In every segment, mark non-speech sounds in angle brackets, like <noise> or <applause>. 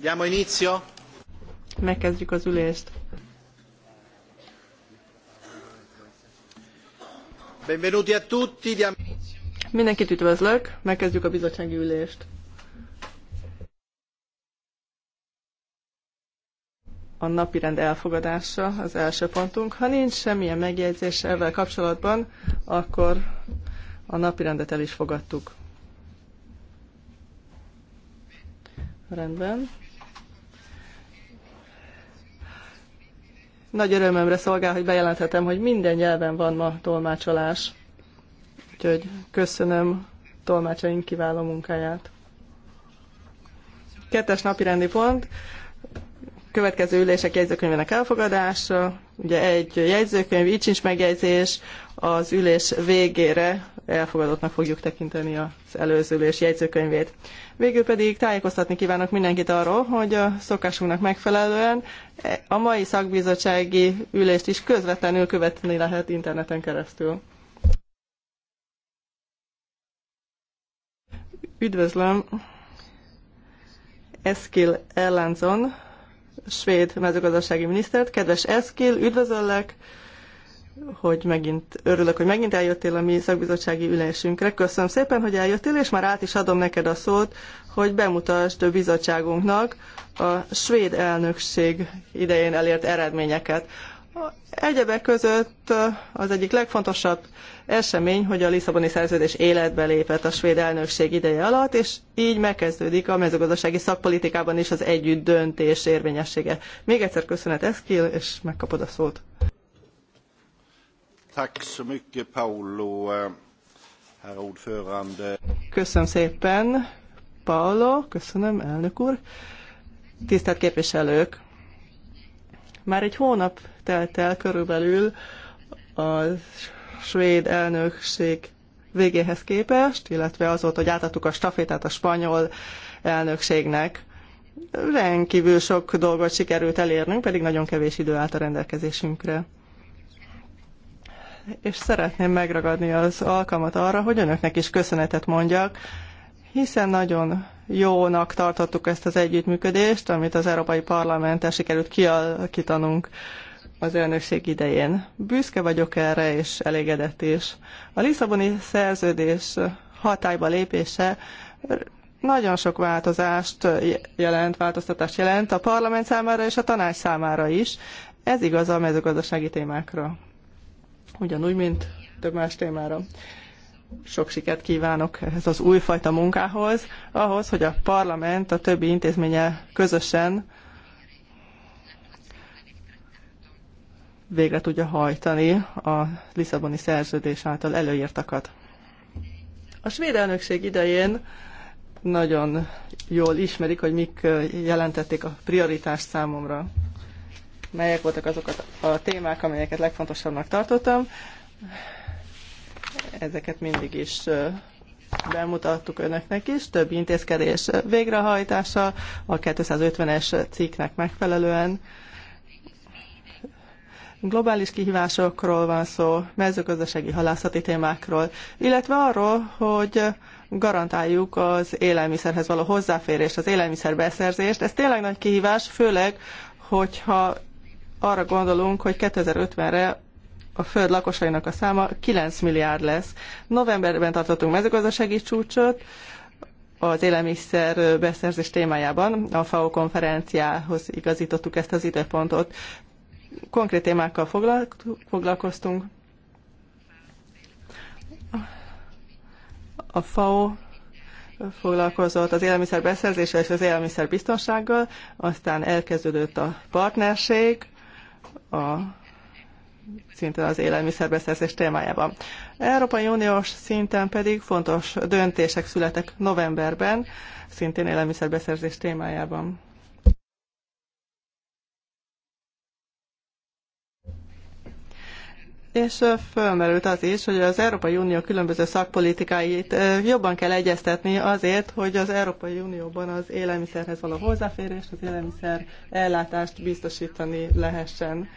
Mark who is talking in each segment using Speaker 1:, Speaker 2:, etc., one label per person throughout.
Speaker 1: Diamo inizio.
Speaker 2: Megkezdjük az ülést.
Speaker 1: Benvenuti a tutti. Diamo...
Speaker 2: Mindenkit üdvözlök, megkezdjük a bizottsági ülést. A napirend elfogadása az első pontunk. Ha nincs semmilyen megjegyzés ezzel kapcsolatban, akkor a napirendet el is fogadtuk. Rendben. Nagy örömömre szolgál, hogy bejelenthetem, hogy minden nyelven van ma tolmácsolás. Úgyhogy köszönöm tolmácsaink kiváló munkáját. Kettes napi rendi pont. Következő ülések jegyzőkönyvének elfogadása. Ugye egy jegyzőkönyv, így sincs megjegyzés, az ülés végére elfogadottnak fogjuk tekinteni az előző ülés jegyzőkönyvét. Végül pedig tájékoztatni kívánok mindenkit arról, hogy a szokásunknak megfelelően a mai szakbizottsági ülést is közvetlenül követni lehet interneten keresztül. Üdvözlöm Eskil Erlandsson, svéd mezőgazdasági minisztert. Kedves Eskil, üdvözöllek! hogy megint örülök, hogy megint eljöttél a mi szakbizottsági ülésünkre. Köszönöm szépen, hogy eljöttél, és már át is adom neked a szót, hogy bemutasd a bizottságunknak a svéd elnökség idején elért eredményeket. Egyebek között az egyik legfontosabb esemény, hogy a Lisszaboni szerződés életbe lépett a svéd elnökség ideje alatt, és így megkezdődik a mezőgazdasági szakpolitikában is az együtt döntés érvényessége. Még egyszer köszönet Eszkil, és megkapod a szót. Eh, köszönöm szépen, Paolo, köszönöm, elnök úr. Tisztelt képviselők, már egy hónap telt el körülbelül a svéd elnökség végéhez képest, illetve azóta, hogy átadtuk a stafétát a spanyol elnökségnek. Rendkívül sok dolgot sikerült elérnünk, pedig nagyon kevés idő állt a rendelkezésünkre és szeretném megragadni az alkalmat arra, hogy önöknek is köszönetet mondjak, hiszen nagyon jónak tartottuk ezt az együttműködést, amit az Európai Parlamenttel sikerült kialakítanunk az elnökség idején. Büszke vagyok erre, és elégedett is. A Lisszaboni szerződés hatályba lépése nagyon sok változást jelent, változtatást jelent a parlament számára és a tanács számára is. Ez igaz a mezőgazdasági témákra ugyanúgy, mint több más témára. Sok sikert kívánok ehhez az újfajta munkához, ahhoz, hogy a parlament a többi intézménye közösen végre tudja hajtani a Lisszaboni szerződés által előírtakat. A svéd elnökség idején nagyon jól ismerik, hogy mik jelentették a prioritást számomra melyek voltak azok a témák, amelyeket legfontosabbnak tartottam. Ezeket mindig is bemutattuk önöknek is, több intézkedés végrehajtása a 250-es cikknek megfelelően. Globális kihívásokról van szó, mezőgazdasági halászati témákról, illetve arról, hogy garantáljuk az élelmiszerhez való hozzáférést, az élelmiszer beszerzést. Ez tényleg nagy kihívás, főleg, hogyha arra gondolunk, hogy 2050-re a föld lakosainak a száma 9 milliárd lesz. Novemberben tartottunk mezőgazdasági csúcsot, az élelmiszer beszerzés témájában a FAO konferenciához igazítottuk ezt az időpontot. Konkrét témákkal foglalkoztunk. A FAO foglalkozott az élelmiszer beszerzéssel és az élelmiszer biztonsággal, aztán elkezdődött a partnerség, a szinten az élelmiszerbeszerzés témájában. Európai Uniós szinten pedig fontos döntések születek novemberben, szintén élelmiszerbeszerzés témájában. és fölmerült az is, hogy az Európai Unió különböző szakpolitikáit jobban kell egyeztetni azért, hogy az Európai Unióban az élelmiszerhez való hozzáférést, az élelmiszer ellátást biztosítani lehessen.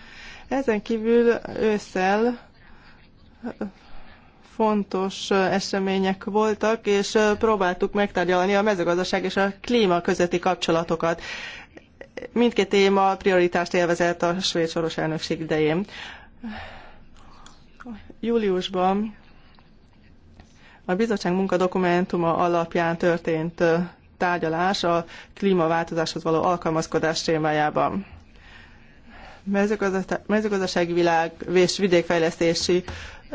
Speaker 2: Ezen kívül ősszel fontos események voltak, és próbáltuk megtárgyalni a mezőgazdaság és a klíma közötti kapcsolatokat. Mindkét téma prioritást élvezett a svéd soros elnökség idején. Júliusban a bizottság munkadokumentuma alapján történt tárgyalás a klímaváltozáshoz való alkalmazkodás témájában. Mezőgazdasági világ és vidékfejlesztési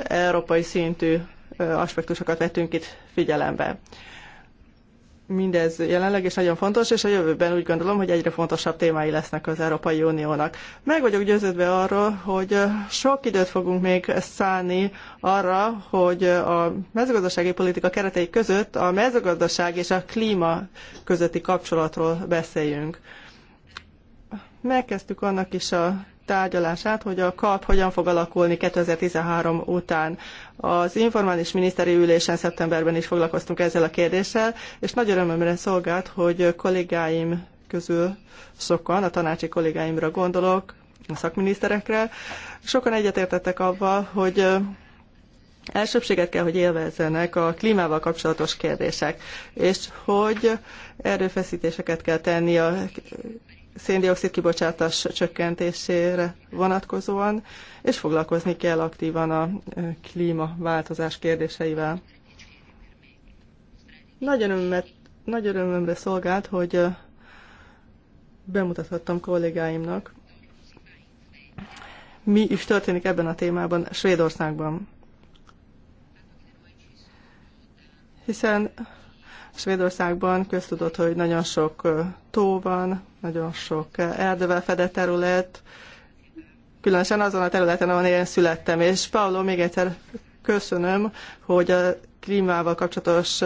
Speaker 2: európai szintű aspektusokat vettünk itt figyelembe mindez jelenleg is nagyon fontos, és a jövőben úgy gondolom, hogy egyre fontosabb témái lesznek az Európai Uniónak. Meg vagyok győződve arról, hogy sok időt fogunk még szállni arra, hogy a mezőgazdasági politika keretei között a mezőgazdaság és a klíma közötti kapcsolatról beszéljünk. Megkezdtük annak is a tárgyalását, hogy a kap hogyan fog alakulni 2013 után. Az informális miniszteri ülésen szeptemberben is foglalkoztunk ezzel a kérdéssel, és nagy örömömre szolgált, hogy kollégáim közül sokan, a tanácsi kollégáimra gondolok, a szakminiszterekre, sokan egyetértettek avval, hogy elsőbséget kell, hogy élvezzenek a klímával kapcsolatos kérdések, és hogy erőfeszítéseket kell tenni a széndiokszid kibocsátás csökkentésére vonatkozóan, és foglalkozni kell aktívan a klímaváltozás kérdéseivel. Nagy, örömmet, nagy örömömre szolgált, hogy bemutathattam kollégáimnak, mi is történik ebben a témában Svédországban. Hiszen Svédországban köztudott, hogy nagyon sok tó van, nagyon sok erdővel fedett terület, különösen azon a területen, ahol én születtem. És Paolo, még egyszer köszönöm, hogy a klímával kapcsolatos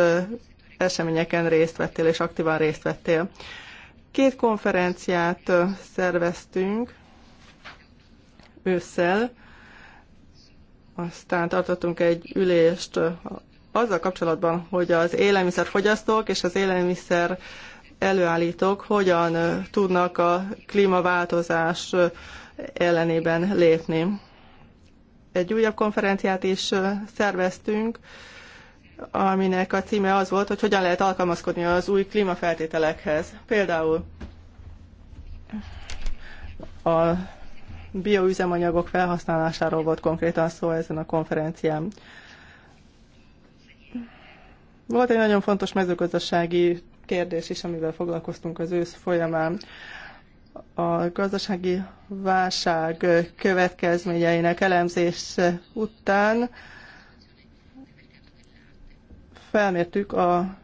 Speaker 2: eseményeken részt vettél, és aktívan részt vettél. Két konferenciát szerveztünk ősszel, aztán tartottunk egy ülést azzal kapcsolatban, hogy az élelmiszerfogyasztók és az élelmiszer előállítók hogyan tudnak a klímaváltozás ellenében lépni. Egy újabb konferenciát is szerveztünk, aminek a címe az volt, hogy hogyan lehet alkalmazkodni az új klímafeltételekhez. Például a bioüzemanyagok felhasználásáról volt konkrétan szó ezen a konferencián. Volt egy nagyon fontos mezőgazdasági kérdés is, amivel foglalkoztunk az ősz folyamán. A gazdasági válság következményeinek elemzés után felmértük a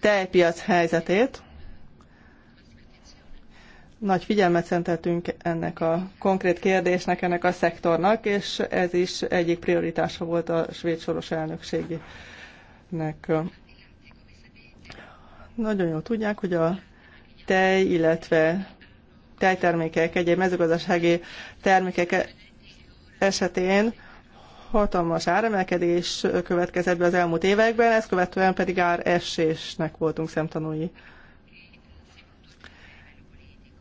Speaker 2: tejpiac helyzetét. Nagy figyelmet szenteltünk ennek a konkrét kérdésnek, ennek a szektornak, és ez is egyik prioritása volt a svéd soros elnökségi nek. Nagyon jól tudják, hogy a tej, illetve tejtermékek, egyéb mezőgazdasági termékek esetén hatalmas áremelkedés következett be az elmúlt években, ezt követően pedig áresésnek voltunk szemtanúi.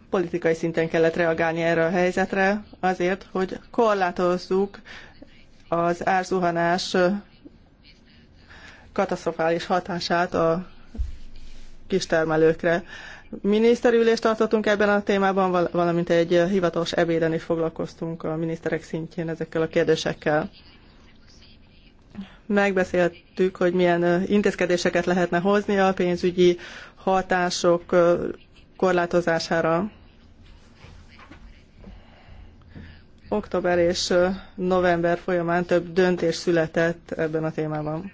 Speaker 2: Politikai szinten kellett reagálni erre a helyzetre azért, hogy korlátozzuk az árzuhanás katasztrofális hatását a kistermelőkre. Miniszterülést tartottunk ebben a témában, valamint egy hivatalos ebéden is foglalkoztunk a miniszterek szintjén ezekkel a kérdésekkel. Megbeszéltük, hogy milyen intézkedéseket lehetne hozni a pénzügyi hatások korlátozására. Október és november folyamán több döntés született ebben a témában.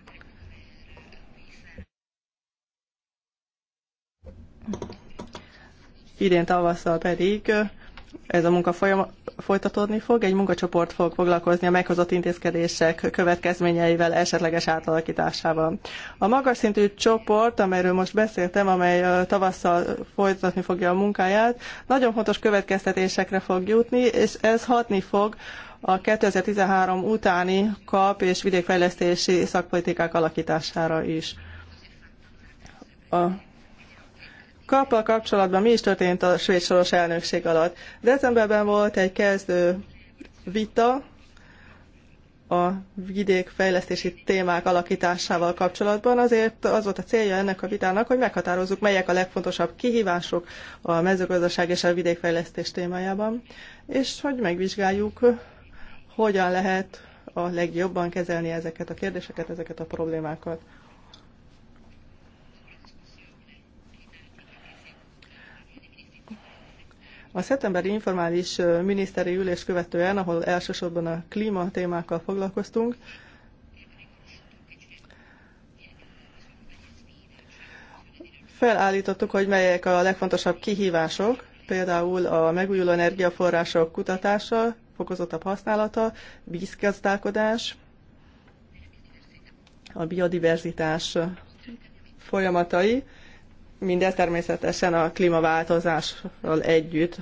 Speaker 2: Idén tavasszal pedig ez a munka folytatódni fog, egy munkacsoport fog foglalkozni a meghozott intézkedések következményeivel, esetleges átalakításával. A magas szintű csoport, amelyről most beszéltem, amely tavasszal folytatni fogja a munkáját, nagyon fontos következtetésekre fog jutni, és ez hatni fog a 2013 utáni kap és vidékfejlesztési szakpolitikák alakítására is. A kappal kapcsolatban mi is történt a svéd soros elnökség alatt. Decemberben volt egy kezdő vita a vidékfejlesztési témák alakításával kapcsolatban. Azért az volt a célja ennek a vitának, hogy meghatározzuk, melyek a legfontosabb kihívások a mezőgazdaság és a vidékfejlesztés témájában, és hogy megvizsgáljuk, hogyan lehet a legjobban kezelni ezeket a kérdéseket, ezeket a problémákat. A szeptemberi informális miniszteri ülés követően, ahol elsősorban a klíma témákkal foglalkoztunk, felállítottuk, hogy melyek a legfontosabb kihívások, például a megújuló energiaforrások kutatása, fokozottabb használata, vízgazdálkodás, a biodiverzitás folyamatai, Mindez természetesen a klímaváltozással együtt.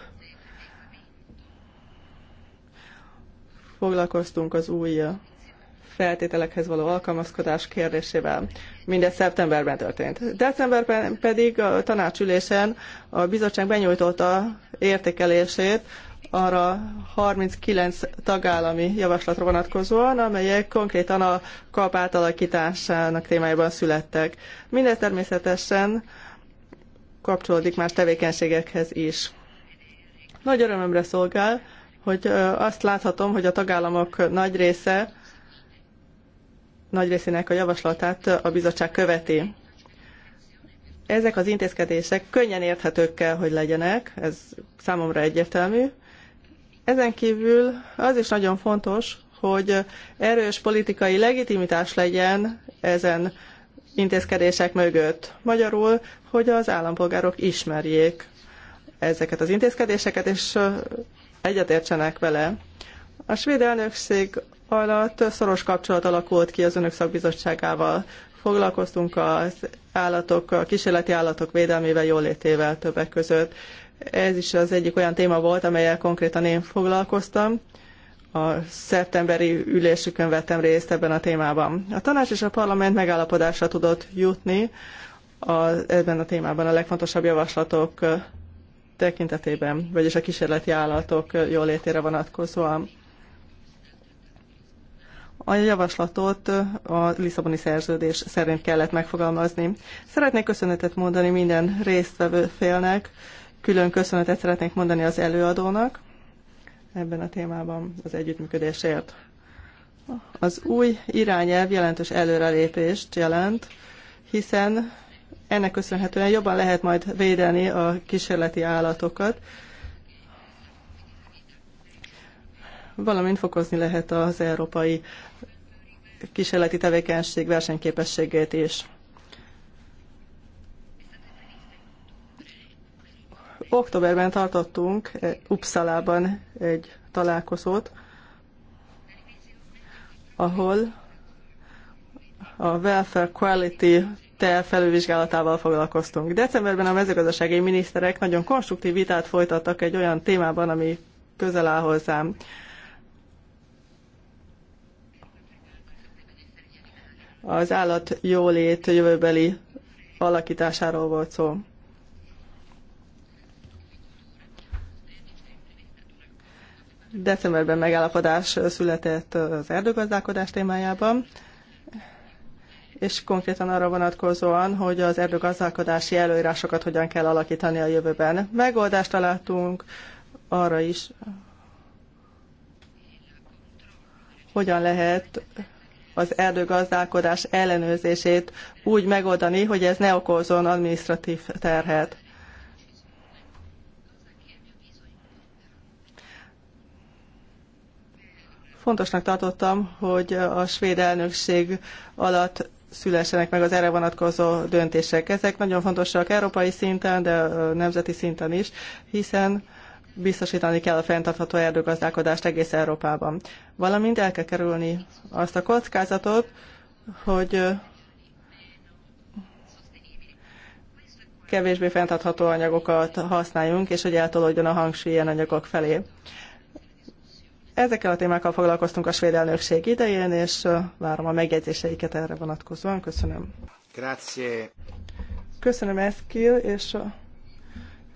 Speaker 2: Foglalkoztunk az új feltételekhez való alkalmazkodás kérdésével. Mindez szeptemberben történt. Decemberben pedig a tanácsülésen a bizottság benyújtotta értékelését arra 39 tagállami javaslatra vonatkozóan, amelyek konkrétan a kap átalakításának témájában születtek. Mindez természetesen kapcsolódik más tevékenységekhez is. Nagy örömömre szolgál, hogy azt láthatom, hogy a tagállamok nagy része, nagy részének a javaslatát a bizottság követi. Ezek az intézkedések könnyen érthetők kell, hogy legyenek, ez számomra egyértelmű. Ezen kívül az is nagyon fontos, hogy erős politikai legitimitás legyen ezen intézkedések mögött. Magyarul, hogy az állampolgárok ismerjék ezeket az intézkedéseket, és egyetértsenek vele. A svéd elnökség alatt szoros kapcsolat alakult ki az önök szakbizottságával. Foglalkoztunk az állatok, a kísérleti állatok védelmével, jólétével többek között. Ez is az egyik olyan téma volt, amelyel konkrétan én foglalkoztam, a szeptemberi ülésükön vettem részt ebben a témában. A tanács és a parlament megállapodásra tudott jutni a, ebben a témában a legfontosabb javaslatok tekintetében, vagyis a kísérleti állatok jólétére vonatkozóan. A javaslatot a Lisszaboni szerződés szerint kellett megfogalmazni. Szeretnék köszönetet mondani minden résztvevő félnek, külön köszönetet szeretnék mondani az előadónak, ebben a témában az együttműködésért. Az új irányelv jelentős előrelépést jelent, hiszen ennek köszönhetően jobban lehet majd védeni a kísérleti állatokat, valamint fokozni lehet az európai kísérleti tevékenység versenyképességét is. Októberben tartottunk eh, Uppsalában egy találkozót, ahol a welfare quality terv felülvizsgálatával foglalkoztunk. Decemberben a mezőgazdasági miniszterek nagyon konstruktív vitát folytattak egy olyan témában, ami közel áll hozzám. Az állat jólét jövőbeli alakításáról volt szó. Decemberben megállapodás született az erdőgazdálkodás témájában, és konkrétan arra vonatkozóan, hogy az erdőgazdálkodási előírásokat hogyan kell alakítani a jövőben. Megoldást találtunk arra is, hogyan lehet az erdőgazdálkodás ellenőrzését úgy megoldani, hogy ez ne okozzon administratív terhet. Fontosnak tartottam, hogy a svéd elnökség alatt szülessenek meg az erre vonatkozó döntések. Ezek nagyon fontosak európai szinten, de nemzeti szinten is, hiszen biztosítani kell a fenntartható erdőgazdálkodást egész Európában. Valamint el kell kerülni azt a kockázatot, hogy kevésbé fenntartható anyagokat használjunk, és hogy eltolódjon a hangsúly ilyen anyagok felé. Ezekkel a témákkal foglalkoztunk a svéd elnökség idején, és várom a megjegyzéseiket erre vonatkozóan. Köszönöm.
Speaker 1: Grazie.
Speaker 2: Köszönöm, Eszkil, és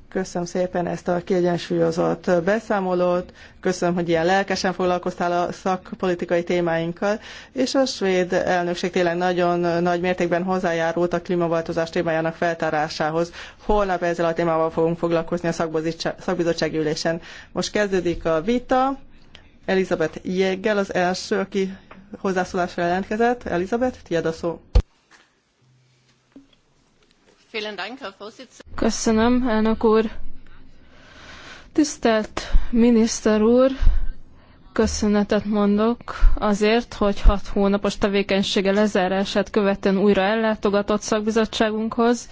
Speaker 2: köszönöm szépen ezt a kiegyensúlyozott beszámolót, köszönöm, hogy ilyen lelkesen foglalkoztál a szakpolitikai témáinkkal, és a svéd elnökség tényleg nagyon nagy mértékben hozzájárult a klímaváltozás témájának feltárásához. Holnap ezzel a témával fogunk foglalkozni a szakbizottsági ülésen. Most kezdődik a vita. Elizabeth Jéggel az első, aki hozzászólásra jelentkezett. Elizabeth, tiéd a szó. Köszönöm,
Speaker 3: elnök úr. Tisztelt miniszter úr, köszönetet mondok azért, hogy hat hónapos tevékenysége lezárását követően újra ellátogatott szakbizottságunkhoz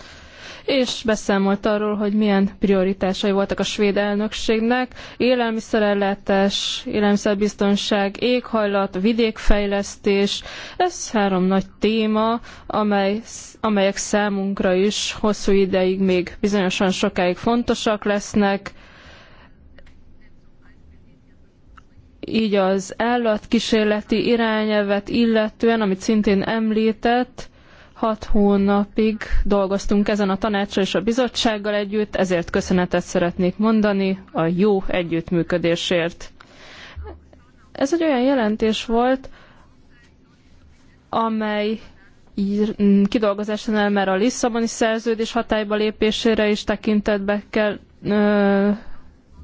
Speaker 3: és beszámolt arról, hogy milyen prioritásai voltak a svéd elnökségnek, élelmiszerellátás, élelmiszerbiztonság, éghajlat, vidékfejlesztés, ez három nagy téma, amely, amelyek számunkra is hosszú ideig még bizonyosan sokáig fontosak lesznek, így az állatkísérleti irányelvet illetően, amit szintén említett, Hat hónapig dolgoztunk ezen a tanácsra és a bizottsággal együtt, ezért köszönetet szeretnék mondani a jó együttműködésért. Ez egy olyan jelentés volt, amely kidolgozásánál már a Lisszaboni szerződés hatályba lépésére is tekintetbe kell,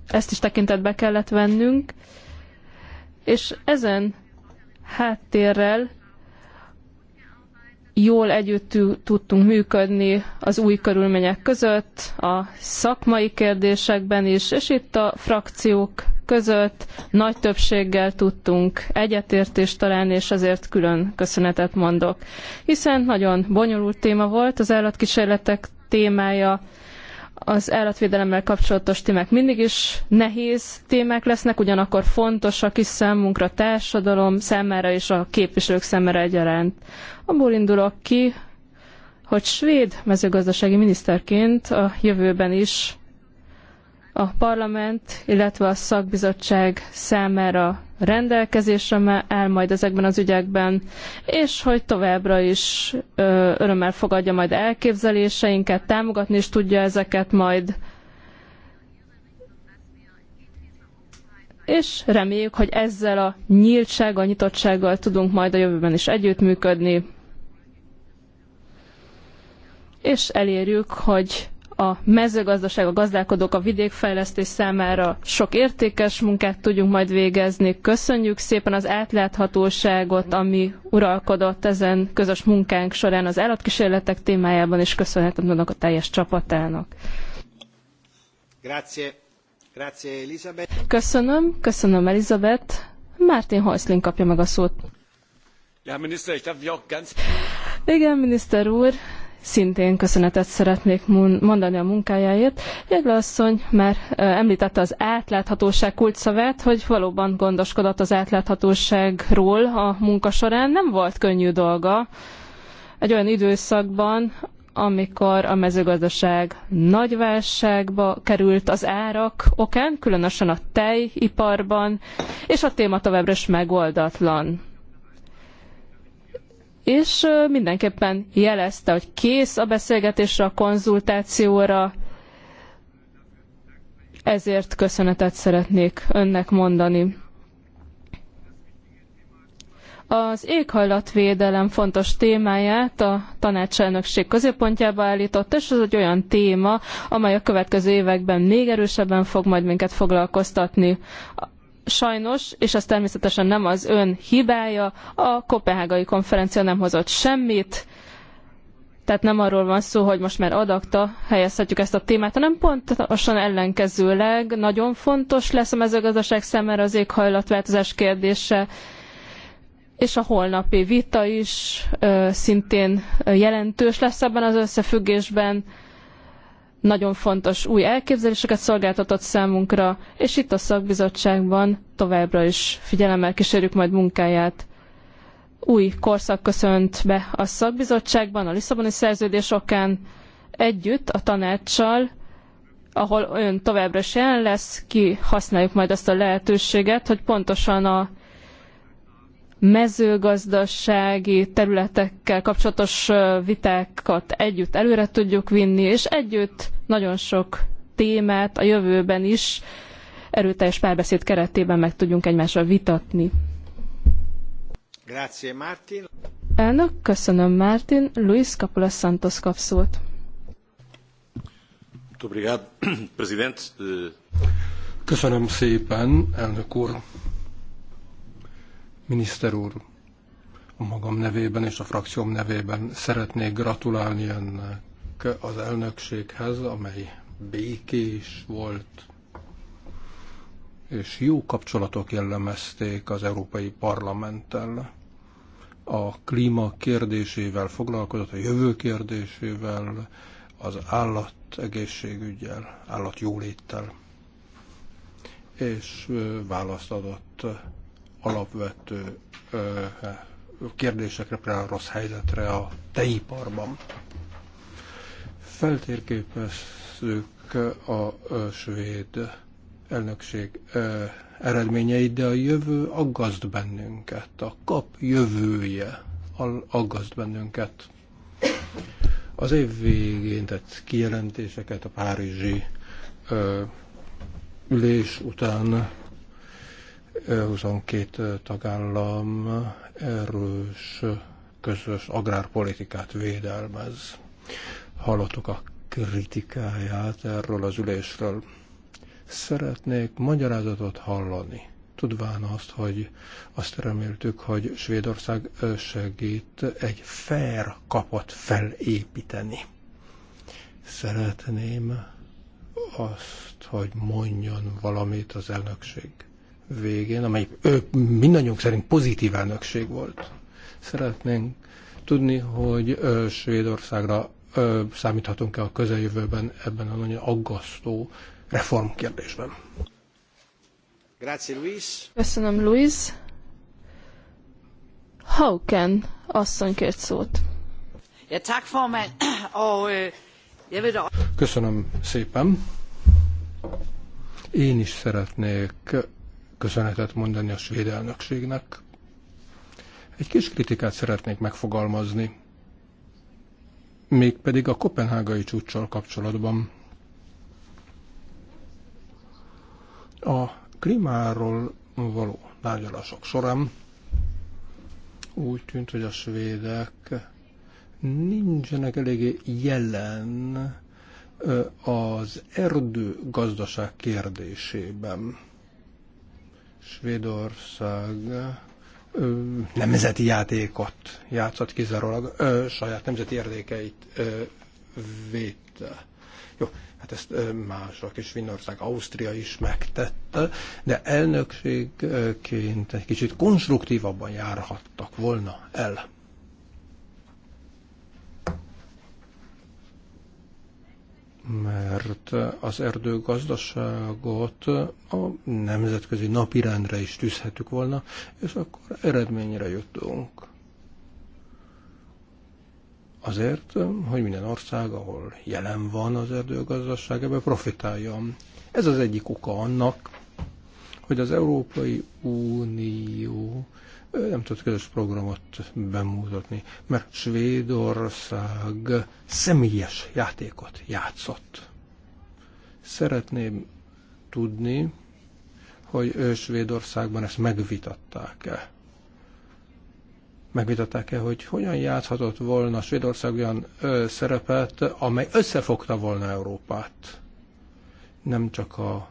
Speaker 3: ezt is tekintetbe kellett vennünk, és ezen háttérrel jól együtt tudtunk működni az új körülmények között, a szakmai kérdésekben is, és itt a frakciók között nagy többséggel tudtunk egyetértést találni, és ezért külön köszönetet mondok. Hiszen nagyon bonyolult téma volt az állatkísérletek témája, az állatvédelemmel kapcsolatos témák mindig is nehéz témák lesznek, ugyanakkor fontosak is számunkra, a társadalom számára és a képviselők számára egyaránt. Abból indulok ki, hogy svéd mezőgazdasági miniszterként a jövőben is a parlament, illetve a szakbizottság számára rendelkezésre áll majd ezekben az ügyekben, és hogy továbbra is örömmel fogadja majd elképzeléseinket, támogatni is tudja ezeket majd. És reméljük, hogy ezzel a nyíltsággal, nyitottsággal tudunk majd a jövőben is együttműködni, és elérjük, hogy a mezőgazdaság, a gazdálkodók, a vidékfejlesztés számára sok értékes munkát tudjunk majd végezni. Köszönjük szépen az átláthatóságot, ami uralkodott ezen közös munkánk során az állatkísérletek témájában, és köszönhetem annak a teljes csapatának.
Speaker 1: Grazie. Grazie, Elizabeth.
Speaker 3: Köszönöm, köszönöm Elizabeth. Martin Heuslin kapja meg a szót.
Speaker 4: Ja, miniszter, ganz...
Speaker 3: Igen, miniszter úr, szintén köszönetet szeretnék mondani a munkájáért. Jégle asszony már említette az átláthatóság kulcsszavát, hogy valóban gondoskodott az átláthatóságról a munka során. Nem volt könnyű dolga egy olyan időszakban, amikor a mezőgazdaság nagy válságba került az árak okán, különösen a tejiparban, és a téma továbbra is megoldatlan és mindenképpen jelezte, hogy kész a beszélgetésre, a konzultációra, ezért köszönetet szeretnék önnek mondani. Az éghajlatvédelem fontos témáját a tanácselnökség középpontjába állított, és ez egy olyan téma, amely a következő években még erősebben fog majd minket foglalkoztatni sajnos, és ez természetesen nem az ön hibája, a Kopenhágai konferencia nem hozott semmit, tehát nem arról van szó, hogy most már adakta helyezhetjük ezt a témát, hanem pontosan ellenkezőleg nagyon fontos lesz a mezőgazdaság számára az éghajlatváltozás kérdése, és a holnapi vita is ö, szintén jelentős lesz ebben az összefüggésben nagyon fontos új elképzeléseket szolgáltatott számunkra, és itt a szakbizottságban továbbra is figyelemmel kísérjük majd munkáját. Új korszak köszönt be a szakbizottságban, a Lisszaboni szerződés okán, együtt a tanácssal, ahol ön továbbra is jelen lesz, ki használjuk majd azt a lehetőséget, hogy pontosan a mezőgazdasági területekkel kapcsolatos vitákat együtt előre tudjuk vinni, és együtt nagyon sok témát a jövőben is erőteljes párbeszéd keretében meg tudjunk egymással vitatni.
Speaker 1: Grazie, Martin.
Speaker 3: Elnök, köszönöm, Martin. Luis Capula Santos kap szót.
Speaker 1: <clears throat> Eh,
Speaker 5: köszönöm szépen, elnök úr. Miniszter úr, a magam nevében és a frakcióm nevében szeretnék gratulálni ennek az elnökséghez, amely békés volt, és jó kapcsolatok jellemezték az Európai Parlamenttel. A klíma kérdésével foglalkozott, a jövő kérdésével, az állat egészségügyel, állatjóléttel, és választ adott alapvető kérdésekre, például rossz helyzetre a tejiparban. Feltérképezzük a svéd elnökség eredményeit, de a jövő aggaszt bennünket, a kap jövője aggaszt bennünket. Az év végén tett kijelentéseket a párizsi ö, ülés után 22 tagállam erős közös agrárpolitikát védelmez. Hallottuk a kritikáját erről az ülésről. Szeretnék magyarázatot hallani, tudván azt, hogy azt reméltük, hogy Svédország segít egy fair kapot felépíteni. Szeretném azt, hogy mondjon valamit az elnökség végén, amely mindannyiunk szerint pozitív elnökség volt. Szeretnénk tudni, hogy Svédországra számíthatunk-e a közeljövőben ebben a nagyon aggasztó reformkérdésben.
Speaker 1: Luis.
Speaker 3: Köszönöm, Luis. Hauken asszony kért szót.
Speaker 4: <clears throat>
Speaker 2: Øh,
Speaker 5: Köszönöm szépen. Én is szeretnék köszönetet mondani a svéd elnökségnek. Egy kis kritikát szeretnék megfogalmazni, mégpedig a kopenhágai csúcssal kapcsolatban. A klímáról való tárgyalások során úgy tűnt, hogy a svédek nincsenek eléggé jelen az erdő gazdaság kérdésében. Svédország nemzeti játékot játszott kizárólag, saját nemzeti érdekeit védte. Jó, hát ezt mások is, Finnország, Ausztria is megtette, de elnökségként egy kicsit konstruktívabban járhattak volna el. mert az erdőgazdaságot a nemzetközi napirendre is tűzhetük volna, és akkor eredményre jutunk. Azért, hogy minden ország, ahol jelen van az erdőgazdaság, ebbe profitáljon. Ez az egyik oka annak, hogy az Európai Unió nem tud közös programot bemutatni, mert Svédország személyes játékot játszott. Szeretném tudni, hogy ő Svédországban ezt megvitatták-e. Megvitatták-e, hogy hogyan játszhatott volna Svédország olyan ö, szerepet, amely összefogta volna Európát. Nem csak a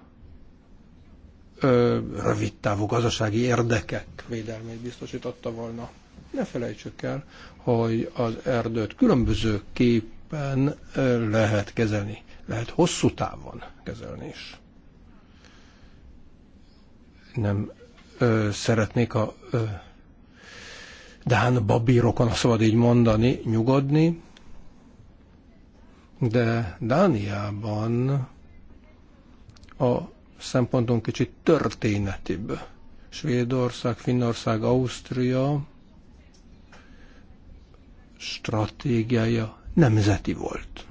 Speaker 5: rövid távú gazdasági érdekek védelmét biztosította volna. Ne felejtsük el, hogy az erdőt különbözőképpen lehet kezelni, lehet hosszú távon kezelni is. Nem ö, szeretnék a ö, Dán babírokon, ha szabad így mondani, nyugodni, de Dániában a szempontunk kicsit történetibb. Svédország, Finnország, Ausztria stratégiája nemzeti volt.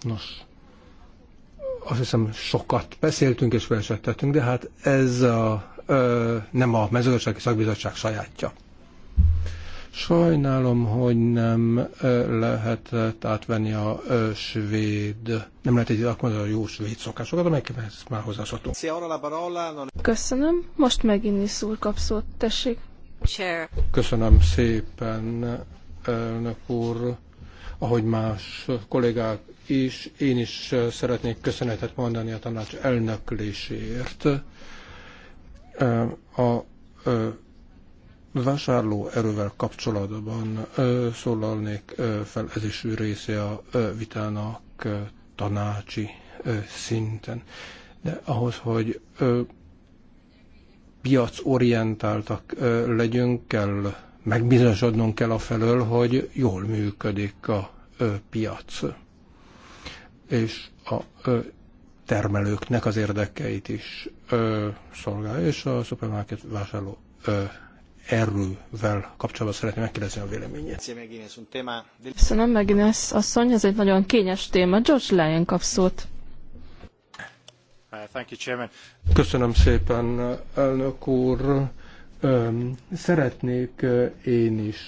Speaker 5: Nos, azt hiszem sokat beszéltünk és felsettettünk, de hát ez a, ö, nem a mezőgazdasági szakbizottság sajátja. Sajnálom, hogy nem lehetett átvenni a svéd, nem lehet egy a jó svéd szokásokat, ezt már hozzászhatunk.
Speaker 3: Köszönöm, most megint is szúr kapszót, tessék.
Speaker 5: Köszönöm szépen, elnök úr, ahogy más kollégák is, én is szeretnék köszönetet mondani a tanács elnökléséért. A, a vásárló erővel kapcsolatban szólalnék fel, ez is része a vitának tanácsi szinten. De ahhoz, hogy piacorientáltak legyünk, kell megbizonyosodnunk kell a felől, hogy jól működik a piac. És a termelőknek az érdekeit is szolgálja, és a szupermarket vásárló erővel kapcsolatban szeretném megkérdezni a
Speaker 1: véleményét. Köszönöm,
Speaker 3: Megines asszony, ez egy nagyon kényes téma. George Lyon kap szót.
Speaker 5: Köszönöm szépen, elnök úr. Szeretnék én is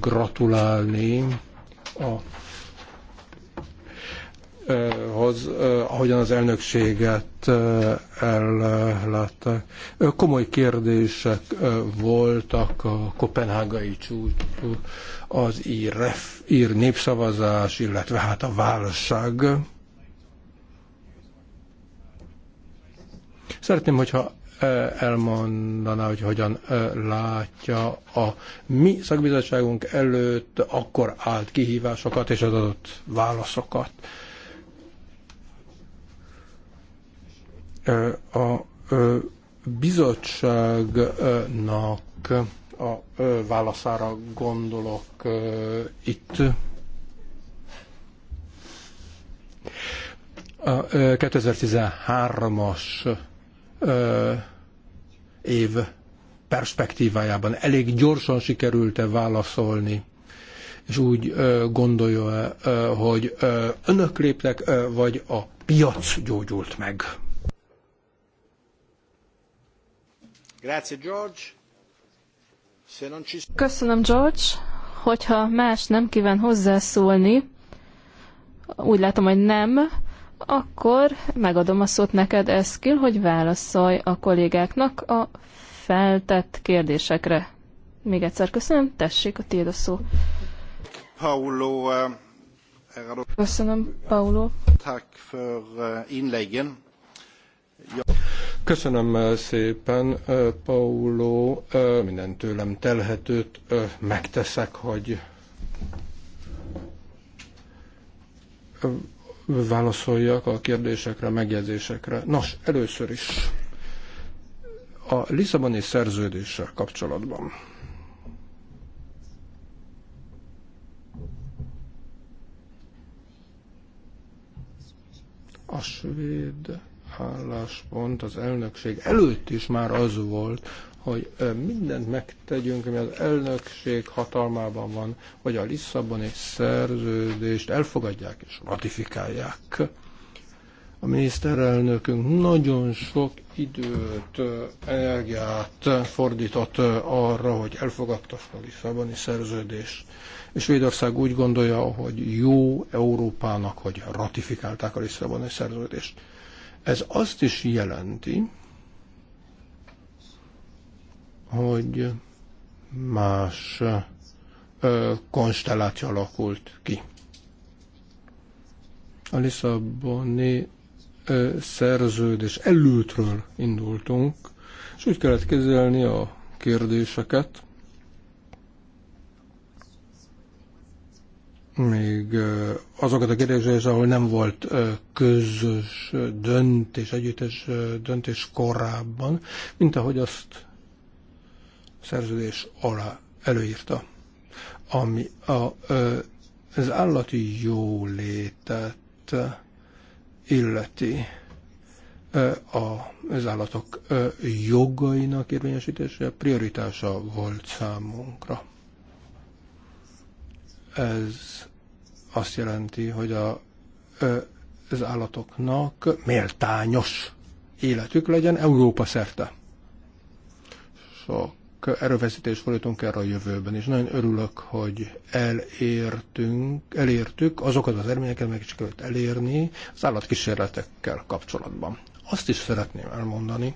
Speaker 5: gratulálni a hoz, ahogyan az elnökséget ellátták. Komoly kérdések voltak a kopenhágai csúcs, az ír, ír népszavazás, illetve hát a válság. Szeretném, hogyha elmondaná, hogy hogyan látja a mi szakbizottságunk előtt akkor állt kihívásokat és az adott válaszokat. A bizottságnak a válaszára gondolok itt. A 2013-as év perspektívájában elég gyorsan sikerült-e válaszolni, és úgy gondolja, hogy önök léptek, vagy a piac gyógyult meg?
Speaker 1: George.
Speaker 3: Köszönöm, George. Hogyha más nem kíván hozzászólni, úgy látom, hogy nem, akkor megadom a szót neked, Eszkil, hogy válaszolj a kollégáknak a feltett kérdésekre. Még egyszer köszönöm, tessék a tiéd a szó.
Speaker 1: Paulo, eh,
Speaker 3: Köszönöm, Paulo.
Speaker 1: för eh, inläggen.
Speaker 5: Köszönöm szépen, Paolo. minden tőlem telhetőt megteszek, hogy válaszoljak a kérdésekre, megjegyzésekre. Nos, először is a Lisszaboni szerződéssel kapcsolatban. A svéd álláspont az elnökség előtt is már az volt, hogy mindent megtegyünk, ami az elnökség hatalmában van, hogy a Lisszaboni szerződést elfogadják és ratifikálják. A miniszterelnökünk nagyon sok időt, energiát fordított arra, hogy elfogadtassa a Lisszaboni szerződést. És Védország úgy gondolja, hogy jó Európának, hogy ratifikálták a Lisszaboni szerződést. Ez azt is jelenti, hogy más ö, konstelláció alakult ki. A Lisszaboni szerződés előtről indultunk, és úgy kellett kezelni a kérdéseket, még azokat a kérdéseket, ahol nem volt közös döntés, együttes döntés korábban, mint ahogy azt a szerződés alá előírta, ami a, az állati jólétet illeti az állatok jogainak érvényesítése prioritása volt számunkra ez azt jelenti, hogy a, az állatoknak méltányos életük legyen Európa szerte. Sok erőfeszítés folytunk erre a jövőben, és nagyon örülök, hogy elértünk, elértük azokat az eredményeket, meg kellett elérni az állatkísérletekkel kapcsolatban. Azt is szeretném elmondani,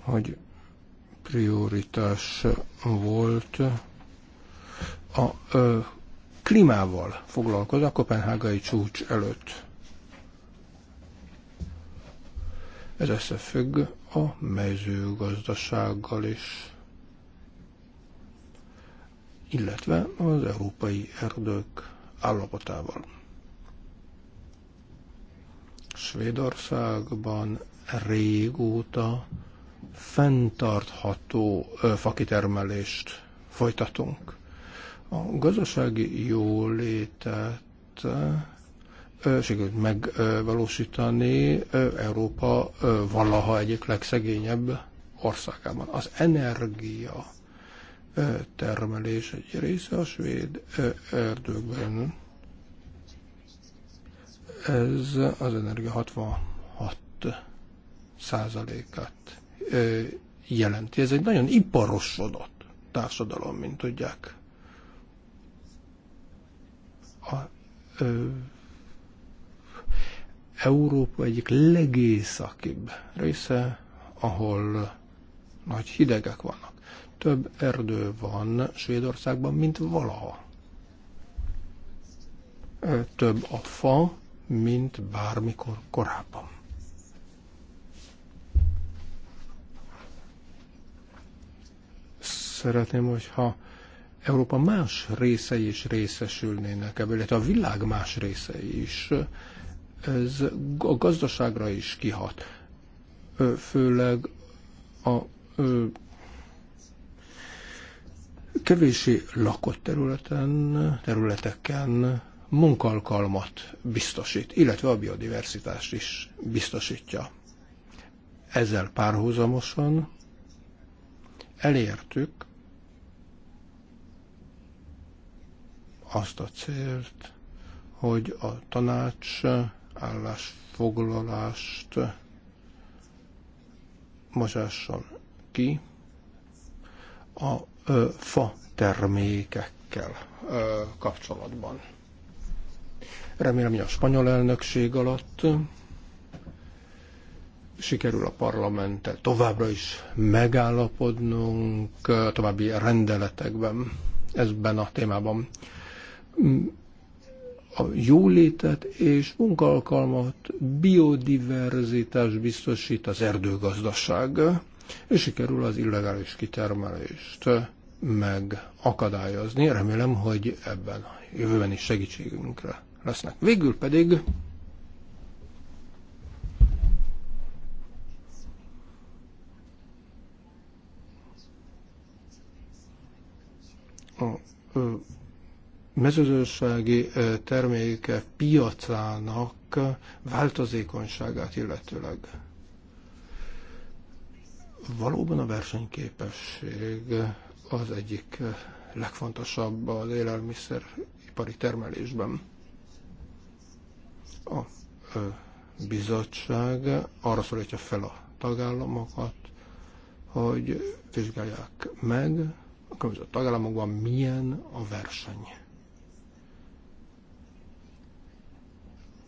Speaker 5: hogy prioritás volt a ö, klímával foglalkoz a kopenhágai csúcs előtt. Ez összefügg a mezőgazdasággal is, illetve az európai erdők állapotával. Svédországban régóta fenntartható fakitermelést folytatunk. A gazdasági jólétet sikerült megvalósítani Európa valaha egyik legszegényebb országában. Az energia termelés egy része a svéd erdőkben. Ez az energia 66 százalékát jelenti. Ez egy nagyon iparosodott társadalom, mint tudják. A, ö, Európa egyik legészakibb része, ahol nagy hidegek vannak. Több erdő van Svédországban, mint valaha. Több a fa, mint bármikor korábban. szeretném, hogyha Európa más részei is részesülnének ebből, illetve a világ más részei is. Ez a gazdaságra is kihat. Főleg a kevési lakott területen, területeken munkalkalmat biztosít, illetve a biodiversitást is biztosítja. Ezzel párhuzamosan elértük azt a célt, hogy a tanács állásfoglalást mozsásson ki a ö, fa termékekkel ö, kapcsolatban. Remélem, hogy a spanyol elnökség alatt sikerül a parlamenttel továbbra is megállapodnunk további rendeletekben ezben a témában a jólétet és munkalkalmat, biodiverzitás biztosít az erdőgazdaság, és sikerül az illegális kitermelést megakadályozni. Remélem, hogy ebben a jövőben is segítségünkre lesznek. Végül pedig a mezőgazdasági termékek piacának változékonyságát illetőleg. Valóban a versenyképesség az egyik legfontosabb az élelmiszeripari termelésben. A bizottság arra szólítja fel a tagállamokat, hogy vizsgálják meg a különböző tagállamokban milyen a verseny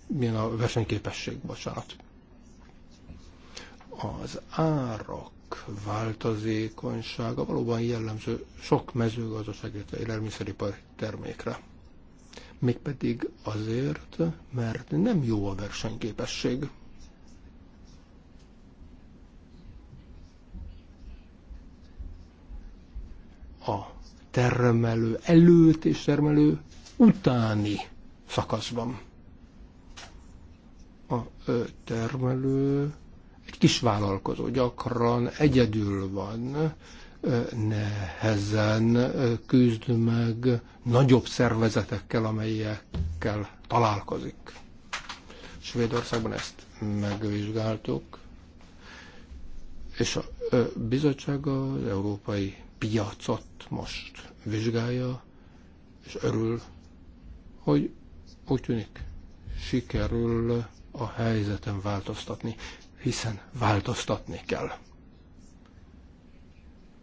Speaker 5: milyen a versenyképesség, bocsánat. Az árak változékonysága valóban jellemző sok mezőgazdaság, illetve élelmiszeripar termékre. Mégpedig azért, mert nem jó a versenyképesség. A termelő előtt és termelő utáni szakaszban a termelő egy kis vállalkozó, gyakran egyedül van, nehezen küzd meg nagyobb szervezetekkel, amelyekkel találkozik. Svédországban ezt megvizsgáltuk, és a bizottság az európai piacot most vizsgálja, és örül, hogy úgy tűnik sikerül a helyzeten változtatni, hiszen változtatni kell.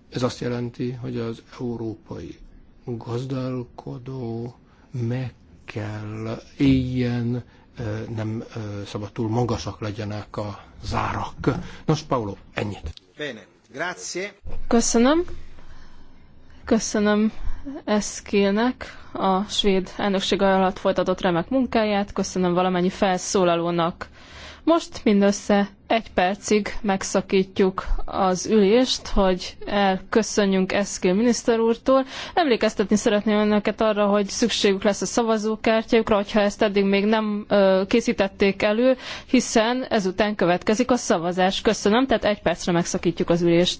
Speaker 5: Ez azt jelenti, hogy az európai gazdálkodó meg kell éljen, nem szabad túl magasak legyenek a zárak. Nos, Paulo, ennyit.
Speaker 1: Bene,
Speaker 3: grazie. Köszönöm. Köszönöm Eszkélnek a svéd elnökség alatt folytatott remek munkáját, köszönöm valamennyi felszólalónak. Most mindössze egy percig megszakítjuk az ülést, hogy elköszönjünk Eszkél miniszter úrtól. Emlékeztetni szeretném önöket arra, hogy szükségük lesz a szavazókártyájukra, hogyha ezt eddig még nem ö, készítették elő, hiszen ezután következik a szavazás. Köszönöm, tehát egy percre megszakítjuk az ülést.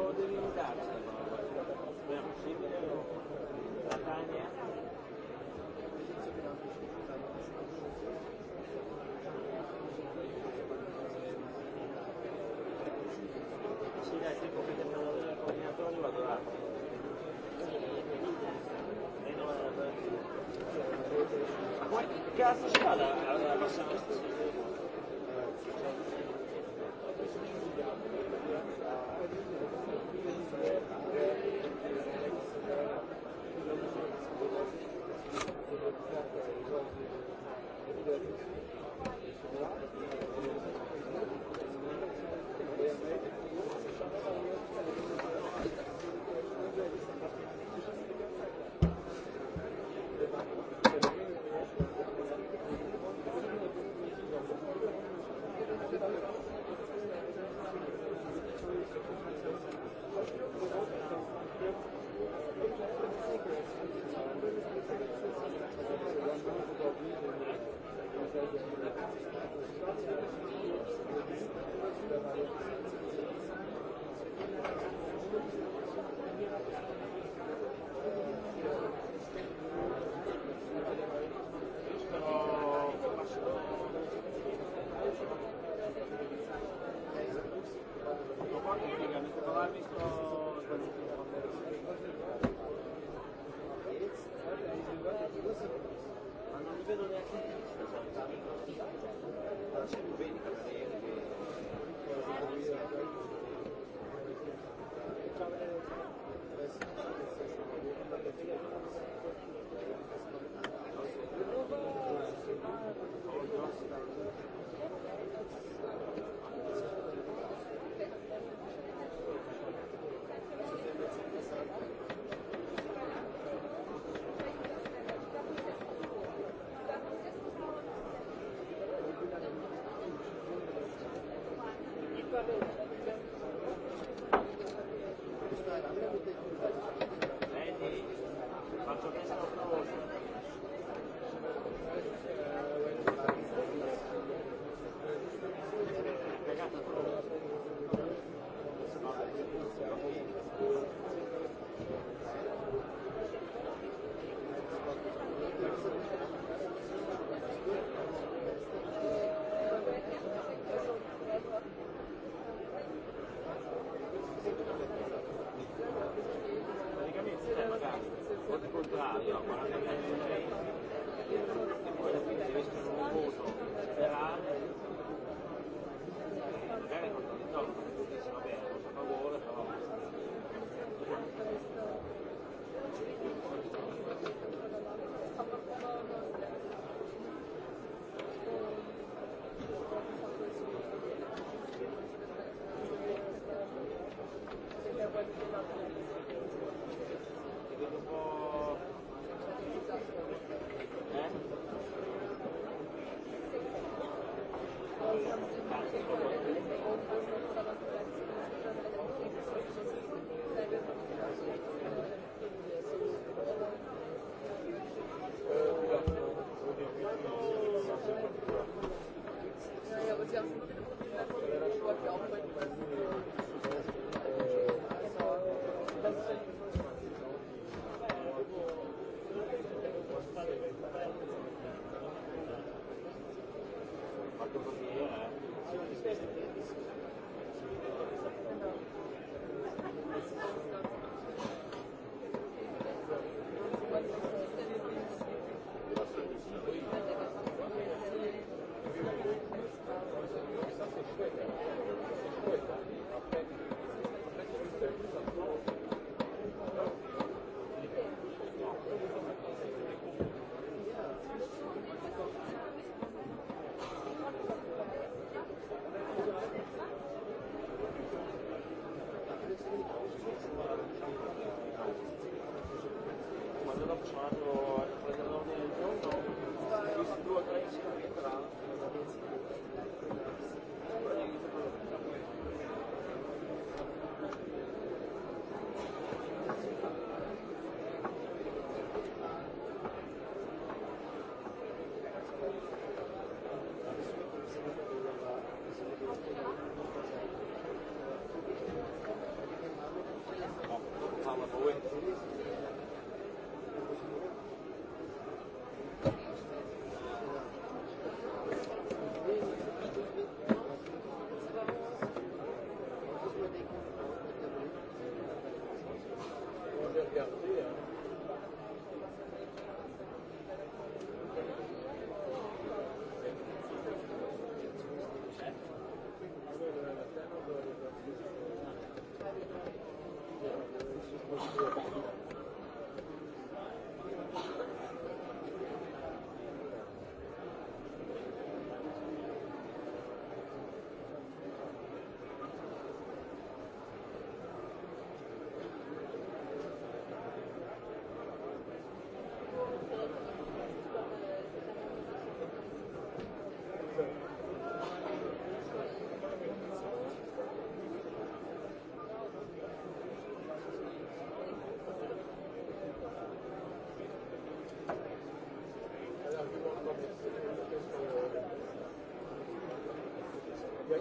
Speaker 4: modo di limitarsi. Non la Tania. Sì, dai, tipo che ti fanno del coordinatore va durato. Ma qualche cazzo la, la, la, la, la, la, la, la,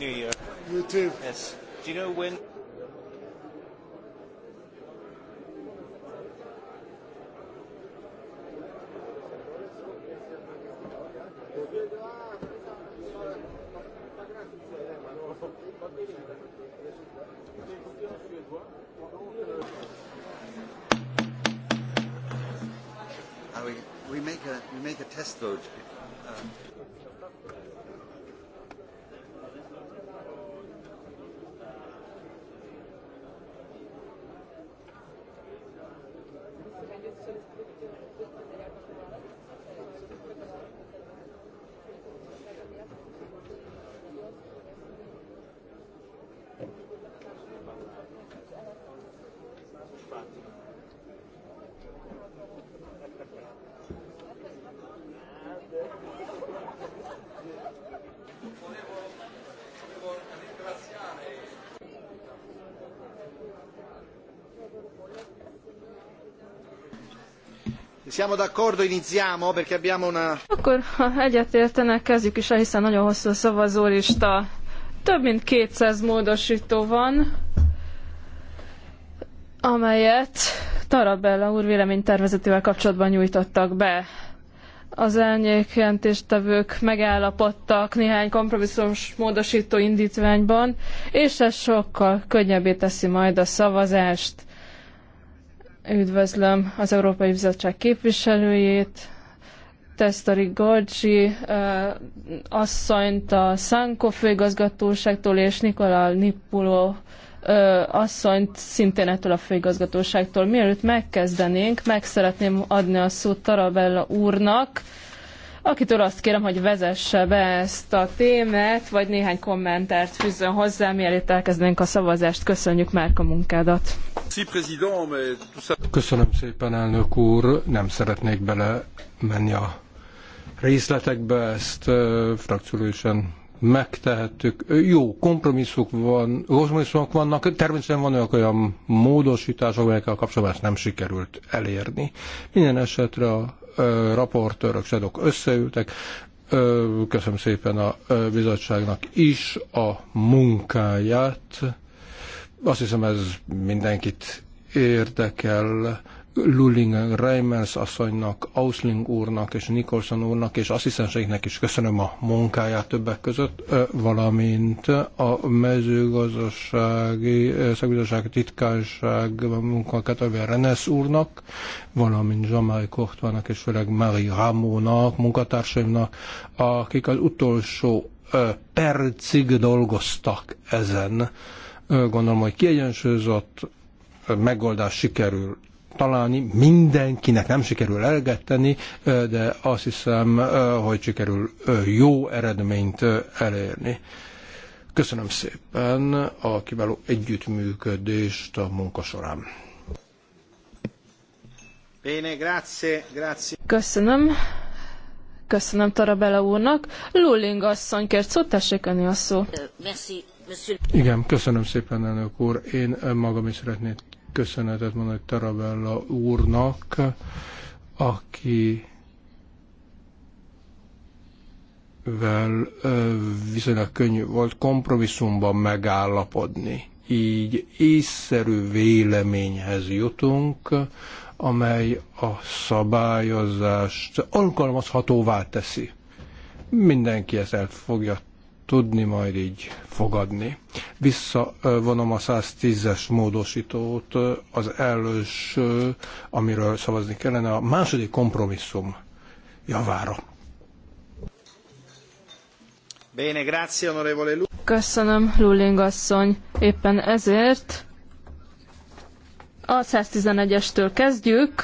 Speaker 4: New Year. You too. Yes. Do you know when?
Speaker 1: Siamo d'accordo, iniziamo, perché abbiamo una...
Speaker 3: Akkor, ha egyetértenek, kezdjük is el, hiszen nagyon hosszú a szavazólista. Több mint 200 módosító van, amelyet Tarabella úr véleménytervezetével kapcsolatban nyújtottak be. Az jelentéstevők megállapodtak néhány kompromisszumos módosító indítványban, és ez sokkal könnyebbé teszi majd a szavazást. Üdvözlöm az Európai Bizottság képviselőjét, Tesztori Gorgyi asszonyt a Szánkó főigazgatóságtól, és Nikola Nipuló asszonyt szintén ettől a főigazgatóságtól. Mielőtt megkezdenénk, meg szeretném adni a szót Tarabella úrnak, akitől azt kérem, hogy vezesse be ezt a témát, vagy néhány kommentárt fűzzön hozzá, mielőtt elkezdenénk a szavazást. Köszönjük már a munkádat.
Speaker 5: Köszönöm szépen, elnök úr. Nem szeretnék bele menni a részletekbe, ezt uh, frakciólősen megtehettük. Jó, kompromisszumok, van, kompromisszumok vannak, természetesen vannak olyan módosítások, amelyekkel kapcsolatban ezt nem sikerült elérni. Minden esetre a raportőrök, sedok összeültek, köszönöm szépen a bizottságnak is a munkáját. Azt hiszem ez mindenkit érdekel Luling Reimers asszonynak, Ausling úrnak és Nicholson úrnak és asszisztenseiknek is köszönöm a munkáját többek között, valamint a mezőgazdasági szakbizottság titkárság munkaketővel Renes úrnak, valamint Zsamai Kochtvának és főleg Mári Ramónak, munkatársaimnak, akik az utolsó percig dolgoztak ezen. Gondolom, hogy kiegyensúlyozott megoldás sikerült találni, mindenkinek nem sikerül elgetteni, de azt hiszem, hogy sikerül jó eredményt elérni. Köszönöm szépen a kiváló együttműködést a munka során.
Speaker 1: Bene, grazie, grazie.
Speaker 3: Köszönöm. Köszönöm Tarabella úrnak. Lulling asszony kért szót, tessék önni a szó.
Speaker 5: Igen, köszönöm szépen, elnök úr. Én magam is szeretnék köszönetet mondani Tarabella úrnak, aki vel viszonylag könnyű volt kompromisszumban megállapodni. Így észszerű véleményhez jutunk, amely a szabályozást alkalmazhatóvá teszi. Mindenki ezt el fogja tudni majd így fogadni. Visszavonom a 110-es módosítót, az első, amiről szavazni kellene, a második kompromisszum
Speaker 1: javára. Bene, grazie, onorevole
Speaker 3: Köszönöm, Lulling asszony. Éppen ezért a 111-estől kezdjük,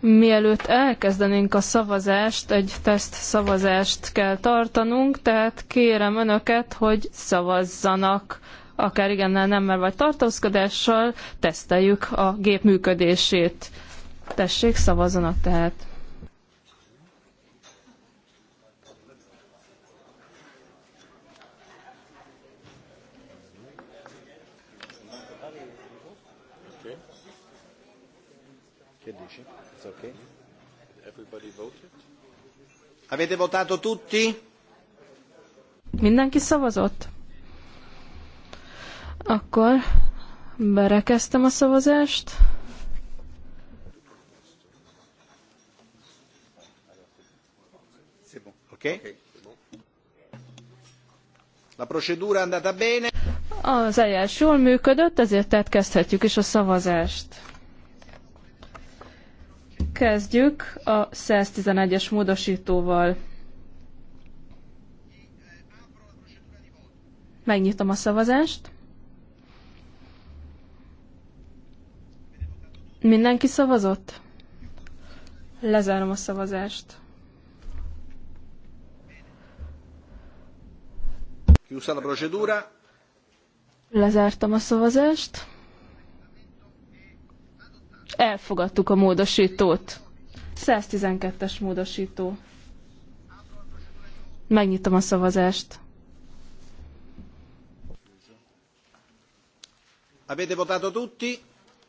Speaker 3: Mielőtt elkezdenénk a szavazást, egy teszt szavazást kell tartanunk, tehát kérem önöket, hogy szavazzanak akár igennel, nemmel vagy tartózkodással teszteljük a gép működését. Tessék, szavazzanak tehát!
Speaker 1: Avete votato tutti?
Speaker 3: Mindenki szavazott? Akkor berekeztem a szavazást.
Speaker 1: Oké? La procedura è andata bene.
Speaker 3: Az eljárás jól működött, ezért tehát kezdhetjük is a szavazást. Kezdjük a 111-es módosítóval. Megnyitom a szavazást. Mindenki szavazott? Lezárom a szavazást. Lezártam a szavazást. Elfogadtuk a módosítót. 112-es módosító. Megnyitom a szavazást.
Speaker 1: Avete votato tutti?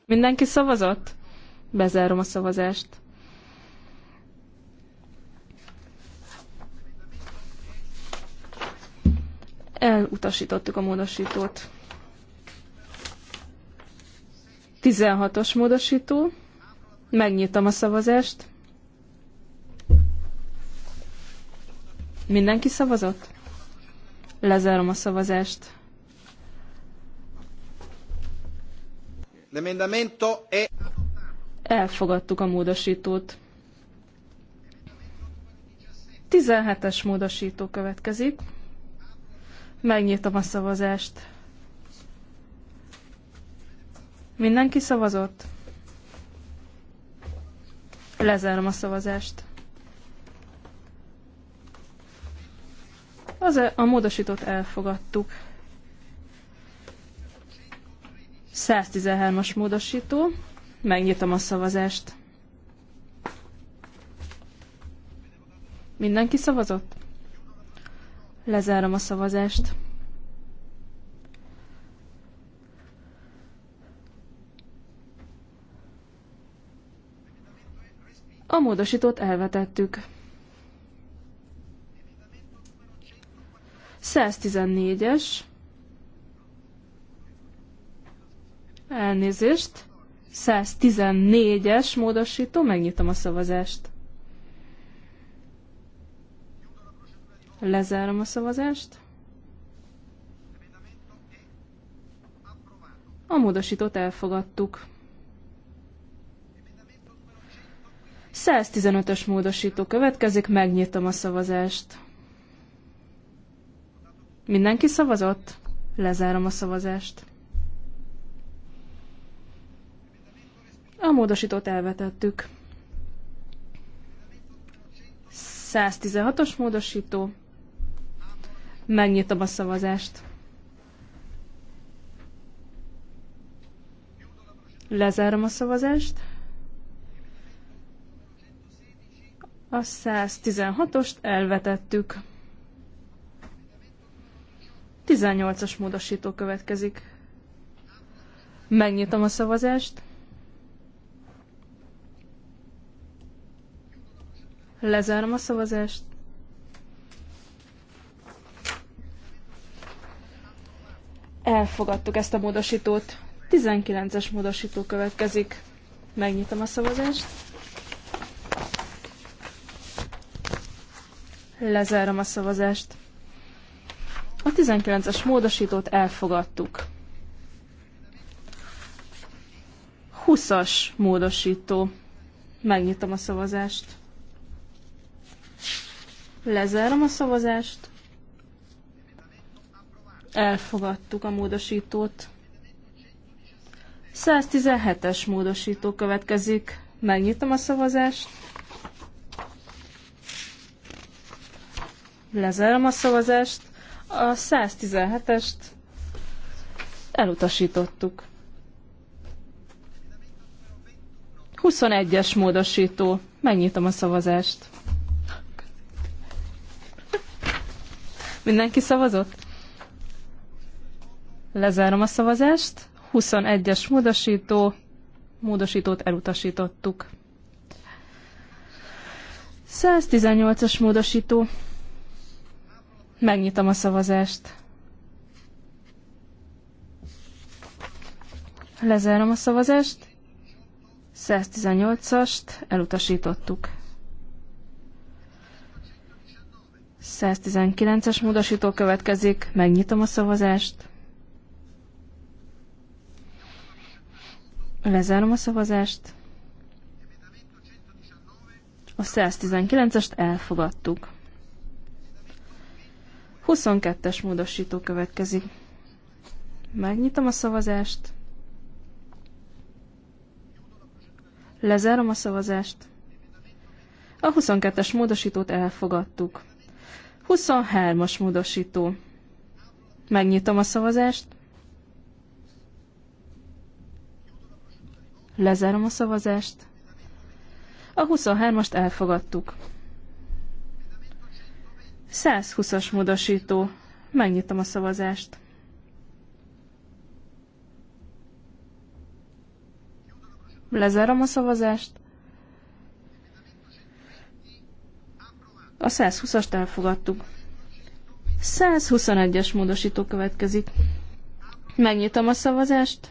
Speaker 3: Mindenki szavazott? Bezárom a szavazást. Elutasítottuk a módosítót. 16-os módosító. Megnyitom a szavazást. Mindenki szavazott? Lezárom a szavazást. Elfogadtuk a módosítót. 17-es módosító következik. Megnyitom a szavazást. Mindenki szavazott? Lezárom a szavazást. Az e- a módosítót elfogadtuk. 113-as módosító. Megnyitom a szavazást. Mindenki szavazott? Lezárom a szavazást. A módosítót elvetettük. 114-es. Elnézést. 114-es módosító. Megnyitom a szavazást. Lezárom a szavazást. A módosítót elfogadtuk. 115-ös módosító következik, megnyitom a szavazást. Mindenki szavazott? Lezárom a szavazást. A módosítót elvetettük. 116-os módosító. Megnyitom a szavazást. Lezárom a szavazást. A 116-ost elvetettük. 18-as módosító következik. Megnyitom a szavazást. Lezárom a szavazást. Elfogadtuk ezt a módosítót. 19-es módosító következik. Megnyitom a szavazást. Lezárom a szavazást. A 19-es módosítót elfogadtuk. 20-as módosító. Megnyitom a szavazást. Lezárom a szavazást. Elfogadtuk a módosítót. 117-es módosító következik. Megnyitom a szavazást. Lezárom a szavazást. A 117-est elutasítottuk. 21-es módosító. Megnyitom a szavazást. Mindenki szavazott? Lezárom a szavazást. 21-es módosító. Módosítót elutasítottuk. 118-as módosító. Megnyitom a szavazást. Lezárom a szavazást. 118-ast elutasítottuk. 119-es módosító következik, megnyitom a szavazást. Lezárom a szavazást. A 119-est elfogadtuk. 22-es módosító következik. Megnyitom a szavazást. Lezárom a szavazást. A 22-es módosítót elfogadtuk. 23-as módosító. Megnyitom a szavazást. Lezárom a szavazást. A 23-ast elfogadtuk. 120-as módosító. Megnyitom a szavazást. Lezárom a szavazást. A 120-ast elfogadtuk. 121-es módosító következik. Megnyitom a szavazást.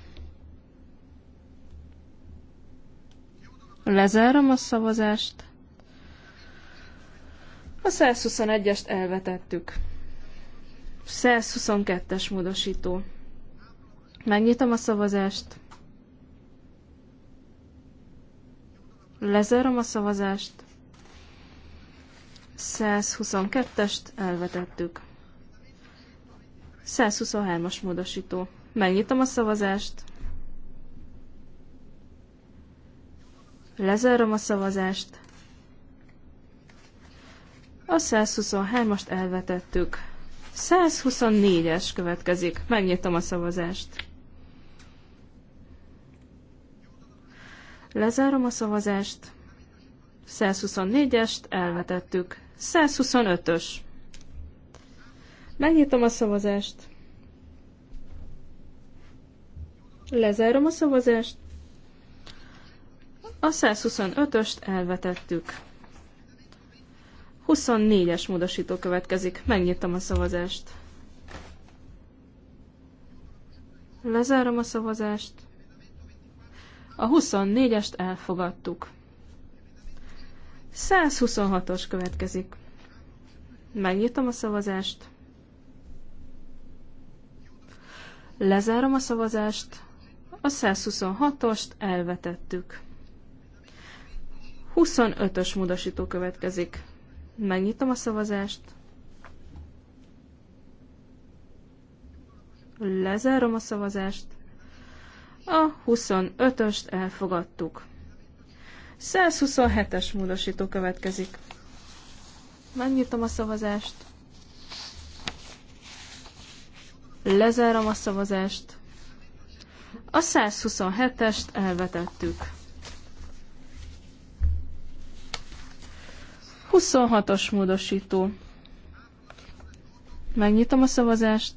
Speaker 3: Lezárom a szavazást. A 121-est elvetettük. 122-es módosító. Megnyitom a szavazást. Lezárom a szavazást. 122-est elvetettük. 123-as módosító. Megnyitom a szavazást. Lezárom a szavazást. A 123-ast elvetettük. 124-es következik. Megnyitom a szavazást. Lezárom a szavazást. 124-est elvetettük. 125-ös. Megnyitom a szavazást. Lezárom a szavazást. A 125-öst elvetettük. 24-es módosító következik. Megnyitom a szavazást. Lezárom a szavazást. A 24-est elfogadtuk. 126-os következik. Megnyitom a szavazást. Lezárom a szavazást. A 126-ost elvetettük. 25-ös módosító következik. Megnyitom a szavazást. Lezárom a szavazást. A 25-öst elfogadtuk. 127-es módosító következik. Megnyitom a szavazást. Lezárom a szavazást. A 127-est elvetettük. 26-os módosító. Megnyitom a szavazást.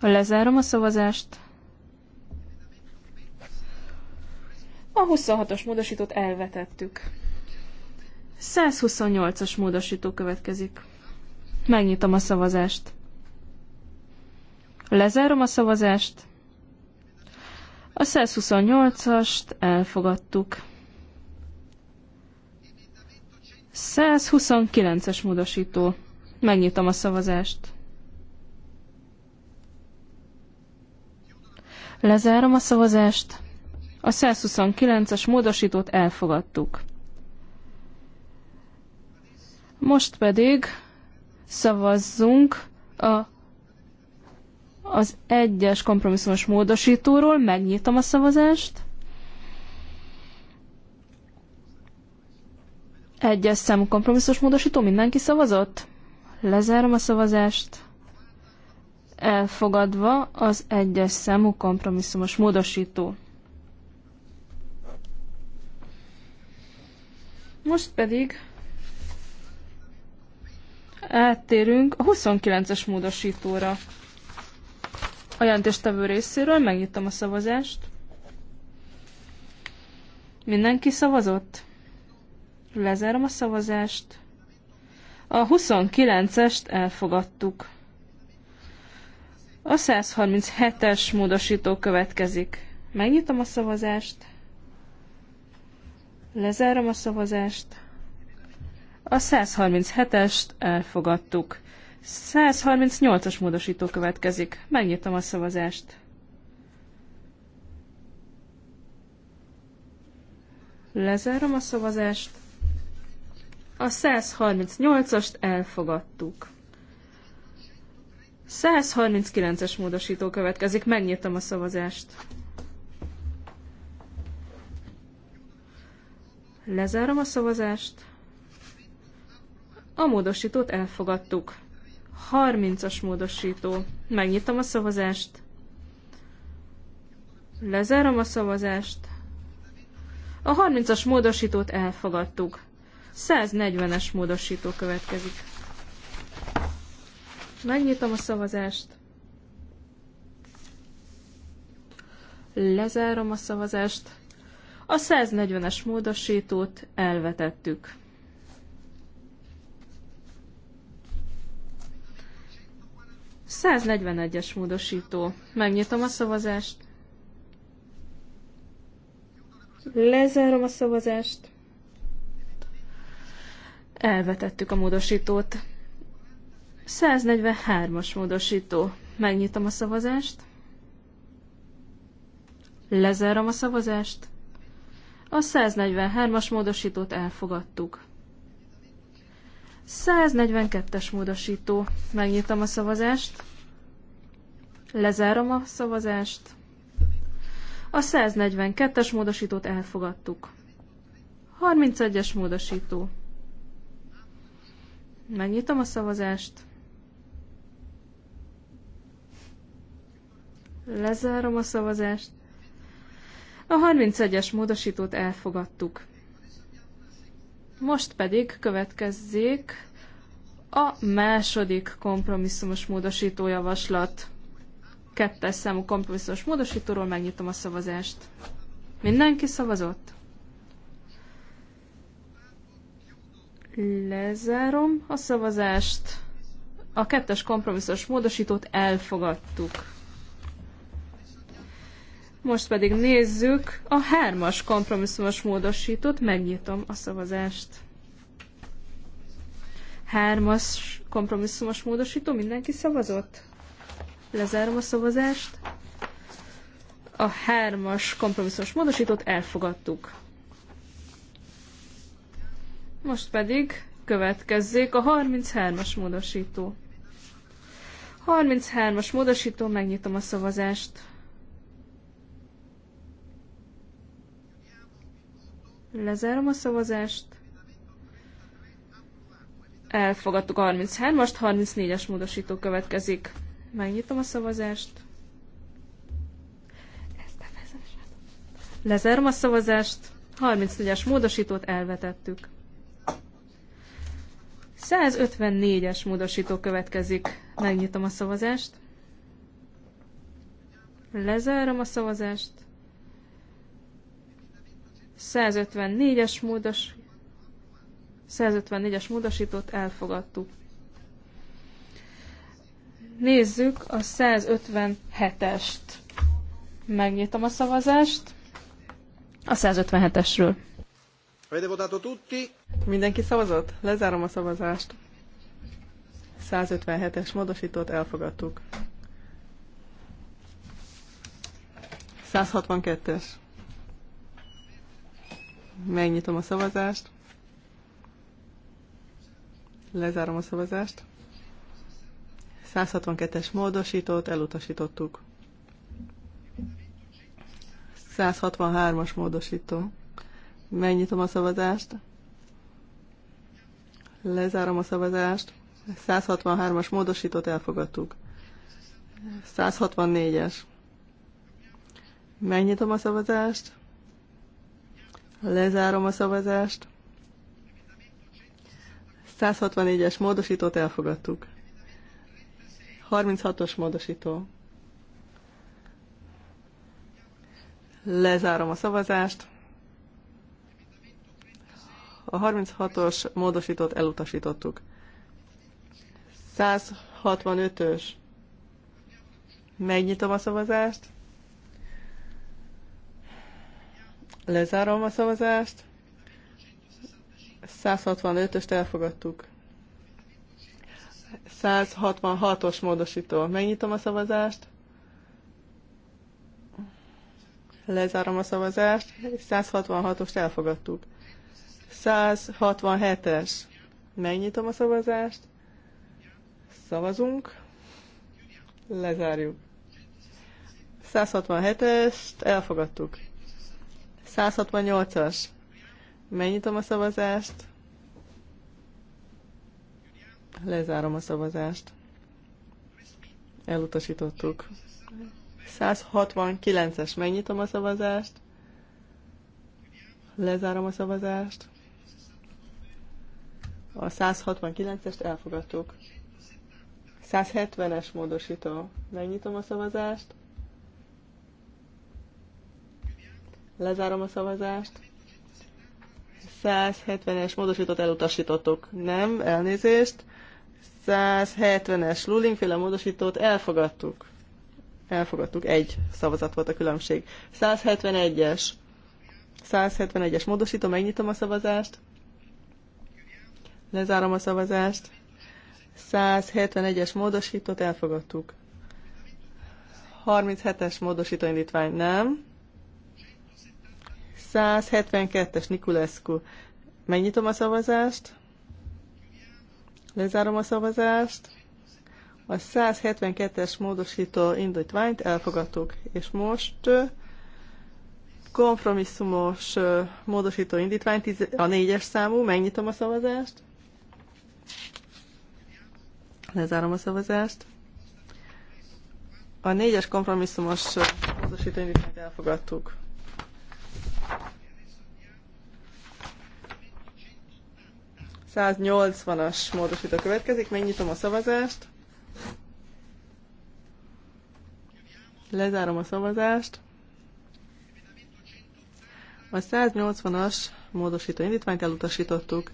Speaker 3: Lezárom a szavazást. A 26-os módosítót elvetettük. 128-as módosító következik. Megnyitom a szavazást. Lezárom a szavazást. A 128-ast elfogadtuk. 129-es módosító. Megnyitom a szavazást. Lezárom a szavazást. A 129-es módosítót elfogadtuk. Most pedig szavazzunk a, az egyes kompromisszumos módosítóról. Megnyitom a szavazást. Egyes számú kompromisszus módosító mindenki szavazott? Lezárom a szavazást. Elfogadva az egyes számú kompromisszumos módosító. Most pedig áttérünk a 29-es módosítóra. A jelentéstevő részéről megnyitom a szavazást. Mindenki szavazott? Lezárom a szavazást. A 29-est elfogadtuk. A 137-es módosító következik. Megnyitom a szavazást. Lezárom a szavazást. A 137-est elfogadtuk. 138-as módosító következik. Megnyitom a szavazást. Lezárom a szavazást. A 138-ast elfogadtuk. 139-es módosító következik. Megnyitom a szavazást. Lezárom a szavazást. A módosítót elfogadtuk. 30-as módosító. Megnyitom a szavazást. Lezárom a szavazást. A 30-as módosítót elfogadtuk. 140-es módosító következik. Megnyitom a szavazást. Lezárom a szavazást. A 140-es módosítót elvetettük. es módosító. Megnyitom a szavazást. Lezárom a szavazást. Elvetettük a módosítót. 143-as módosító. Megnyitom a szavazást. Lezárom a szavazást. A 143-as módosítót elfogadtuk. 142-es módosító. Megnyitom a szavazást. Lezárom a szavazást. A 142-es módosítót elfogadtuk. 31-es módosító. Megnyitom a szavazást. Lezárom a szavazást. A 31-es módosítót elfogadtuk. Most pedig következzék a második kompromisszumos módosító javaslat. Kettes számú kompromisszumos módosítóról megnyitom a szavazást. Mindenki szavazott? Lezárom a szavazást. A kettes kompromisszos módosítót elfogadtuk. Most pedig nézzük a hármas kompromisszumos módosítót, megnyitom a szavazást. Hármas kompromisszumos módosító, mindenki szavazott? Lezárom a szavazást. A hármas kompromisszumos módosítót elfogadtuk. Most pedig következzék a 33-as módosító. 33-as módosító, megnyitom a szavazást. Lezárom a szavazást. Elfogadtuk a 33-ast, 34-es módosító következik. Megnyitom a szavazást. Lezárom a szavazást. 34-es módosítót elvetettük. 154-es módosító következik. Megnyitom a szavazást. Lezárom a szavazást. 154-es módos 154-es módosítót elfogadtuk. Nézzük a 157-est. Megnyitom a szavazást a 157-esről.
Speaker 2: Avete votato tutti? Mindenki szavazott? Lezárom a szavazást. 157-es módosítót elfogadtuk. 162-es. Megnyitom a szavazást. Lezárom a szavazást. 162-es módosítót elutasítottuk. 163-as módosító. Megnyitom a szavazást. Lezárom a szavazást. 163-as módosítót elfogadtuk. 164-es. Megnyitom a szavazást. Lezárom a szavazást. 164-es módosítót elfogadtuk. 36-os módosító. Lezárom a szavazást. A 36-os módosított elutasítottuk. 165-ös. Megnyitom a szavazást. Lezárom a szavazást. 165-öst elfogadtuk. 166-os módosító. Megnyitom a szavazást. Lezárom a szavazást. 166-ost elfogadtuk. 167-es. Megnyitom a szavazást. Szavazunk. Lezárjuk. 167-est elfogadtuk. 168-as. Megnyitom a szavazást. Lezárom a szavazást. Elutasítottuk. 169-es. Megnyitom a szavazást. Lezárom a szavazást. A 169-est elfogadtuk. 170-es módosító. Megnyitom a szavazást. Lezárom a szavazást. 170-es módosítót elutasítottuk. Nem, elnézést. 170-es Lulingféle módosítót elfogadtuk. Elfogadtuk, egy szavazat volt a különbség. 171-es. 171-es módosító, megnyitom a szavazást. Lezárom a szavazást. 171-es módosítót elfogadtuk. 37-es módosítóindítvány nem. 172-es Nikulescu. Megnyitom a szavazást. Lezárom a szavazást. A 172-es módosító indítványt elfogadtuk, és most kompromisszumos módosító indítvány, a négyes számú, megnyitom a szavazást. Lezárom a szavazást. A négyes kompromisszumos módosítóindítványt elfogadtuk. as módosító következik, megnyitom a szavazást. Lezárom a szavazást. A 180-as módosító indítványt elutasítottuk.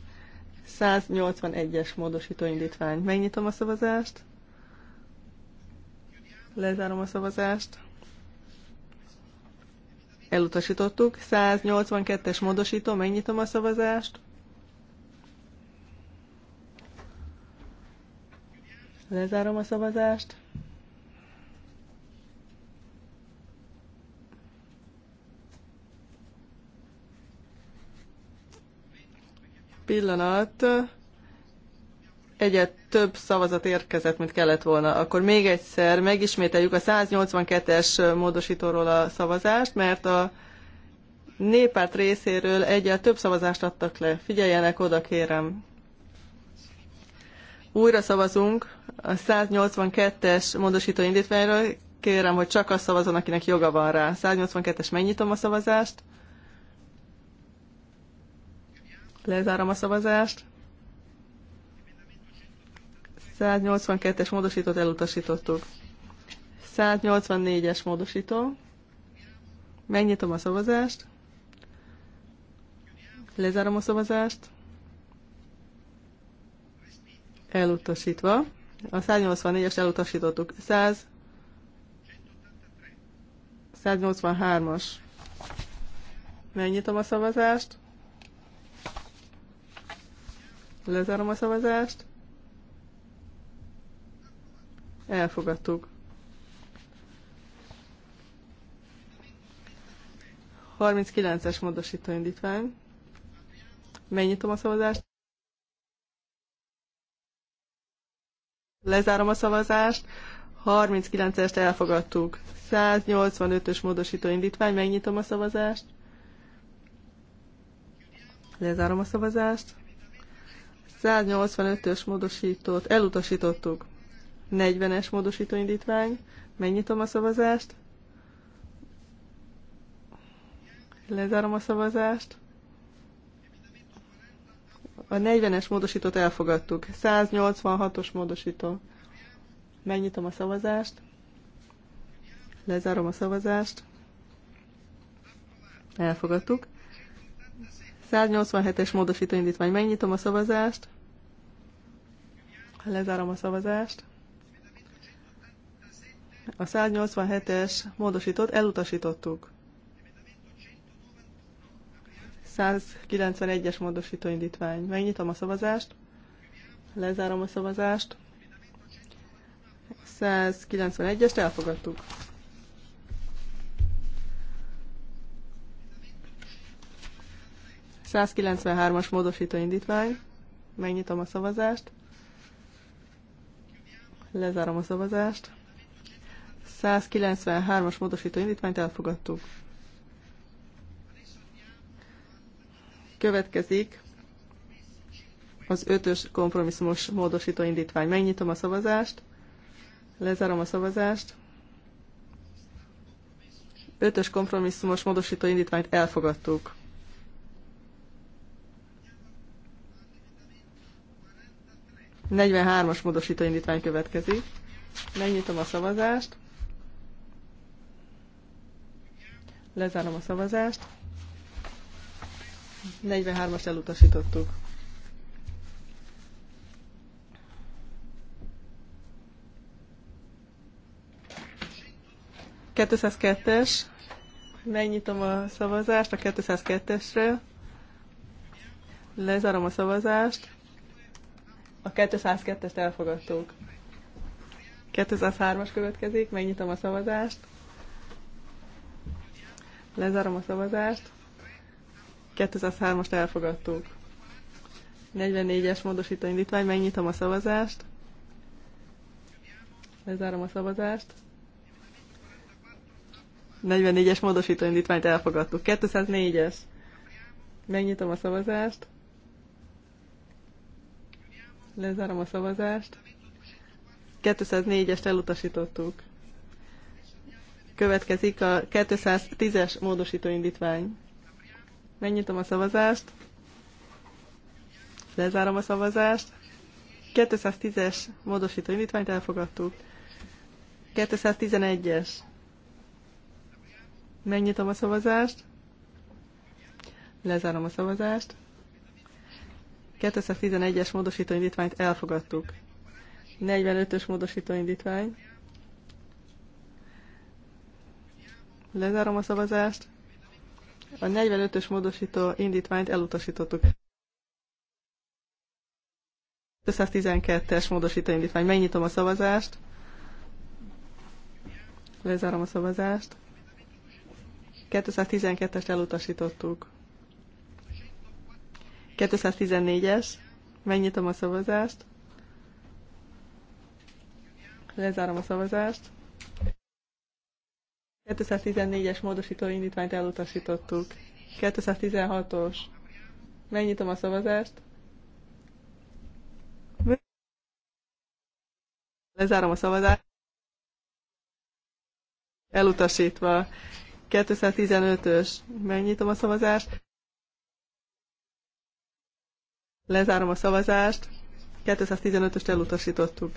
Speaker 2: 181-es módosító indítvány. Megnyitom a szavazást. Lezárom a szavazást. Elutasítottuk. 182-es módosító. Megnyitom a szavazást. Lezárom a szavazást. pillanat egyet több szavazat érkezett, mint kellett volna. Akkor még egyszer megismételjük a 182-es módosítóról a szavazást, mert a néppárt részéről egyet több szavazást adtak le. Figyeljenek oda, kérem. Újra szavazunk a 182-es módosító indítványról. Kérem, hogy csak azt szavazon, akinek joga van rá. 182-es megnyitom a szavazást. Lezárom a szavazást. 182-es módosítót elutasítottuk. 184-es módosító. Megnyitom a szavazást. Lezárom a szavazást. Elutasítva. A 184-es elutasítottuk. 100. 183-as. Megnyitom a szavazást. Lezárom a szavazást. Elfogadtuk. 39-es módosító indítvány. Megnyitom a szavazást. Lezárom a szavazást. 39-est elfogadtuk. 185-ös módosító indítvány. Megnyitom a szavazást. Lezárom a szavazást. 185-ös módosítót elutasítottuk. 40-es módosítóindítvány. Megnyitom a szavazást. Lezárom a szavazást. A 40-es módosítót elfogadtuk. 186-os módosító. Megnyitom a szavazást. Lezárom a szavazást. Elfogadtuk. 187-es módosítóindítvány. indítvány. Megnyitom a szavazást. Lezárom a szavazást. A 187-es módosított, elutasítottuk. 191-es módosító indítvány. Megnyitom a szavazást. Lezárom a szavazást. 191-est elfogadtuk. 193 as módosító indítvány. Megnyitom a szavazást. Lezárom a szavazást. 193-as módosító indítványt elfogadtuk. Következik az ötös kompromisszumos módosító indítvány. Megnyitom a szavazást, lezárom a szavazást. Ötös kompromisszumos módosító indítványt elfogadtuk. 43-as módosító indítvány következik. Megnyitom a szavazást. Lezárom a szavazást. 43-as elutasítottuk. es Megnyitom a szavazást a 202 esre Lezárom a szavazást. A 202-est elfogadtuk. 203-as következik, megnyitom a szavazást. Lezárom a szavazást. 203-ast elfogadtuk. 44-es módosító indítvány, megnyitom a szavazást. Lezárom a szavazást. 44-es módosító indítványt elfogadtuk. 204-es. Megnyitom a szavazást. Lezárom a szavazást. 204-est elutasítottuk. Következik a 210-es módosítóindítvány. indítvány. Megnyitom a szavazást. Lezárom a szavazást. 210-es módosítóindítványt indítványt elfogadtuk. 211-es. Megnyitom a szavazást. Lezárom a szavazást. 2011 es módosítóindítványt elfogadtuk. 45-ös módosítóindítvány. Lezárom a szavazást. A 45-ös módosító indítványt elutasítottuk. 512-es módosító indítvány. Megnyitom a szavazást. Lezárom a szavazást. 212-est elutasítottuk. 214-es. Megnyitom a szavazást. Lezárom a szavazást. 214-es módosító indítványt elutasítottuk. 216-os. Megnyitom a szavazást. Lezárom a szavazást. Elutasítva. 215-ös. Megnyitom a szavazást. Lezárom a szavazást. 215-öst elutasítottuk.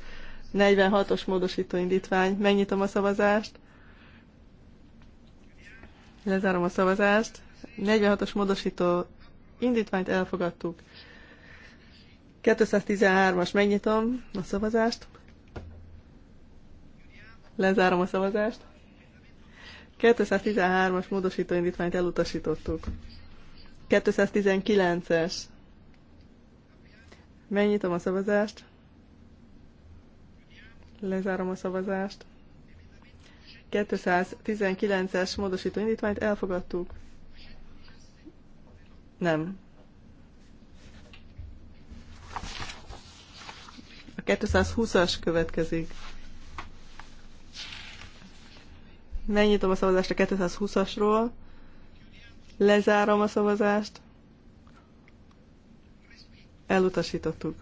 Speaker 2: 46-os módosító indítvány. Megnyitom a szavazást. Lezárom a szavazást. 46-os módosító indítványt elfogadtuk. 213-as. Megnyitom a szavazást. Lezárom a szavazást. 213-as módosító indítványt elutasítottuk. 219-es. Megnyitom a szavazást. Lezárom a szavazást. 219-es módosító indítványt elfogadtuk. Nem. A 220-as következik. Megnyitom a szavazást a 220-asról. Lezárom a szavazást. Elutasítottuk.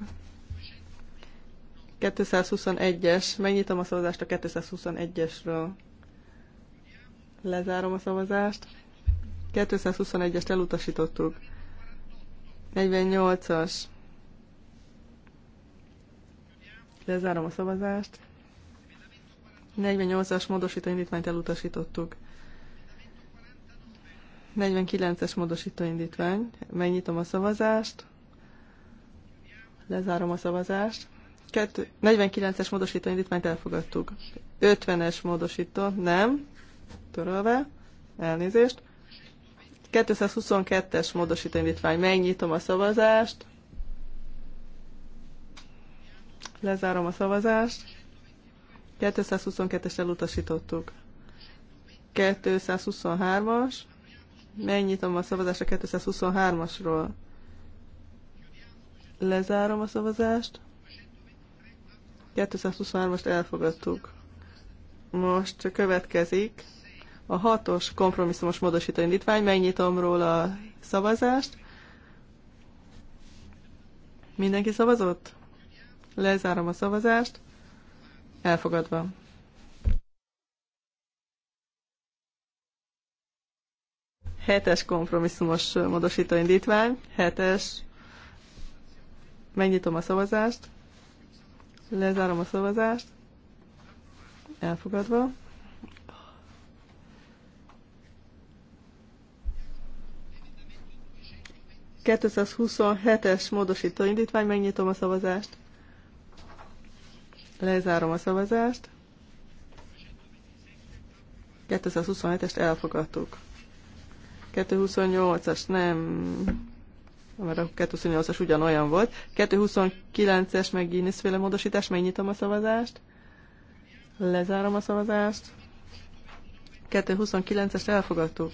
Speaker 2: 221-es. Megnyitom a szavazást a 221-esről. Lezárom a szavazást. 221-est elutasítottuk. 48-as. Lezárom a szavazást. 48-as módosító indítványt elutasítottuk. 49-es módosító indítvány. Megnyitom a szavazást. Lezárom a szavazást. 49-es módosító indítványt elfogadtuk. 50-es módosító, nem, törölve, elnézést. 222-es módosító indítvány, megnyitom a szavazást. Lezárom a szavazást. 222-es elutasítottuk. 223-as. Megnyitom a szavazást a 223-asról. Lezárom a szavazást. 223-ast elfogadtuk. Most következik a hatos kompromisszumos módosító indítvány. Megnyitom róla a szavazást. Mindenki szavazott? Lezárom a szavazást. Elfogadva. Hetes kompromisszumos módosító indítvány. Hetes Megnyitom a szavazást. Lezárom a szavazást. Elfogadva. es módosító indítvány, megnyitom a szavazást. Lezárom a szavazást. 227-est elfogadtuk. 228-as nem mert a 228-as ugyanolyan volt. 229-es meg Guinness féle módosítás, megnyitom a szavazást. Lezárom a szavazást. 229 es elfogadtuk.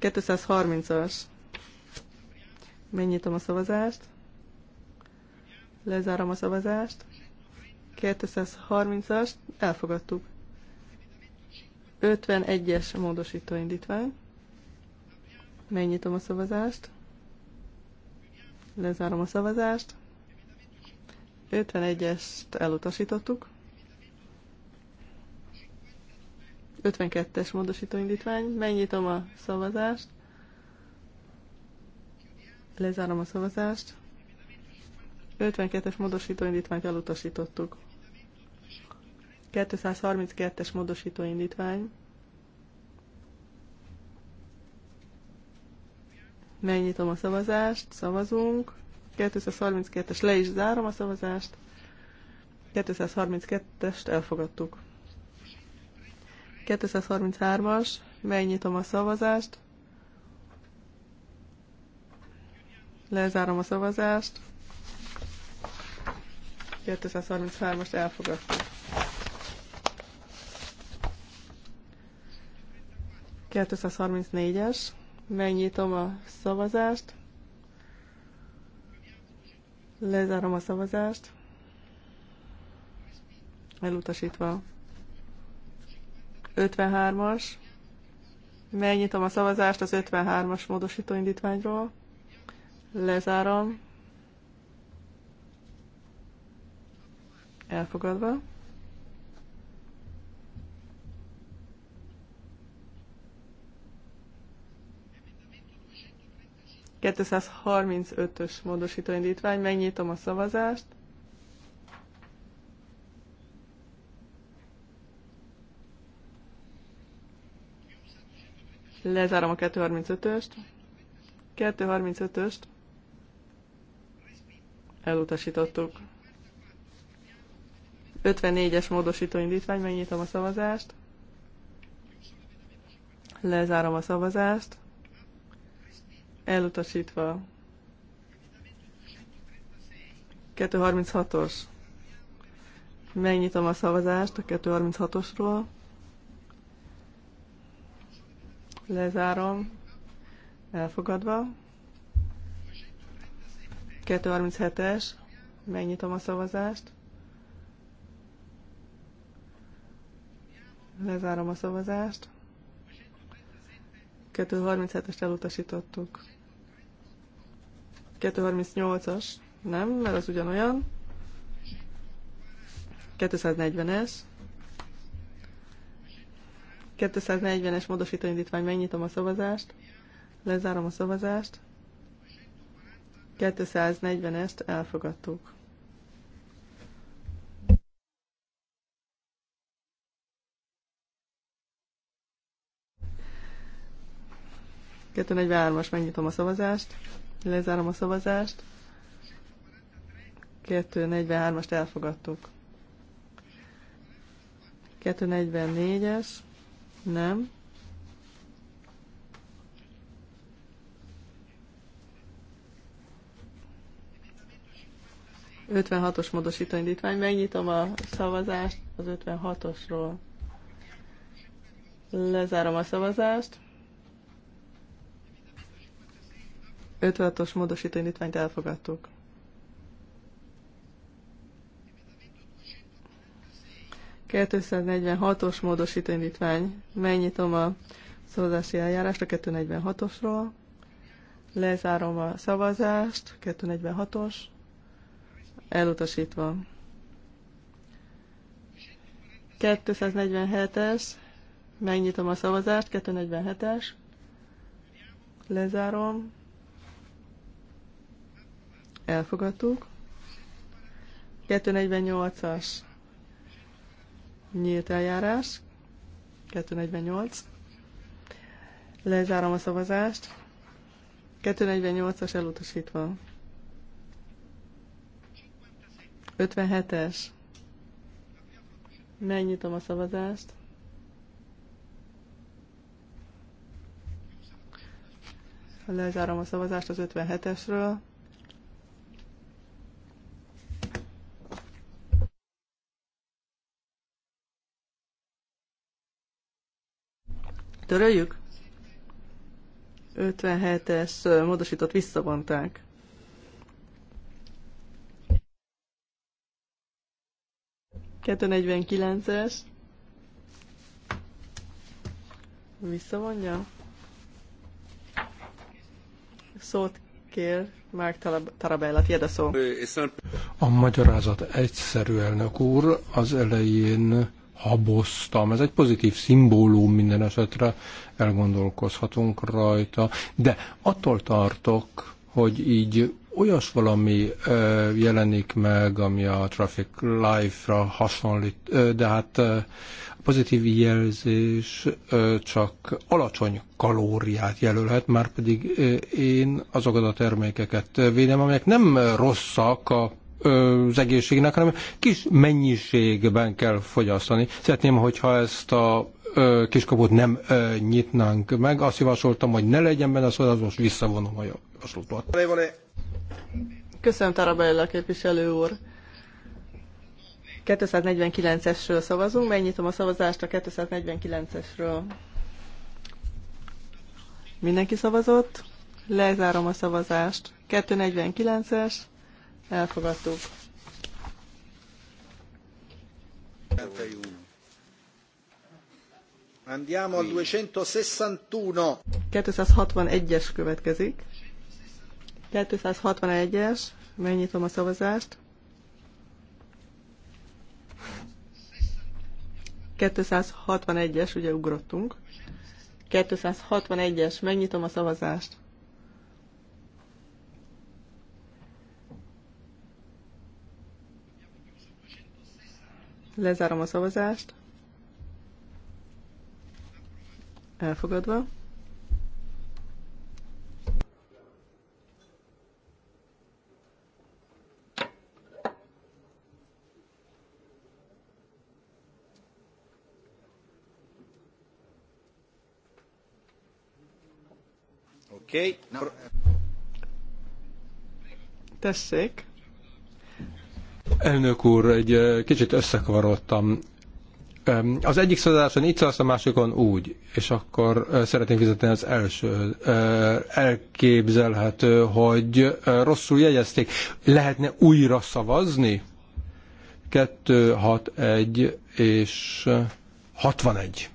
Speaker 2: 230-as. Megnyitom a szavazást. Lezárom a szavazást. 230-as. Elfogadtuk. 51-es módosító indítvány. Megnyitom a szavazást. Lezárom a szavazást. 51-est elutasítottuk. 52-es módosítóindítvány. Megnyitom a szavazást. Lezárom a szavazást. 52-es módosítóindítványt elutasítottuk. 232-es módosítóindítvány. Megnyitom a szavazást, szavazunk. 232-es, le is zárom a szavazást. 232-est elfogadtuk. 233-as, megnyitom a szavazást. Lezárom a szavazást. 233-ast elfogadtuk. 234-es. Megnyitom a szavazást. Lezárom a szavazást. Elutasítva. 53-as. Megnyitom a szavazást az 53-as módosítóindítványról, Lezárom. Elfogadva. 235-ös módosítóindítvány, megnyitom a szavazást. Lezárom a 235-öst. 235-öst elutasítottuk. 54-es indítvány, megnyitom a szavazást. Lezárom a szavazást elutasítva. 236-os. Megnyitom a szavazást a 236-osról. Lezárom. Elfogadva. 237-es. Megnyitom a szavazást. Lezárom a szavazást. 237-est elutasítottuk. 238-as, nem, mert az ugyanolyan. 240-es. 240-es módosítóindítvány, megnyitom a szavazást, lezárom a szavazást. 240-est elfogadtuk. Kettő as megnyitom a szavazást. Lezárom a szavazást. 243-ast elfogadtuk. 244-es. Nem. ...56-os módosító indítvány. Megnyitom a szavazást az 56-osról. Lezárom a szavazást. 56-os módosító indítványt elfogadtuk. 246-os módosító indítvány. Megnyitom a szavazási eljárást a 246-osról. Lezárom a szavazást. 246-os. Elutasítva. 247-es. Megnyitom a szavazást. 247-es. Lezárom elfogadtuk. 248-as nyílt eljárás, 248. Lezárom a szavazást. 248-as elutasítva. 57-es. Megnyitom a szavazást. az 57-esről. Töröljük? 57-es módosított visszavonták. es Visszavonja? Szót kér Márk Tarabella, tiéd a szó.
Speaker 5: A magyarázat egyszerű, elnök úr. Az elején haboztam. Ez egy pozitív szimbólum minden esetre, elgondolkozhatunk rajta, de attól tartok, hogy így olyas valami ö, jelenik meg, ami a Traffic Life-ra hasonlít, ö, de hát ö, a pozitív jelzés ö, csak alacsony kalóriát jelölhet, már pedig ö, én azokat a termékeket védem, amelyek nem rosszak a az egészségnek, hanem kis mennyiségben kell fogyasztani. Szeretném, hogyha ezt a kiskaput nem nyitnánk meg. Azt javasoltam, hogy ne legyen benne szóval az most visszavonom a javaslatot.
Speaker 2: Köszönöm, Tarabella képviselő úr. 249-esről szavazunk. Megnyitom a szavazást a 249-esről. Mindenki szavazott? Lezárom a szavazást. 249-es. Elfogadtuk.
Speaker 1: Andiamo al 261.
Speaker 2: 261-es következik. 261-es. Megnyitom a szavazást. 261-es, ugye ugrottunk. 261-es, megnyitom a szavazást. Lezárom a szavazást. Elfogadva.
Speaker 1: Okay. No.
Speaker 2: Tessék.
Speaker 5: Elnök úr, egy kicsit összekavarodtam. Az egyik szavazáson így szavaztam, a másikon úgy, és akkor szeretném fizetni az első. Elképzelhető, hogy rosszul jegyezték. Lehetne újra szavazni? 2, 6, 1 és
Speaker 1: 61.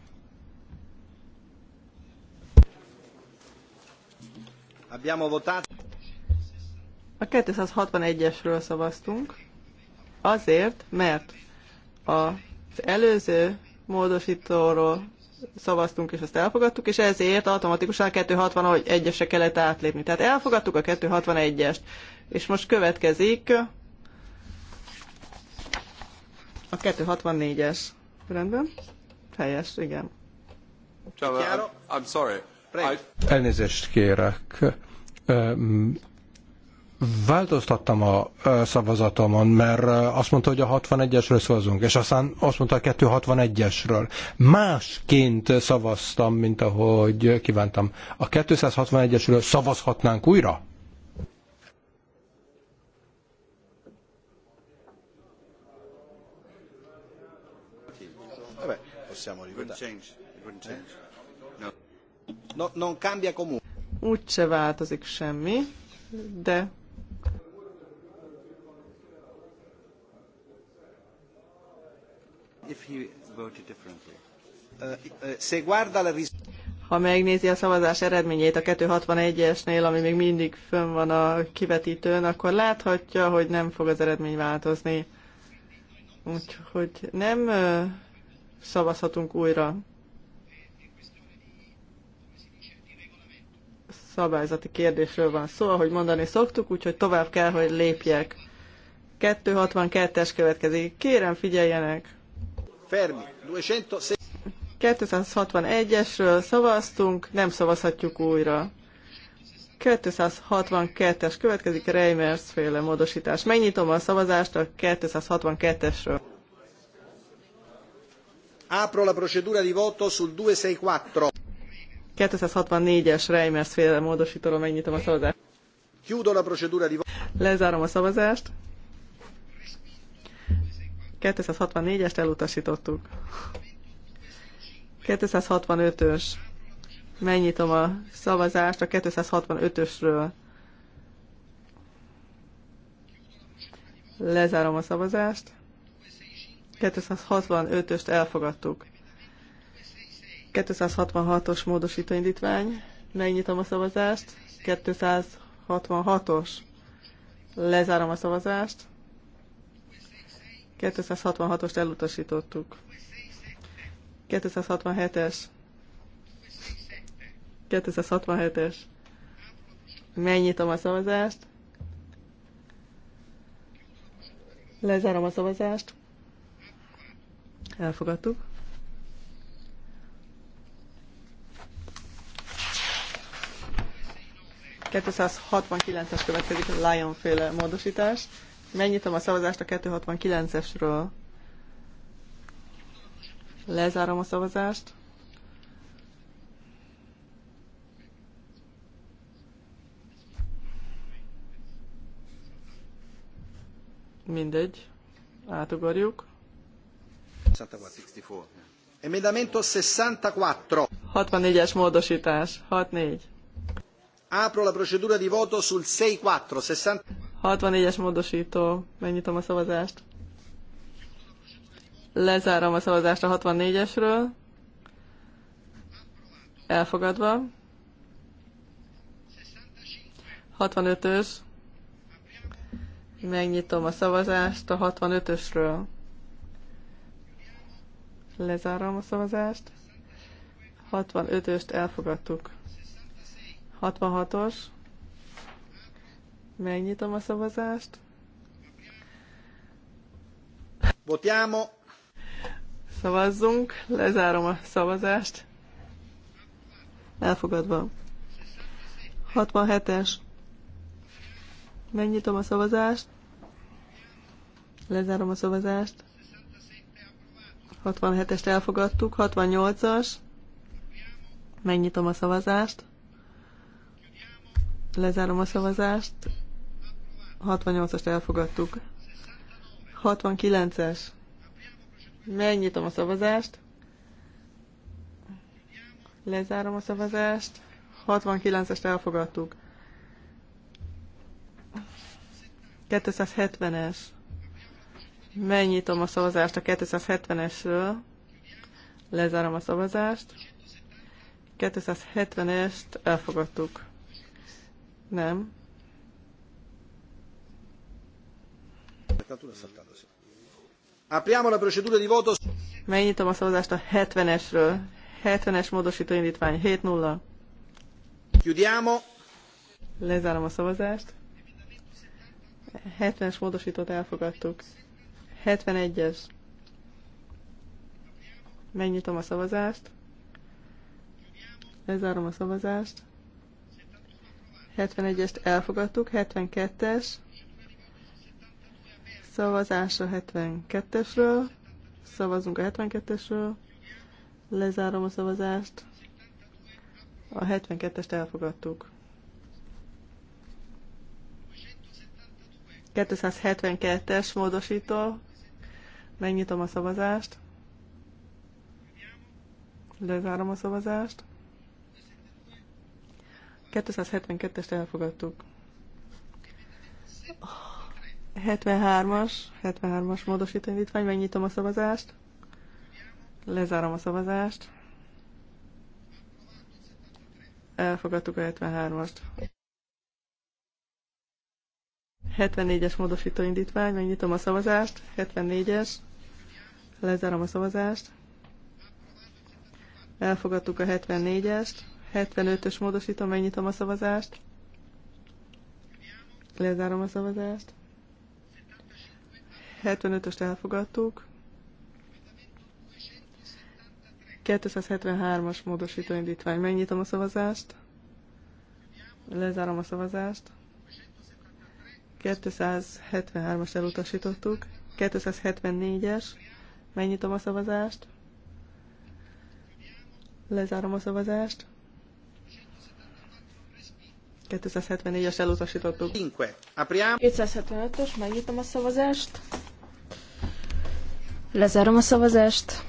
Speaker 2: A 261-esről szavaztunk. Azért, mert az előző módosítóról szavaztunk, és azt elfogadtuk, és ezért automatikusan a 260 egyesre kellett átlépni. Tehát elfogadtuk a 261-est, és most következik a 264-es. Rendben? Helyes, igen.
Speaker 5: I'm sorry. I... Elnézést kérek változtattam a szavazatomon, mert azt mondta, hogy a 61-esről szavazunk, és aztán azt mondta a 261-esről. Másként szavaztam, mint ahogy kívántam. A 261-esről szavazhatnánk újra?
Speaker 2: Úgyse változik semmi, de
Speaker 4: Uh,
Speaker 1: uh,
Speaker 2: ha megnézi a szavazás eredményét a 261-esnél, ami még mindig fönn van a kivetítőn, akkor láthatja, hogy nem fog az eredmény változni. Úgyhogy nem szavazhatunk újra. Szabályzati kérdésről van szó, ahogy mondani szoktuk, úgyhogy tovább kell, hogy lépjek. 262-es következik. Kérem, figyeljenek! 261-esről szavaztunk, nem szavazhatjuk újra. 262-es következik Reimers féle módosítás. Megnyitom a szavazást a 262-esről.
Speaker 1: Apro la procedura di voto sul 264.
Speaker 2: 264-es Reimers féle módosítóról megnyitom a szavazást.
Speaker 1: Chiudo la procedura di voto.
Speaker 2: Lezárom a szavazást. 264-est elutasítottuk. 265-ös. Megnyitom a szavazást a 265-ösről. Lezárom a szavazást. 265-öst elfogadtuk. 266-os módosítóindítvány. Megnyitom a szavazást. 266-os. Lezárom a szavazást. 266-ost elutasítottuk. 267-es. 267-es. Megnyitom a szavazást. Lezárom a szavazást. Elfogadtuk. Kettőszázhatvankilences következik a Lion féle módosítás. Megnyitom a szavazást a 269-esről. Lezárom a szavazást. Mindegy. Átugorjuk. 64. Emendamento 64. 64-es módosítás. 64.
Speaker 1: Apro la procedura di voto sul 64. 60...
Speaker 2: 64-es módosító. Megnyitom a szavazást. Lezárom a szavazást a 64-esről. Elfogadva. 65-ös. Megnyitom a szavazást a 65-ösről. Lezárom a szavazást. 65-öst elfogadtuk. 66-os. Megnyitom a szavazást. Votiamo. Szavazzunk, lezárom a szavazást. Elfogadva. 67-es. Megnyitom a szavazást. Lezárom a szavazást. 67-est elfogadtuk, 68-as. Megnyitom a szavazást. Lezárom a szavazást. 68-ast elfogadtuk. 69-es. Megnyitom a szavazást. Lezárom a szavazást. 69-est elfogadtuk. 270-es. Megnyitom a szavazást a 270-esről. Lezárom a szavazást. 270-est elfogadtuk. Nem. Megnyitom a szavazást a 70-esről. 70-es módosító indítvány 7-0. Lezárom a szavazást. 70-es módosítót elfogadtuk. 71-es. Megnyitom a szavazást. Lezárom a szavazást. 71-est elfogadtuk, 72-es. Szavazás a 72-esről. Szavazunk a 72-esről. Lezárom a szavazást. A 72-est elfogadtuk. 272-es módosító. Megnyitom a szavazást. Lezárom a szavazást. 272-est elfogadtuk. 73-as, 73-as módosító indítvány, megnyitom a szavazást. Lezárom a szavazást. Elfogadtuk a 73-ast. 74-es módosító indítvány, megnyitom a szavazást. 74-es. Lezárom a szavazást. Elfogadtuk a 74-est. 75-ös módosítom, megnyitom a szavazást. Lezárom a szavazást. 75-öst elfogadtuk. 273-as módosító indítvány. Megnyitom a szavazást. Lezárom a szavazást. 273-as elutasítottuk. 274-es. Megnyitom a szavazást. Lezárom a szavazást. 274-es elutasítottuk.
Speaker 3: 575 ös megnyitom a szavazást. Lezárom a szavazást.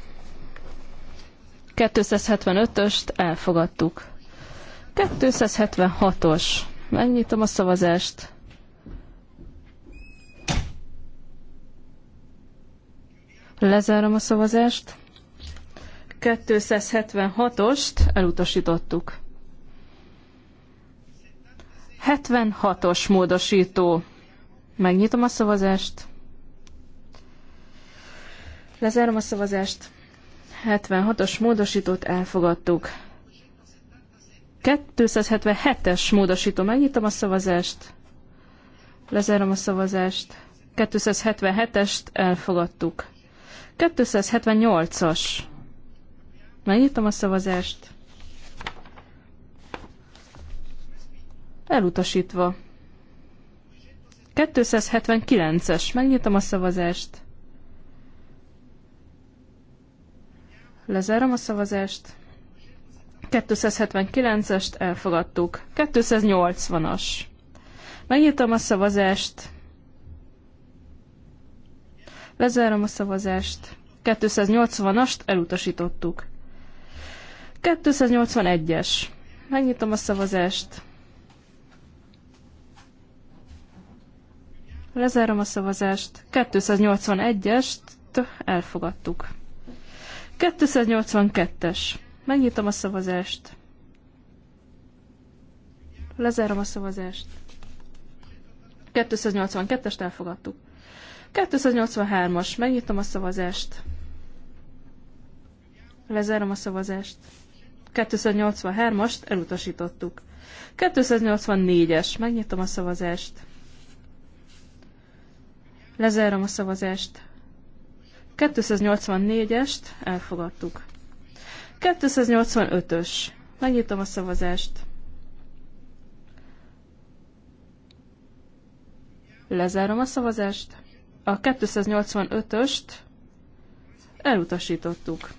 Speaker 3: 275-öst elfogadtuk. 276-os. Megnyitom a szavazást. Lezárom a szavazást. 276-ost elutasítottuk. 76-os módosító. Megnyitom a szavazást. Lezárom a szavazást. 76-os módosítót elfogadtuk. 277-es módosító. Megnyitom a szavazást. Lezárom a szavazást. 277-est elfogadtuk. 278-as. Megnyitom a szavazást. Elutasítva. 279-es. Megnyitom a szavazást. Lezárom a szavazást. 279-est elfogadtuk. 280-as. Megnyitom a szavazást. Lezárom a szavazást. 280-ast elutasítottuk. 281-es. Megnyitom a szavazást. Lezárom a szavazást. 281-est elfogadtuk. 282-es. Megnyitom a szavazást. Lezárom a szavazást. 282-est elfogadtuk. 283-as. Megnyitom a szavazást. Lezárom a szavazást. 283-ast elutasítottuk. 284-es. Megnyitom a szavazást. Lezárom a szavazást. 284-est elfogadtuk. 285-ös. Megnyitom a szavazást. Lezárom a szavazást. A 285-öst elutasítottuk.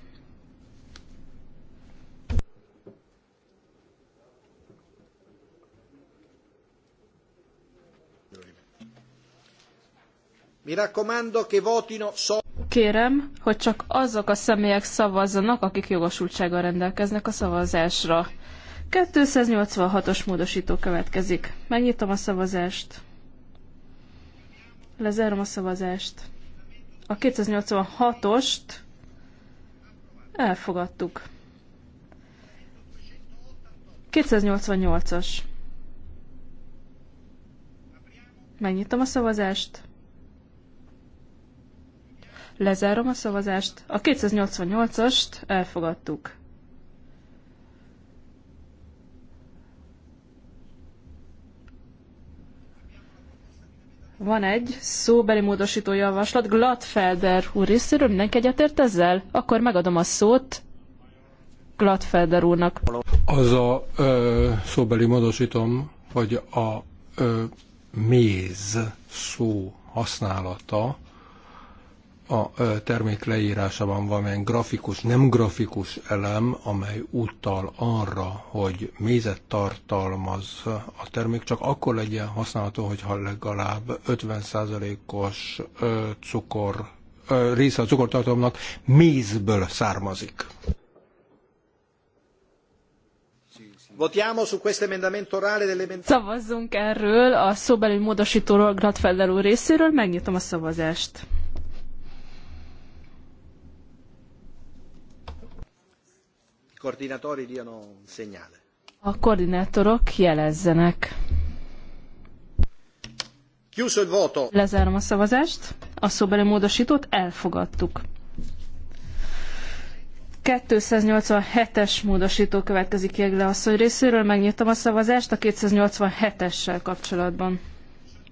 Speaker 1: Mi raccomando che votino solo
Speaker 3: Kérem, hogy csak azok a személyek szavazzanak, akik jogosultsággal rendelkeznek a szavazásra. 286-os módosító következik. Megnyitom a szavazást. Lezárom a szavazást. A 286-ost elfogadtuk. 288-as. Megnyitom a szavazást. Lezárom a szavazást. A 288-ast elfogadtuk. Van egy szóbeli módosító javaslat Gladfelder úr részéről. Mindenki egyetért ezzel? Akkor megadom a szót Gladfelder úrnak.
Speaker 5: Az a ö, szóbeli módosítom, hogy a ö, méz szó használata a termék leírásában valamilyen grafikus, nem grafikus elem, amely utal arra, hogy mézet tartalmaz a termék, csak akkor legyen használható, hogyha legalább 50%-os cukor része a cukortartalomnak mézből származik.
Speaker 3: Szavazzunk erről a szóbeli módosítóról Gratfeller úr részéről, megnyitom a szavazást.
Speaker 1: coordinatori diano un segnale.
Speaker 3: A koordinátorok jelezzenek.
Speaker 1: Chiuso il voto. Lezárom
Speaker 3: a szavazást. A szóbeli módosítót elfogadtuk. 287-es módosító következik Jegle asszony részéről. Megnyitom a szavazást a 287-essel kapcsolatban.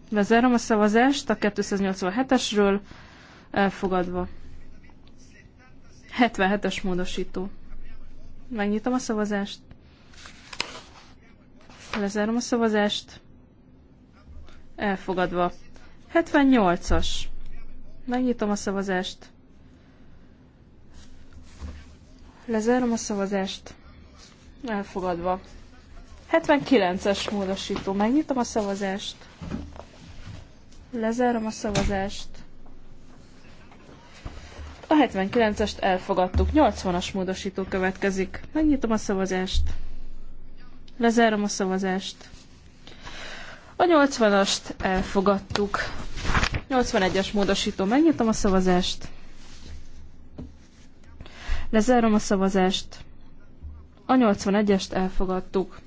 Speaker 3: Lezárom a szavazást a 287-esről. Elfogadva. 77-es módosító. Megnyitom a szavazást. Lezárom a szavazást. Elfogadva. 78-as. Megnyitom a szavazást. Lezárom a szavazást. Elfogadva. 79-es módosító. Megnyitom a szavazást. Lezárom a szavazást. A 79-est elfogadtuk. 80-as módosító következik. Megnyitom a szavazást. Lezárom a szavazást. A 80-ast elfogadtuk. 81-es módosító. Megnyitom a szavazást. Lezárom a szavazást. A 81-est elfogadtuk.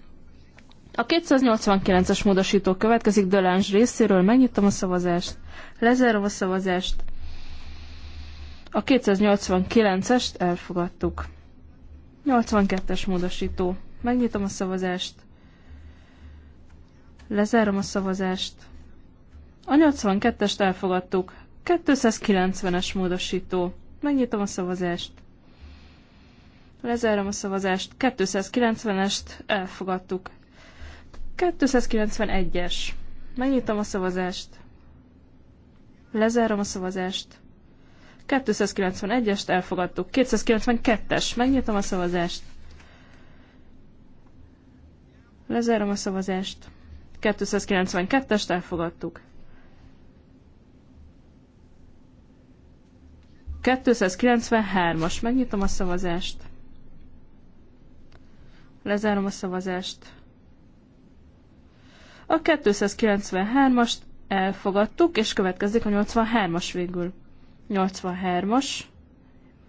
Speaker 3: A 289-es módosító következik Dölens részéről. Megnyitom a szavazást. Lezárom a szavazást. A 289-est elfogadtuk. 82-es módosító. Megnyitom a szavazást. Lezárom a szavazást. A 82-est elfogadtuk. 290-es módosító. Megnyitom a szavazást. Lezárom a szavazást. 290-est elfogadtuk. 291-es. Megnyitom a szavazást. Lezárom a szavazást. 291-est elfogadtuk. 292-es. Megnyitom a szavazást. Lezárom a szavazást. 292-est elfogadtuk. 293-as. Megnyitom a szavazást. Lezárom a szavazást. A 293-ast elfogadtuk, és következik a 83-as végül. 83-as.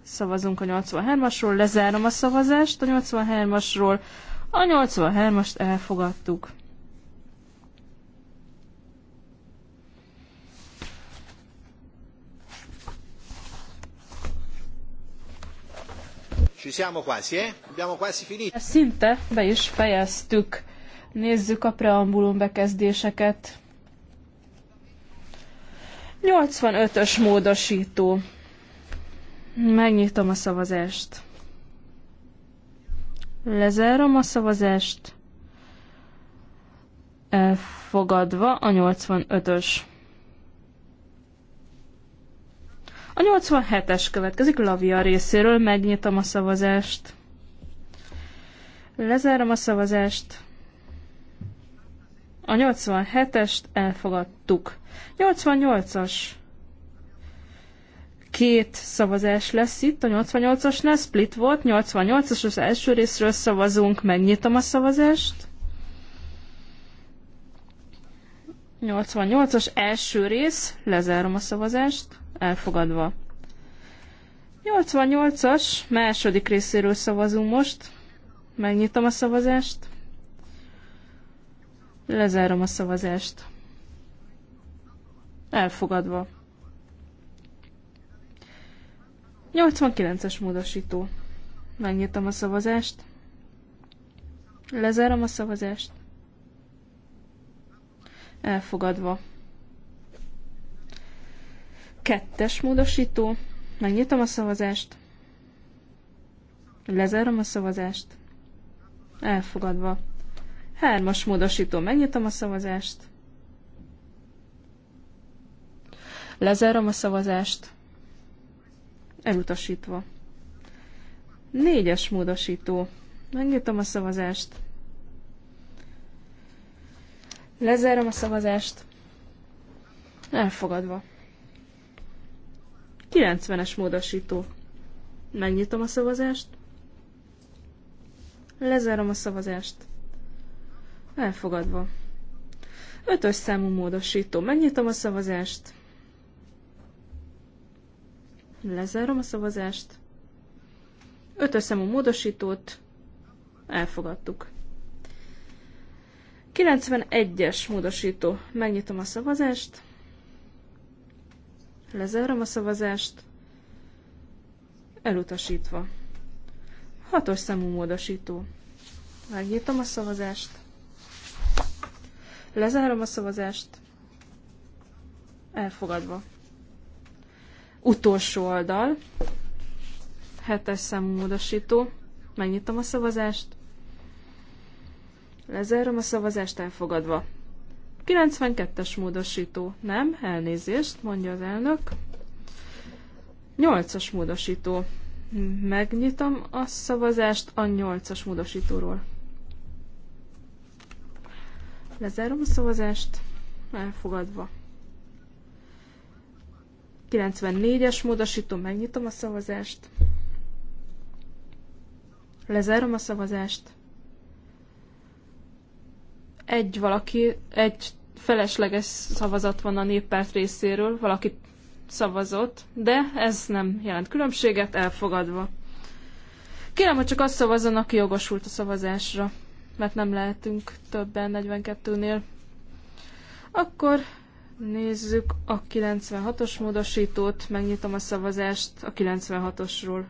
Speaker 3: Szavazunk a 83-asról, lezárom a szavazást a 83-asról. A 83-ast elfogadtuk.
Speaker 1: Ci siamo quasi, eh? Abbiamo quasi finito.
Speaker 3: Szinte be is fejeztük. Nézzük a preambulum bekezdéseket. 85-ös módosító. Megnyitom a szavazást. Lezárom a szavazást. Elfogadva a 85-ös. A 87-es következik Lavia részéről, megnyitom a szavazást. Lezárom a szavazást. A 87-est elfogadtuk. 88-as. Két szavazás lesz itt, a 88-asnál split volt, 88-as az első részről szavazunk, megnyitom a szavazást. 88-as első rész, lezárom a szavazást, elfogadva. 88-as második részéről szavazunk most, megnyitom a szavazást, lezárom a szavazást. Elfogadva. 89-es módosító. Megnyitom a szavazást. Lezárom a szavazást. Elfogadva. Kettes módosító. Megnyitom a szavazást. Lezárom a szavazást. Elfogadva. Hármas módosító. Megnyitom a szavazást. Lezárom a szavazást. Elutasítva. Négyes módosító. Megnyitom a szavazást. Lezárom a szavazást. Elfogadva. 90-es módosító. Megnyitom a szavazást. Lezárom a szavazást. Elfogadva. Ötös számú módosító. Megnyitom a szavazást. Lezárom a szavazást. Ötös számú módosítót elfogadtuk. 91-es módosító. Megnyitom a szavazást. Lezárom a szavazást. Elutasítva. Hatos számú módosító. Megnyitom a szavazást. Lezárom a szavazást. Elfogadva. Utolsó oldal, hetes számú módosító. Megnyitom a szavazást. Lezárom a szavazást elfogadva. 92-es módosító. Nem, elnézést, mondja az elnök. 8-as módosító. Megnyitom a szavazást a 8-as módosítóról. Lezárom a szavazást, elfogadva. 94-es módosító, megnyitom a szavazást. Lezárom a szavazást. Egy valaki, egy felesleges szavazat van a néppárt részéről, valaki szavazott, de ez nem jelent különbséget, elfogadva. Kérem, hogy csak azt szavazzon, aki jogosult a szavazásra, mert nem lehetünk többen 42-nél. Akkor Nézzük a 96-os módosítót, megnyitom a szavazást a 96-osról.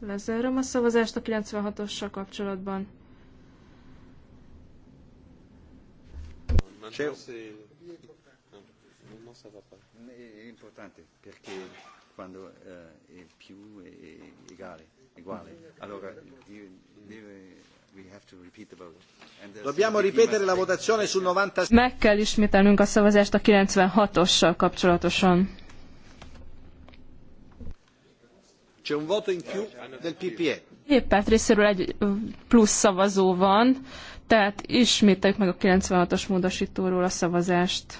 Speaker 3: Lezárom a szavazást a 96-ossal kapcsolatban.
Speaker 1: importante perché quando eh, è più è uguale, uguale. Allora deve Dobbiamo ripetere la votazione sul 90...
Speaker 3: Meg kell ismételnünk a szavazást a 96-ossal kapcsolatosan.
Speaker 1: C'è un voto in più del e.
Speaker 3: PPE. részéről egy plusz szavazó van, tehát ismételjük meg a 96-os módosítóról a szavazást.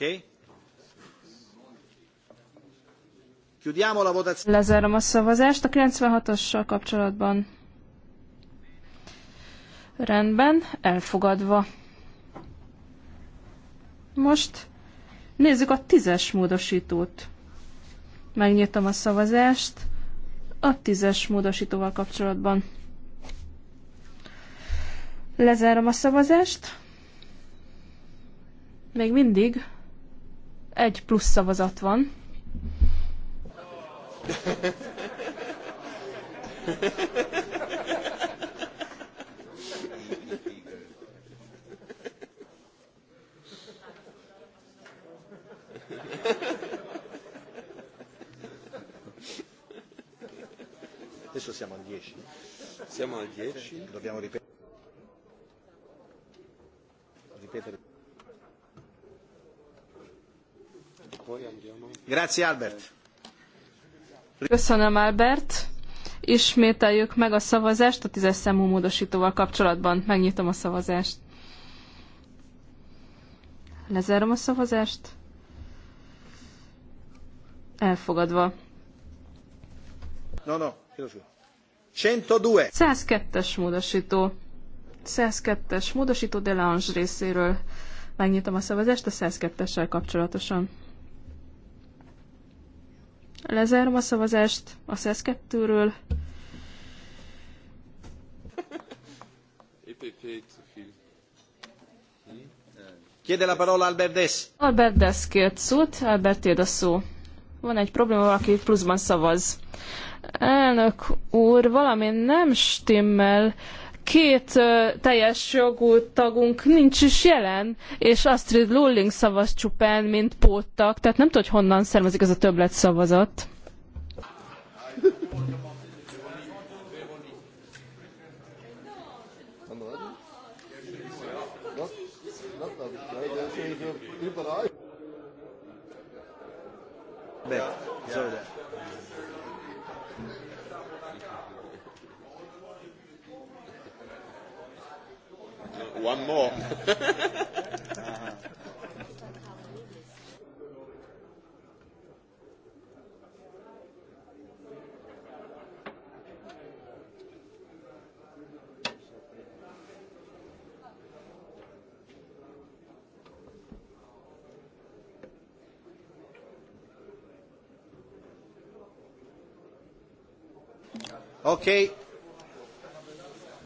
Speaker 4: Okay.
Speaker 1: Lezárom
Speaker 3: a szavazást a 96-ossal kapcsolatban. Rendben, elfogadva. Most nézzük a tízes módosítót. Megnyitom a szavazást a tízes módosítóval kapcsolatban. Lezárom a szavazást. Még mindig egy plusz szavazat van.
Speaker 1: Adesso siamo al 10. Siamo al 10. Dobbiamo ripetere. E Grazie Albert.
Speaker 3: Köszönöm, Albert. Ismételjük meg a szavazást a tízes számú módosítóval kapcsolatban. Megnyitom a szavazást. Lezárom a szavazást. Elfogadva.
Speaker 1: No, no, 102.
Speaker 3: 102-es módosító. 102-es módosító Delange részéről. Megnyitom a szavazást a 102-essel kapcsolatosan. Lezárom a szavazást a 2 ről
Speaker 1: Chiede la parola Albert Dess.
Speaker 3: Albert Dess kért szót, Albert a szó. Van egy probléma, valaki pluszban szavaz. Elnök úr, valami nem stimmel. Uh, két teljes jogú tagunk nincs is jelen, és Astrid Lulling szavaz csupán, mint póttag, tehát nem tudom, hogy honnan származik ez a többlet szavazat.
Speaker 4: One more. <laughs>
Speaker 1: Okay.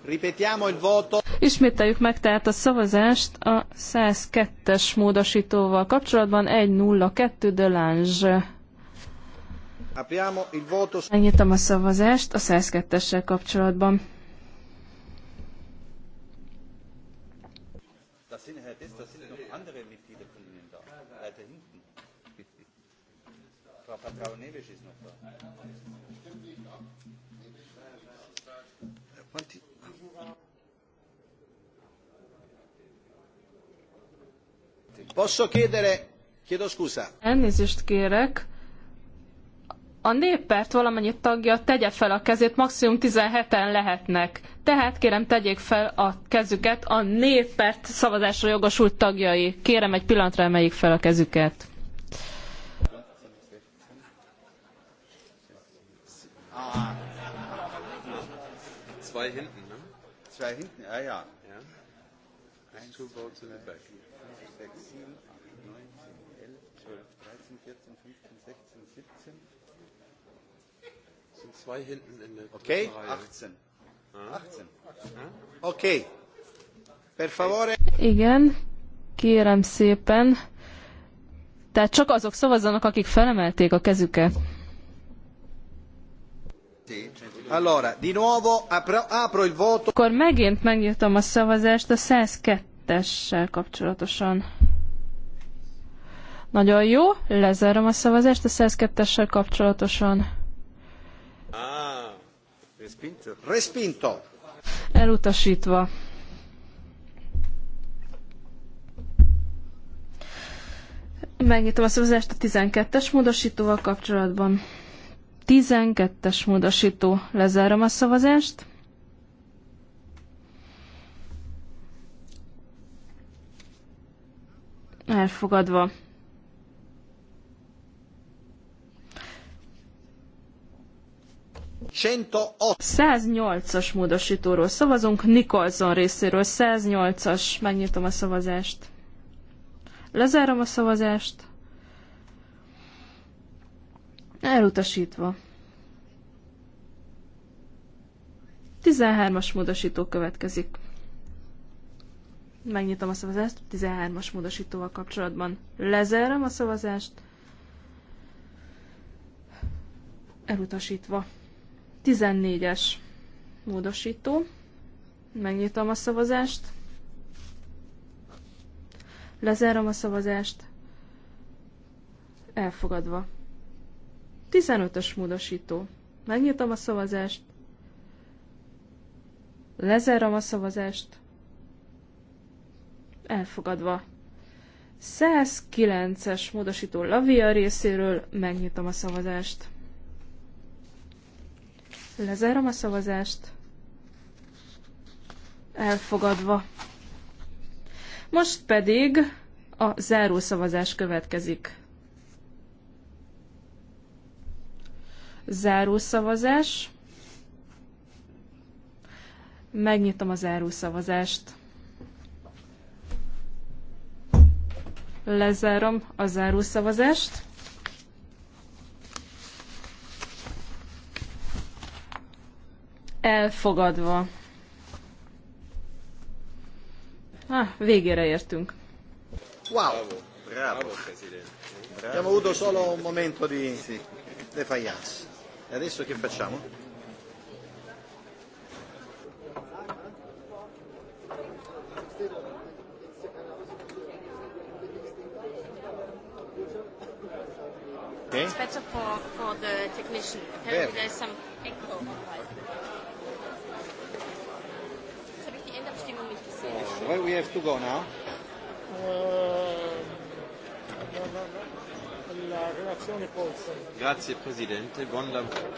Speaker 1: Ripetiamo il voto.
Speaker 3: Ismételjük meg tehát a szavazást a 102-es módosítóval kapcsolatban 102 Delange. Megnyitom a szavazást a 102-essel kapcsolatban.
Speaker 4: Frau Patraunewitsch ist
Speaker 1: Posso chiedere... Chiedo scusa.
Speaker 3: Elnézést kérek. A néppárt valamennyi tagja tegye fel a kezét, maximum 17-en lehetnek. Tehát kérem tegyék fel a kezüket a néppárt szavazásra jogosult tagjai. Kérem egy pillanatra emeljék fel a kezüket. Zwei
Speaker 4: hinten, ne? Zwei hinten, ja, ja. Two votes in the back. 6, 7, 8, 9, 10, 11, 12, 13, 14, 15, 16, 17. Sind zwei hinten in der Okay, Reihe. 18. 18.
Speaker 1: Okay. Per favore.
Speaker 3: Igen, kérem szépen. Tehát csak azok szavazzanak, akik felemelték a kezüket.
Speaker 1: Allora, di nuovo apro, apro il voto.
Speaker 3: Akkor megint megnyitom a szavazást a 102 kettessel kapcsolatosan. Nagyon jó, lezárom a szavazást a 102-essel kapcsolatosan.
Speaker 1: Ah, respinto. respinto.
Speaker 3: Elutasítva. Megnyitom a szavazást a 12-es módosítóval kapcsolatban. 12-es módosító. Lezárom a szavazást. Elfogadva. Száznyolcas 108-as módosítóról szavazunk, Nicholson részéről 108-as. Megnyitom a szavazást. Lezárom a szavazást. Elutasítva. 13-as módosító következik. Megnyitom a szavazást 13-as módosítóval kapcsolatban. Lezárom a szavazást. Elutasítva. 14-es módosító. Megnyitom a szavazást. Lezárom a szavazást. Elfogadva. 15-ös módosító. Megnyitom a szavazást. Lezárom a szavazást elfogadva. 109-es módosító Lavia részéről megnyitom a szavazást. Lezárom a szavazást. Elfogadva. Most pedig a záró szavazás következik. Záró szavazás. Megnyitom a záró szavazást. Lezárom a zárószavazást. Elfogadva. Ah, végére értünk.
Speaker 1: Wow! Bravo, presidente. Abbiamo avuto solo un momento di, di defaillance. E adesso che facciamo?
Speaker 4: Okay. It's better for, for the technician. Apparently yeah. there's some echo. Jetzt habe ich die Endabstimmung nicht gesehen. Oh, well,
Speaker 1: we have to go now. Grazie Presidente,
Speaker 4: buon lavoro.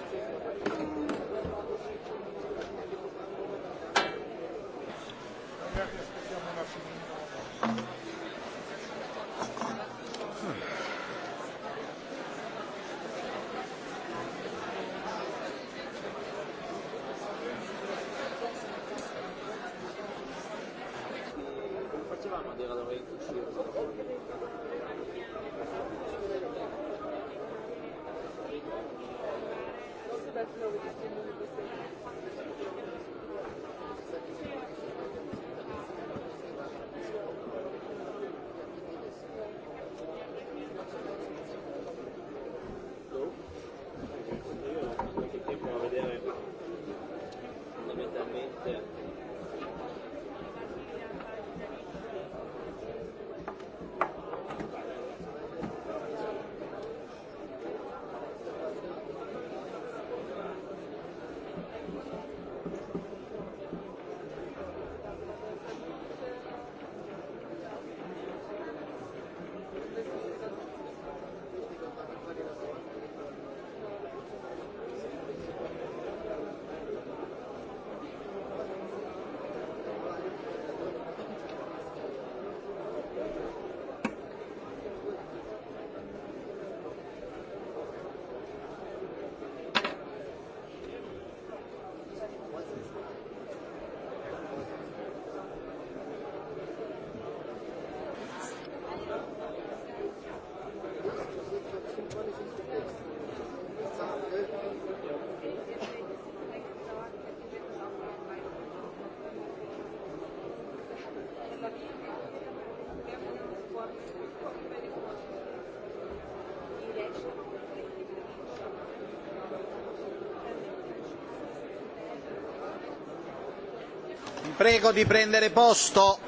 Speaker 1: Prego di prendere posto.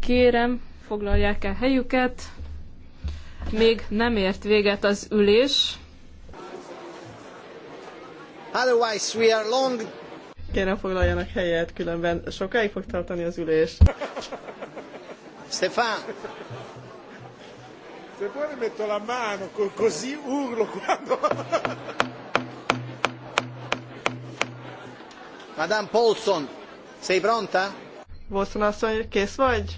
Speaker 3: Kérem, foglalják el helyüket. Még nem ért véget az ülés.
Speaker 2: Otherwise we are long... Kérem foglaljanak helyet, különben sokáig fog tartani az ülés. Stefan!
Speaker 1: Se vuole metto la mano, così urlo quando... Madame Paulson, Sei pronta?
Speaker 2: Wilson asszony, kész vagy?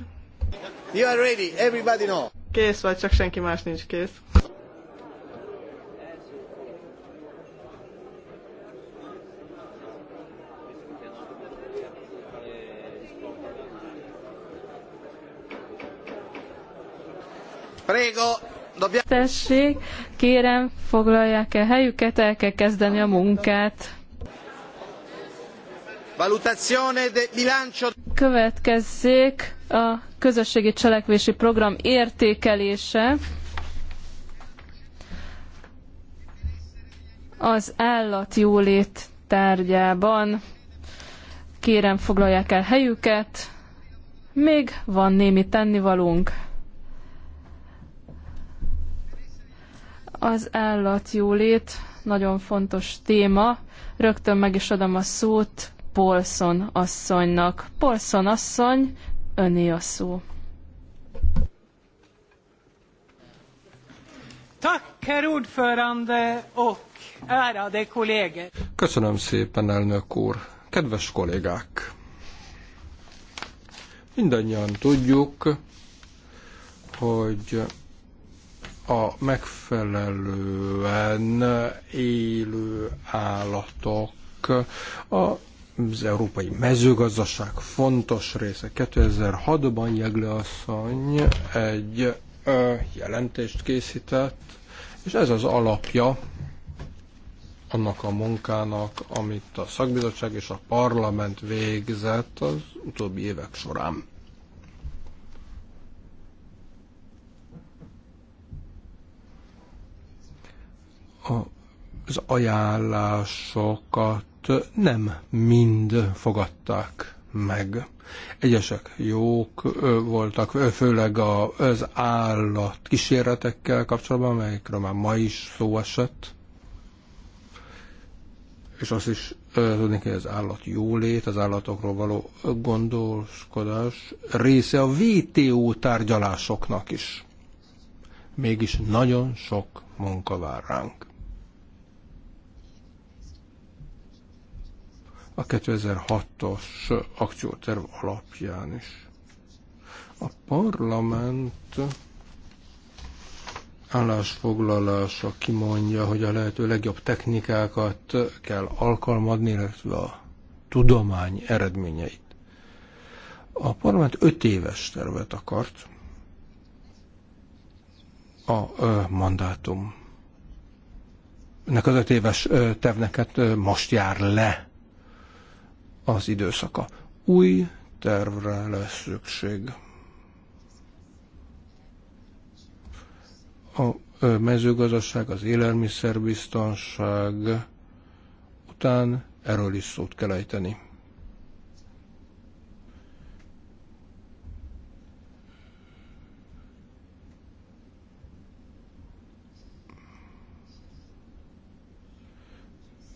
Speaker 2: You are ready,
Speaker 1: everybody know.
Speaker 2: Kész vagy, csak senki más nincs kész.
Speaker 3: Prego, Tessék, kérem, foglalják el helyüket, el kell kezdeni a munkát.
Speaker 1: Valutazione bilancio.
Speaker 3: Következzék a közösségi cselekvési program értékelése. Az állatjólét tárgyában kérem foglalják el helyüket. Még van némi tennivalónk. Az állatjólét nagyon fontos téma. Rögtön meg is adom a szót Polson asszonynak. Polson asszony, öné a szó.
Speaker 5: Köszönöm szépen, elnök úr. Kedves kollégák! Mindannyian tudjuk, hogy a megfelelően élő állatok a az európai mezőgazdaság fontos része. 2006-ban Jegle asszony egy ö, jelentést készített, és ez az alapja annak a munkának, amit a szakbizottság és a parlament végzett az utóbbi évek során. az ajánlásokat nem mind fogadták meg. Egyesek jók voltak, főleg az állat kísérletekkel kapcsolatban, amelyekről már ma is szó esett. És azt is tudni kell, az állat jólét, az állatokról való gondolkodás része a VTO tárgyalásoknak is. Mégis nagyon sok munka vár ránk. a 2006-os akcióterv alapján is. A parlament állásfoglalása kimondja, hogy a lehető legjobb technikákat kell alkalmazni, illetve a tudomány eredményeit. A parlament öt éves tervet akart a ö, mandátum. Ennek az öt éves tervnek hát, most jár le az időszaka. Új tervre lesz szükség. A mezőgazdaság, az élelmiszerbiztonság után erről is szót kell ejteni.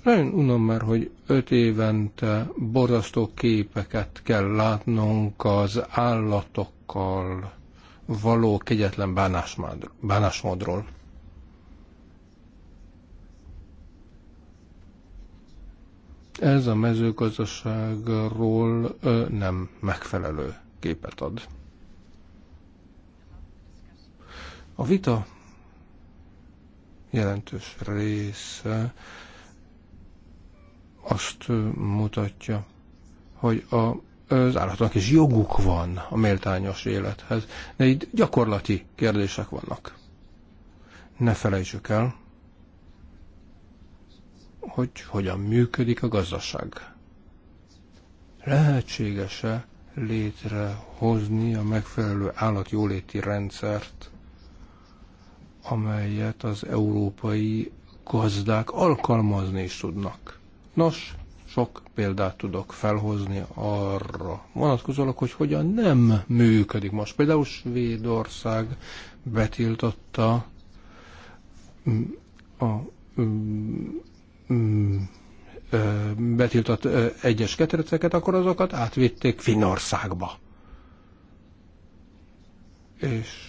Speaker 5: Nagyon unom már, hogy öt évente borzasztó képeket kell látnunk az állatokkal való kegyetlen bánásmódról. Ez a mezőgazdaságról nem megfelelő képet ad. A vita jelentős része azt mutatja, hogy a, az állatnak is joguk van a méltányos élethez, de itt gyakorlati kérdések vannak. Ne felejtsük el, hogy hogyan működik a gazdaság. Lehetséges-e létrehozni a megfelelő állatjóléti rendszert, amelyet az európai gazdák alkalmazni is tudnak? Nos, sok példát tudok felhozni arra vonatkozólag, hogy hogyan nem működik most. Például Svédország betiltotta mm, a, mm, mm, betiltott egyes ketreceket, akkor azokat átvitték Finnországba. És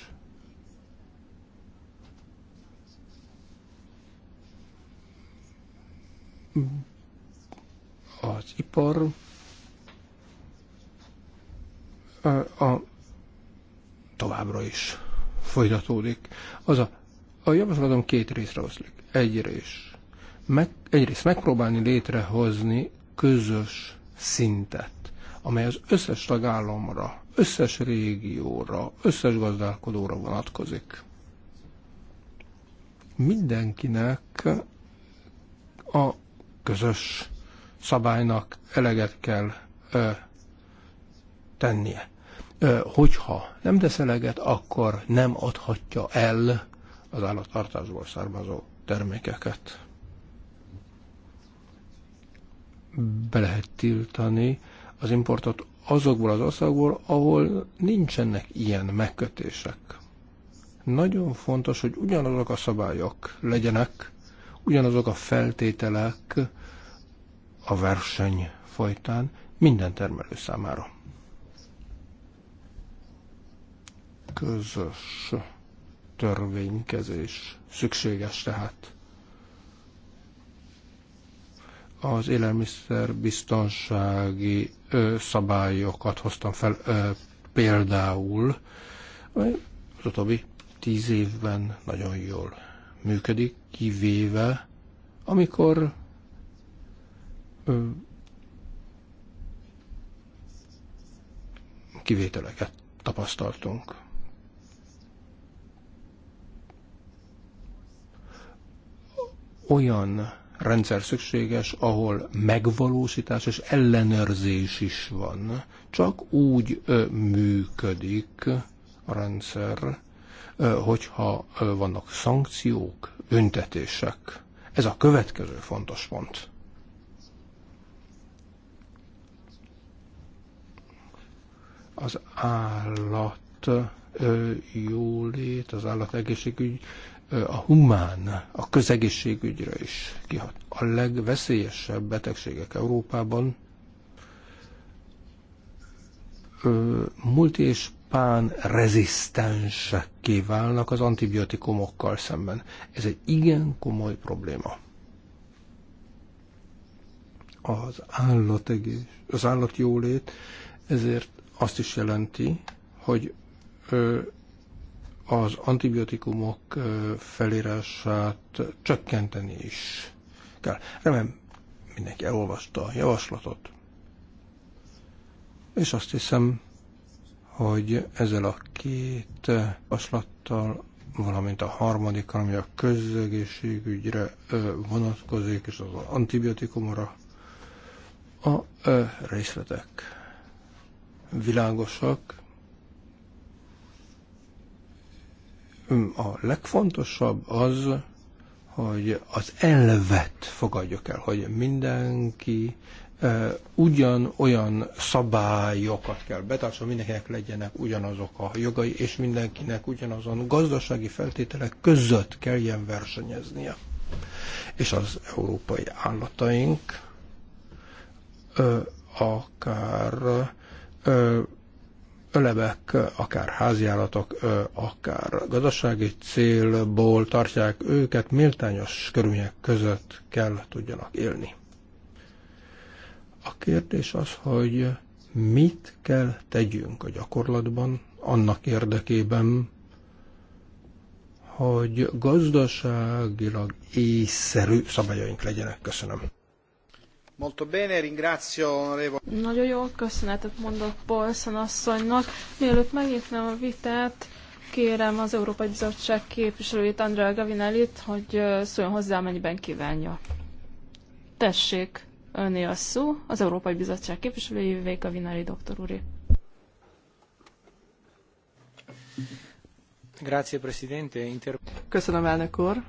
Speaker 5: az ipar, a továbbra is folytatódik. Az a, a javaslatom két részre oszlik. Egyrészt, meg, egyrészt megpróbálni létrehozni közös szintet, amely az összes tagállamra, összes régióra, összes gazdálkodóra vonatkozik. Mindenkinek a közös szabálynak eleget kell ö, tennie. Ö, hogyha nem tesz eleget, akkor nem adhatja el az állattartásból származó termékeket. Be lehet tiltani az importot azokból az országból, ahol nincsenek ilyen megkötések. Nagyon fontos, hogy ugyanazok a szabályok legyenek, ugyanazok a feltételek a verseny folytán minden termelő számára. Közös törvénykezés szükséges tehát. Az élelmiszerbiztonsági ö, szabályokat hoztam fel ö, például, az utóbbi tíz évben nagyon jól működik, kivéve amikor kivételeket tapasztaltunk. Olyan rendszer szükséges, ahol megvalósítás és ellenőrzés is van. Csak úgy működik a rendszer, hogyha vannak szankciók, büntetések. Ez a következő fontos pont. Az állat jólét, az állategészségügy a humán, a közegészségügyre is kihat. A legveszélyesebb betegségek Európában multi és pán rezisztensek kiválnak az antibiotikumokkal szemben. Ez egy igen komoly probléma. Az, egész, az állatjólét ezért azt is jelenti, hogy az antibiotikumok felírását csökkenteni is kell. Remélem, mindenki elolvasta a javaslatot. És azt hiszem, hogy ezzel a két javaslattal, valamint a harmadikkal, ami a közegészségügyre vonatkozik, és az antibiotikumra, a részletek világosak. A legfontosabb az, hogy az elvet fogadjuk el, hogy mindenki ugyanolyan szabályokat kell betartson, mindenkinek legyenek ugyanazok a jogai, és mindenkinek ugyanazon gazdasági feltételek között kelljen versenyeznie. És az európai állataink akár ölebek, akár háziállatok, akár gazdasági célból tartják őket, méltányos körülmények között kell tudjanak élni. A kérdés az, hogy mit kell tegyünk a gyakorlatban annak érdekében, hogy gazdaságilag észszerű szabályaink legyenek. Köszönöm.
Speaker 1: Molto bene, ringrazio
Speaker 3: Nagyon jó, köszönetet mondok Paulson asszonynak. Mielőtt megnyitnám a vitát, kérem az Európai Bizottság képviselőjét, Andrea Gavinellit, hogy szóljon hozzá, amennyiben kívánja. Tessék, öné a szó, az Európai Bizottság képviselőjévé Gavinelli doktor úré.
Speaker 1: Grazie, Presidente.
Speaker 2: Inter... Köszönöm, elnök úr.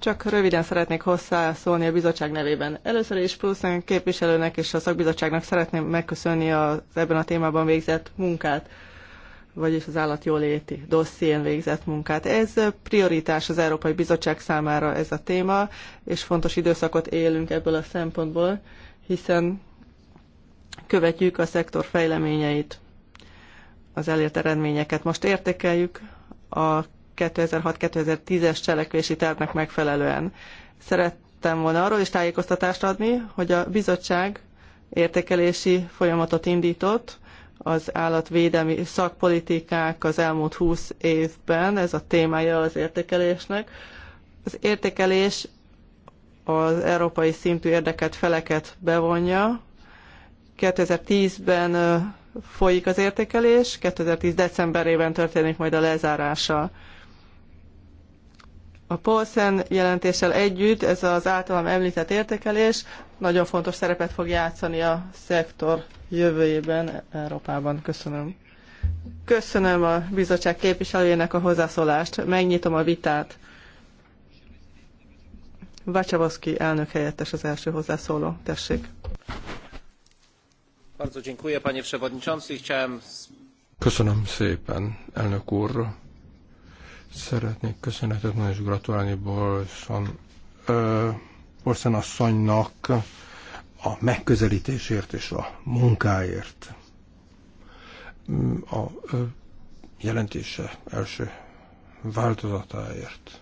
Speaker 2: Csak röviden szeretnék hozzászólni a bizottság nevében. Először is Pruszán képviselőnek és a szakbizottságnak szeretném megköszönni az ebben a témában végzett munkát, vagyis az állatjóléti dosszién végzett munkát. Ez prioritás az Európai Bizottság számára ez a téma, és fontos időszakot élünk ebből a szempontból, hiszen követjük a szektor fejleményeit, az elért eredményeket. Most értékeljük a 2006-2010-es cselekvési tervnek megfelelően. Szerettem volna arról is tájékoztatást adni, hogy a bizottság értékelési folyamatot indított, az állatvédelmi szakpolitikák az elmúlt 20 évben, ez a témája az értékelésnek. Az értékelés az európai szintű érdeket, feleket bevonja. 2010-ben folyik az értékelés, 2010 decemberében történik majd a lezárása. A Paulsen jelentéssel együtt ez az általam említett értékelés nagyon fontos szerepet fog játszani a szektor jövőjében Európában. Köszönöm. Köszönöm a bizottság képviselőjének a hozzászólást. Megnyitom a vitát. Vacsavoszki elnök helyettes az első hozzászóló. Tessék.
Speaker 5: Köszönöm szépen, elnök úr. Szeretnék köszönetet mondani és gratulálni ö, Borszon asszonynak a megközelítésért és a munkáért. A ö, jelentése első változatáért.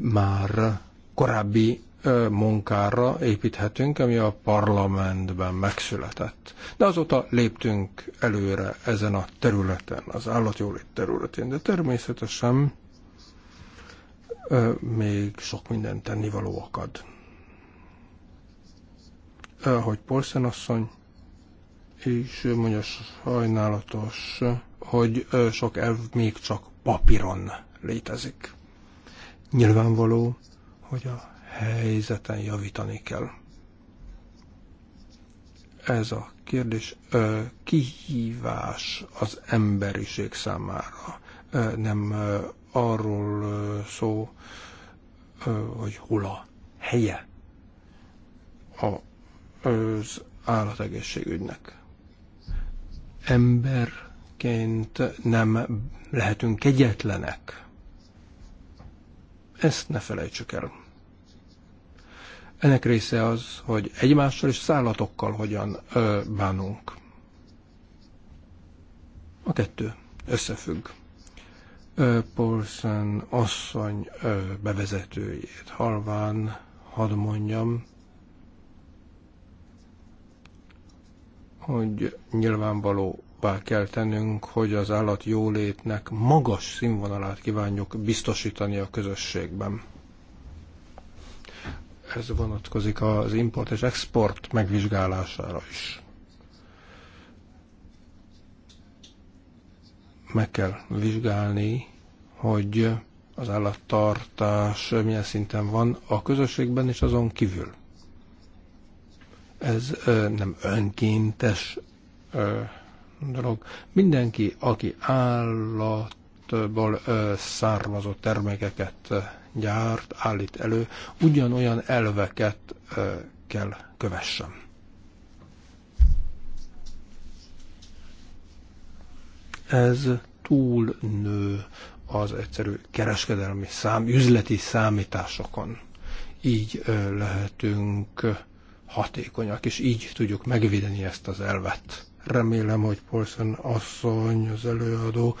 Speaker 5: Már korábbi munkára építhetünk, ami a parlamentben megszületett. De azóta léptünk előre ezen a területen, az állatjólét területén, de természetesen még sok minden tennivaló akad. Ahogy Polszen asszony is mondja sajnálatos, hogy sok elv még csak papíron létezik. Nyilvánvaló, hogy a helyzeten javítani kell. Ez a kérdés kihívás az emberiség számára. Nem arról szó, hogy hol a helye az állategészségügynek. Emberként nem lehetünk kegyetlenek. Ezt ne felejtsük el. Ennek része az, hogy egymással és szállatokkal hogyan ö, bánunk. A kettő összefügg. Paulsen asszony ö, bevezetőjét halván, hadd mondjam, hogy nyilvánvalóvá kell tennünk, hogy az állat jólétnek magas színvonalát kívánjuk biztosítani a közösségben ez vonatkozik az import és export megvizsgálására is. Meg kell vizsgálni, hogy az állattartás milyen szinten van a közösségben és azon kívül. Ez nem önkéntes dolog. Mindenki, aki állatból származó termékeket gyárt állít elő, ugyanolyan elveket kell kövessem. Ez túl nő az egyszerű kereskedelmi szám, üzleti számításokon. Így lehetünk hatékonyak, és így tudjuk megvédeni ezt az elvet. Remélem, hogy Polszen asszony, az előadó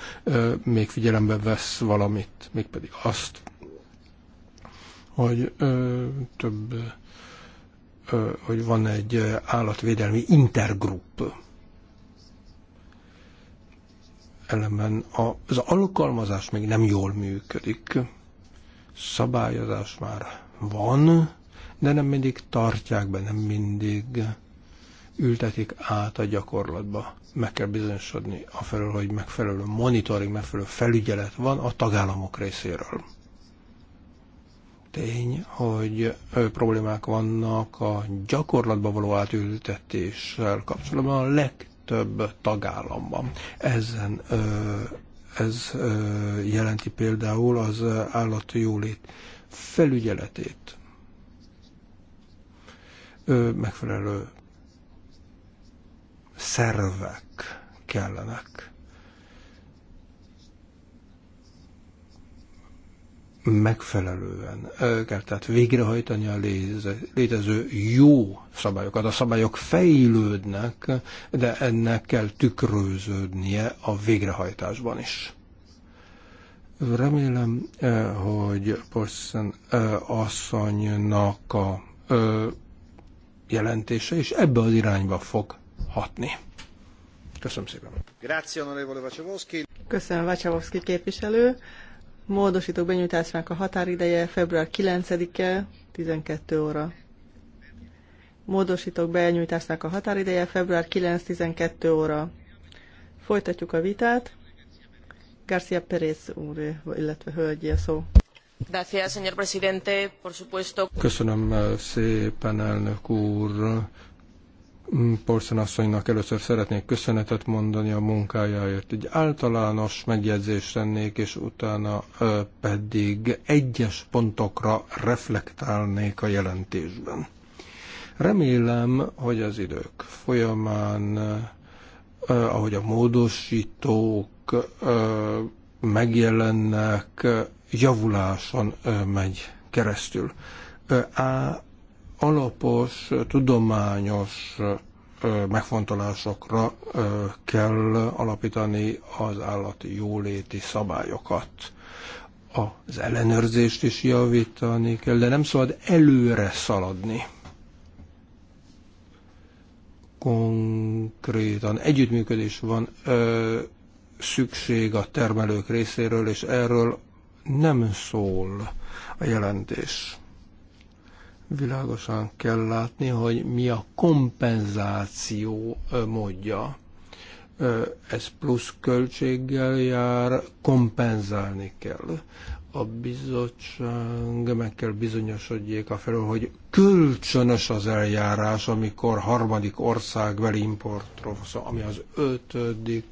Speaker 5: még figyelembe vesz valamit, mégpedig azt, hogy ö, több, ö, hogy van egy állatvédelmi intergrup. Ellenben az alkalmazás még nem jól működik. Szabályozás már van, de nem mindig tartják be, nem mindig ültetik át a gyakorlatba. Meg kell bizonyosodni felől, hogy megfelelő monitoring, megfelelő felügyelet van a tagállamok részéről tény, hogy problémák vannak a gyakorlatban való átültetéssel kapcsolatban a legtöbb tagállamban. Ezen ez jelenti például az jólét felügyeletét. Megfelelő szervek kellenek megfelelően kell tehát végrehajtani a létező jó szabályokat. A szabályok fejlődnek, de ennek kell tükröződnie a végrehajtásban is. Remélem, hogy Porszen asszonynak a jelentése is ebbe az irányba fog hatni.
Speaker 1: Köszönöm szépen.
Speaker 2: Köszönöm, Vácsavoszki képviselő. Módosítók benyújtásnak a határideje február 9-e, 12 óra. Módosítók benyújtásnak a határideje február 9-12 óra. Folytatjuk a vitát. García Pérez úr, illetve hölgyi a szó.
Speaker 5: Köszönöm eh, szépen, elnök úr. Porszon asszonynak először szeretnék köszönetet mondani a munkájáért. Egy általános megjegyzést tennék, és utána pedig egyes pontokra reflektálnék a jelentésben. Remélem, hogy az idők folyamán, ahogy a módosítók megjelennek, javuláson megy keresztül. A alapos, tudományos megfontolásokra kell alapítani az állati jóléti szabályokat. Az ellenőrzést is javítani kell, de nem szabad előre szaladni. Konkrétan együttműködés van szükség a termelők részéről, és erről nem szól a jelentés Világosan kell látni, hogy mi a kompenzáció módja. Ez plusz költséggel jár, kompenzálni kell. A bizottság meg kell bizonyosodjék a felől, hogy kölcsönös az eljárás, amikor harmadik veli importról, szóval ami az ötödik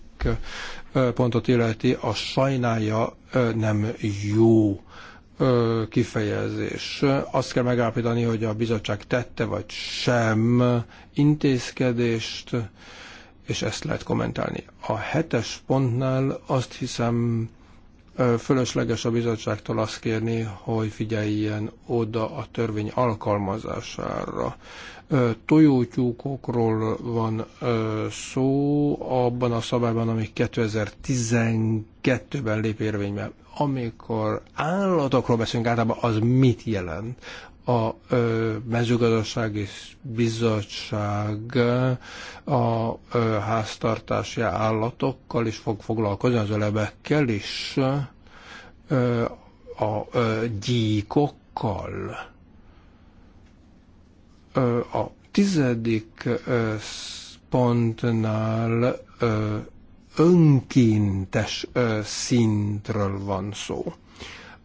Speaker 5: pontot illeti, a sajnálja nem jó kifejezés. Azt kell megállapítani, hogy a bizottság tette vagy sem intézkedést, és ezt lehet kommentálni. A hetes pontnál azt hiszem fölösleges a bizottságtól azt kérni, hogy figyeljen oda a törvény alkalmazására. Tojótyúkokról van szó abban a szabályban, ami 2012-ben lép érvénybe. Amikor állatokról beszélünk általában, az mit jelent? a mezőgazdasági bizottság a háztartási állatokkal is fog foglalkozni, az ölebekkel is, a gyíkokkal. A tizedik pontnál önkéntes szintről van szó.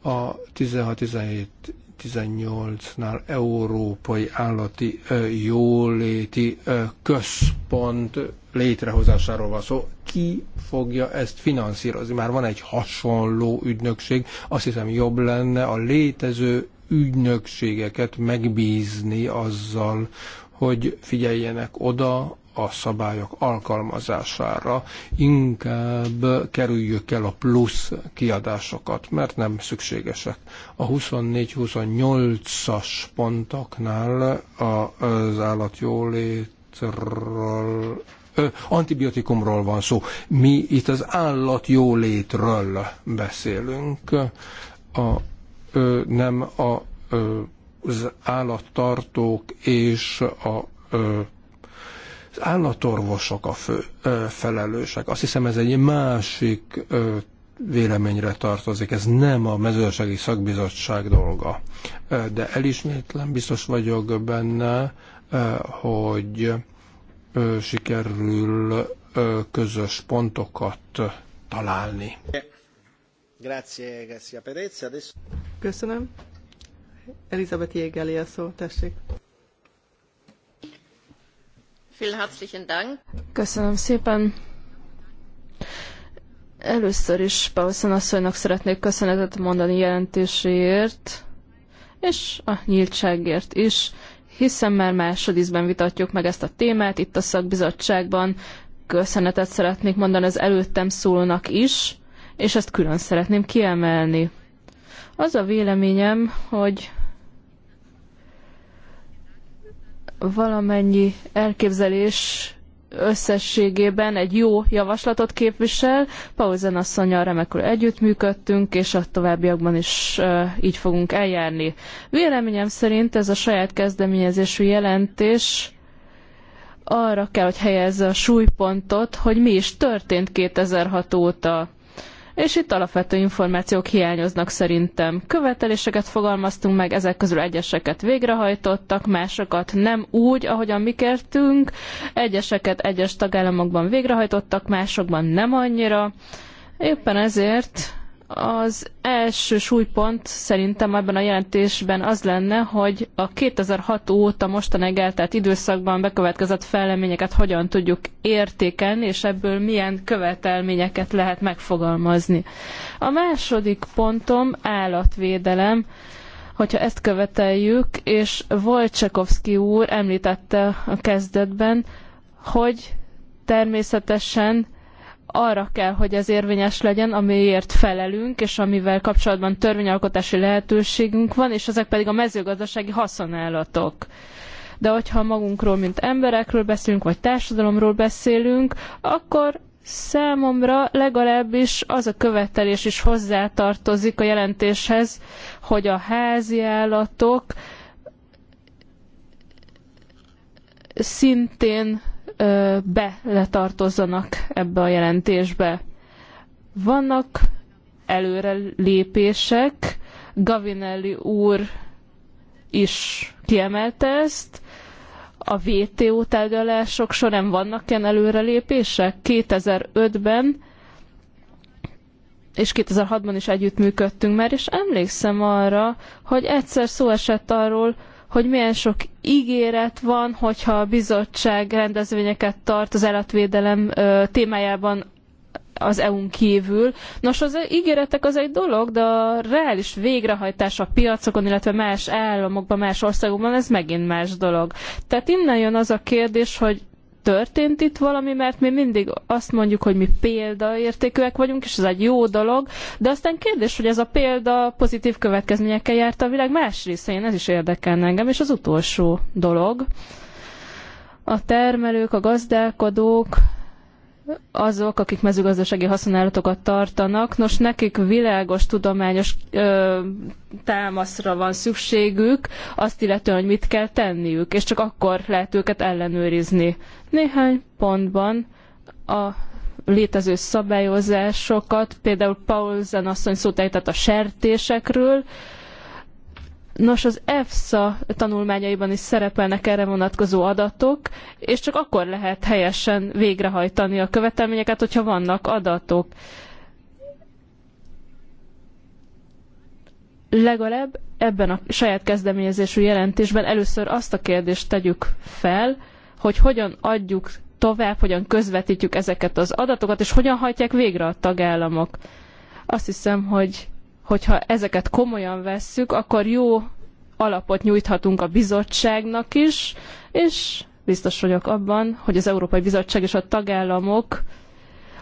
Speaker 5: A 16-17-18-nál Európai Állati Jóléti Központ létrehozásáról van szó. Ki fogja ezt finanszírozni? Már van egy hasonló ügynökség, azt hiszem jobb lenne a létező ügynökségeket megbízni azzal, hogy figyeljenek oda a szabályok alkalmazására, inkább kerüljük el a plusz kiadásokat, mert nem szükségesek. A 24-28-as pontoknál az állatjólétről antibiotikumról van szó. Mi itt az állatjólétről beszélünk, a, ö, nem a, ö, az állattartók és a ö, az hát állatorvosok a fő felelősek. Azt hiszem ez egy másik véleményre tartozik. Ez nem a mezőgazdasági szakbizottság dolga. De elismétlen biztos vagyok benne, hogy sikerül közös pontokat találni.
Speaker 2: Köszönöm. Elizabeth Jégeli a szó, tessék.
Speaker 3: Köszönöm szépen. Először is Paulsen asszonynak szeretnék köszönetet mondani jelentéséért, és a nyíltságért is, hiszen már másodízben vitatjuk meg ezt a témát itt a szakbizottságban. Köszönetet szeretnék mondani az előttem szólónak is, és ezt külön szeretném kiemelni. Az a véleményem, hogy valamennyi elképzelés összességében egy jó javaslatot képvisel. Pauzen asszonyjal remekül együttműködtünk, és a továbbiakban is így fogunk eljárni. Véleményem szerint ez a saját kezdeményezésű jelentés arra kell, hogy helyezze a súlypontot, hogy mi is történt 2006 óta és itt alapvető információk hiányoznak szerintem. Követeléseket fogalmaztunk meg, ezek közül egyeseket végrehajtottak, másokat nem úgy, ahogyan mi kértünk, egyeseket egyes tagállamokban végrehajtottak, másokban nem annyira. Éppen ezért az első súlypont szerintem ebben a jelentésben az lenne, hogy a 2006 óta mostanáig eltelt időszakban bekövetkezett fejleményeket hogyan tudjuk értékelni, és ebből milyen követelményeket lehet megfogalmazni. A második pontom állatvédelem hogyha ezt követeljük, és Volcsekovszki úr említette a kezdetben, hogy természetesen arra kell, hogy ez érvényes legyen, amiért felelünk, és amivel kapcsolatban törvényalkotási lehetőségünk van, és ezek pedig a mezőgazdasági haszonállatok. De hogyha magunkról, mint emberekről beszélünk, vagy társadalomról beszélünk, akkor számomra legalábbis az a követelés is hozzátartozik a jelentéshez, hogy a házi állatok szintén beletartozzanak ebbe a jelentésbe. Vannak előrelépések, Gavinelli úr is kiemelte ezt, a WTO tárgyalások során vannak ilyen előrelépések? 2005-ben és 2006-ban is együttműködtünk már, és emlékszem arra, hogy egyszer szó esett arról, hogy milyen sok ígéret van, hogyha a bizottság rendezvényeket tart az állatvédelem témájában az EU-n kívül. Nos, az ígéretek az egy dolog, de a reális végrehajtás a piacokon, illetve más államokban, más országokban, ez megint más dolog. Tehát innen jön az a kérdés, hogy történt itt valami, mert mi mindig azt mondjuk, hogy mi példaértékűek vagyunk, és ez egy jó dolog, de aztán kérdés, hogy ez a példa pozitív következményekkel járt a világ más részein, ez is érdekel engem, és az utolsó dolog. A termelők, a gazdálkodók azok, akik mezőgazdasági használatokat tartanak, nos, nekik világos tudományos ö, támaszra van szükségük, azt illetően, hogy mit kell tenniük, és csak akkor lehet őket ellenőrizni. Néhány pontban a létező szabályozásokat, például Paulsen asszony szót a sertésekről, ö, Nos, az EFSA tanulmányaiban is szerepelnek erre vonatkozó adatok, és csak akkor lehet helyesen végrehajtani a követelményeket, hogyha vannak adatok. Legalább ebben a saját kezdeményezésű jelentésben először azt a kérdést tegyük fel, hogy hogyan adjuk tovább, hogyan közvetítjük ezeket az adatokat, és hogyan hajtják végre a tagállamok. Azt hiszem, hogy hogyha ezeket komolyan vesszük, akkor jó alapot nyújthatunk a bizottságnak is, és biztos vagyok abban, hogy az Európai Bizottság és a tagállamok,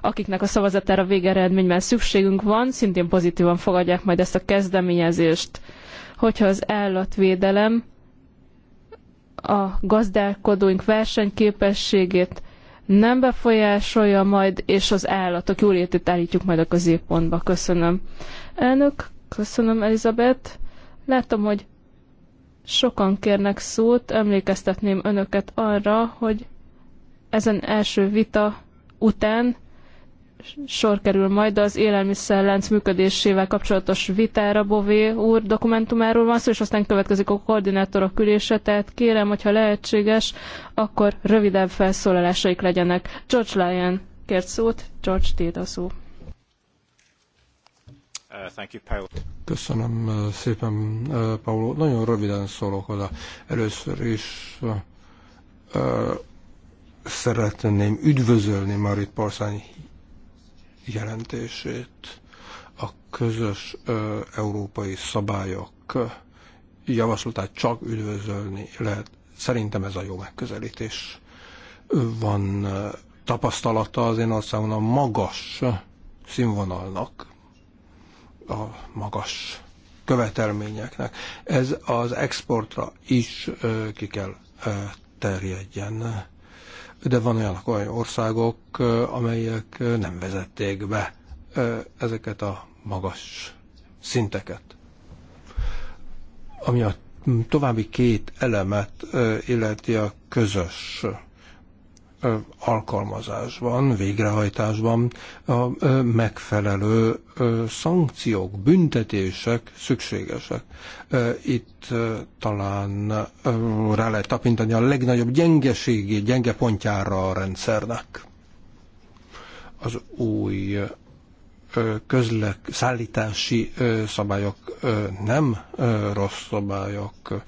Speaker 3: akiknek a szavazatára végeredményben szükségünk van, szintén pozitívan fogadják majd ezt a kezdeményezést. Hogyha az állatvédelem a gazdálkodóink versenyképességét nem befolyásolja majd, és az állatok jólétét állítjuk majd a középpontba. Köszönöm. Elnök, köszönöm Elizabeth. Látom, hogy sokan kérnek szót, emlékeztetném önöket arra, hogy ezen első vita után sor kerül majd az élelmiszerlánc működésével kapcsolatos vitára Bové úr dokumentumáról van szó, és aztán következik a koordinátorok ülése, tehát kérem, hogyha lehetséges, akkor rövidebb felszólalásaik legyenek. George Lyon kért szót, George tiéd a szó.
Speaker 1: Uh,
Speaker 5: Köszönöm uh, szépen, uh, Paulo. Nagyon röviden szólok oda. Először is szeretném üdvözölni Marit Parszány jelentését, a közös európai szabályok javaslatát csak üdvözölni lehet. Szerintem ez a jó megközelítés. Van tapasztalata az én a magas színvonalnak, a magas követelményeknek. Ez az exportra is ki kell terjedjen de van olyan országok, amelyek nem vezették be ezeket a magas szinteket. Ami a további két elemet illeti a közös alkalmazásban, végrehajtásban a megfelelő szankciók, büntetések szükségesek. Itt talán rá lehet tapintani a legnagyobb gyengeségi, gyenge pontjára a rendszernek. Az új közlek, szállítási szabályok nem rossz szabályok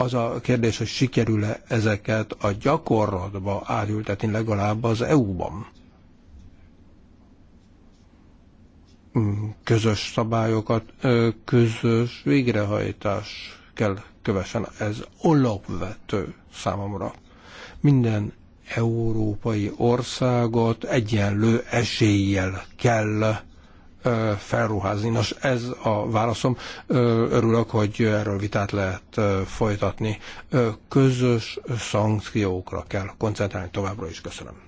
Speaker 5: az a kérdés, hogy sikerül-e ezeket a gyakorlatba átültetni legalább az EU-ban. Mm, közös szabályokat, közös végrehajtás kell kövessen. Ez alapvető számomra. Minden európai országot egyenlő eséllyel kell felruházni. Nos, ez a válaszom. Örülök, hogy erről vitát lehet folytatni. Közös szankciókra kell koncentrálni továbbra is. Köszönöm.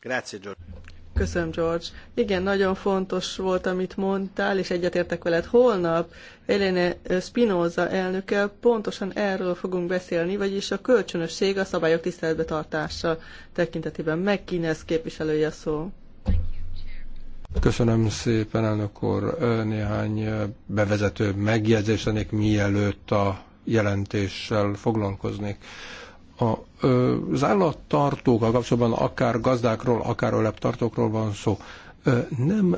Speaker 1: Grazie, George.
Speaker 2: Köszönöm, George. Igen, nagyon fontos volt, amit mondtál, és egyetértek veled. Holnap Elene Spinoza elnökkel pontosan erről fogunk beszélni, vagyis a kölcsönösség a szabályok tiszteletbe tartása tekintetében. Meg Kínez képviselője szó.
Speaker 5: Köszönöm szépen, elnök úr. Néhány bevezető megjegyzés lennék, mielőtt a jelentéssel foglalkoznék. A, ö, az állattartókkal kapcsolatban akár gazdákról, akár öleptartókról van szó. nem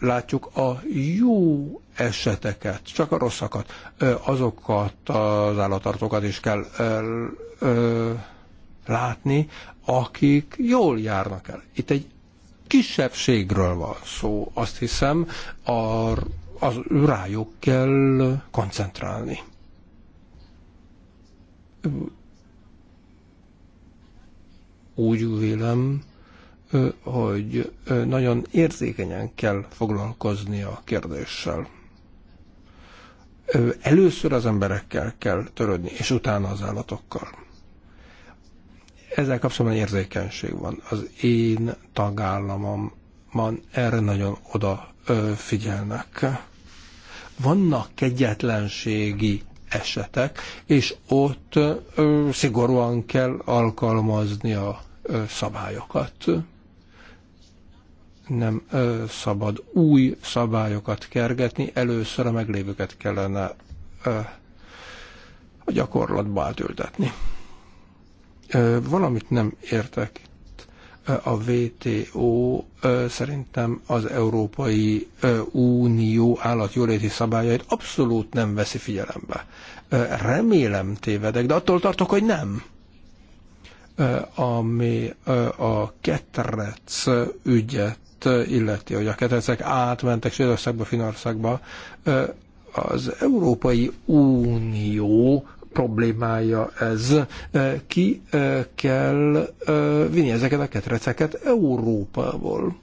Speaker 5: látjuk a jó eseteket, csak a rosszakat. azokat az állattartókat is kell látni, akik jól járnak el. Itt egy kisebbségről van szó. Azt hiszem, a, az rájuk kell koncentrálni. Úgy vélem, hogy nagyon érzékenyen kell foglalkozni a kérdéssel. Először az emberekkel kell törődni, és utána az állatokkal ezzel kapcsolatban érzékenység van. Az én tagállamomban erre nagyon oda figyelnek. Vannak kegyetlenségi esetek, és ott szigorúan kell alkalmazni a szabályokat. Nem szabad új szabályokat kergetni, először a meglévőket kellene a gyakorlatba átültetni. Valamit nem értek a WTO szerintem az Európai Unió állatjóléti szabályait abszolút nem veszi figyelembe. Remélem tévedek, de attól tartok, hogy nem. Ami a ketrec ügyet illeti, hogy a ketrecek átmentek Svédországba, Finországba, az Európai Unió problémája ez. Ki kell vinni ezeket a ketreceket Európából?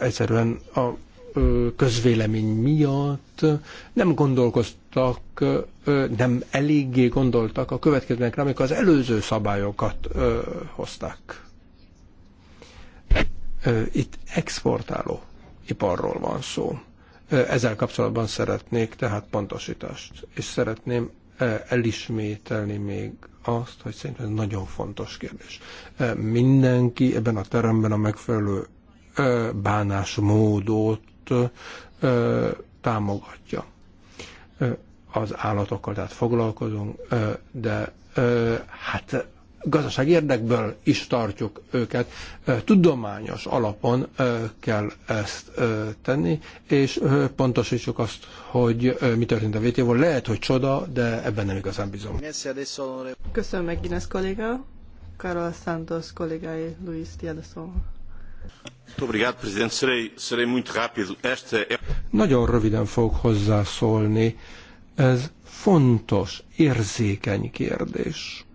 Speaker 5: Egyszerűen a közvélemény miatt nem gondolkoztak, nem eléggé gondoltak a következőkre, amikor az előző szabályokat hozták. Itt exportáló iparról van szó. Ezzel kapcsolatban szeretnék tehát pontosítást, és szeretném elismételni még azt, hogy szerintem ez nagyon fontos kérdés. Mindenki ebben a teremben a megfelelő bánásmódot támogatja. Az állatokkal tehát foglalkozunk, de hát Gazdasági érdekből is tartjuk őket. Tudományos alapon kell ezt tenni, és pontosítsuk azt, hogy mi történt a VTV-ból. Lehet, hogy csoda, de ebben nem igazán bízom.
Speaker 2: Köszönöm meg kolléga. Carol Santos kollégái, Luis Tiedeszó.
Speaker 5: Nagyon röviden fogok hozzászólni. Ez fontos, érzékeny kérdés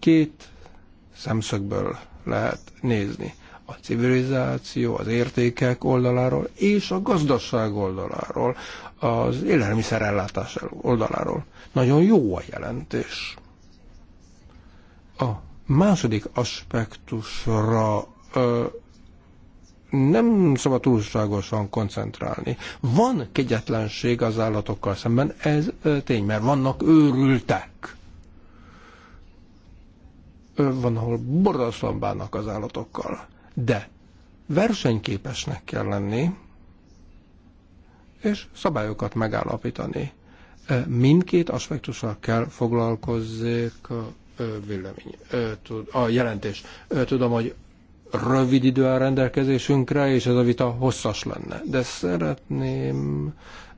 Speaker 5: Két szemszögből lehet nézni. A civilizáció, az értékek oldaláról és a gazdaság oldaláról, az élelmiszerellátás oldaláról. Nagyon jó a jelentés. A második aspektusra ö, nem szabad túlságosan koncentrálni. Van kegyetlenség az állatokkal szemben, ez tény, mert vannak őrültek van, ahol borzasztóan bánnak az állatokkal. De versenyképesnek kell lenni, és szabályokat megállapítani. Mindkét aspektussal kell foglalkozzék a, vélemény, a jelentés. Tudom, hogy rövid idő a rendelkezésünkre, és ez a vita hosszas lenne. De szeretném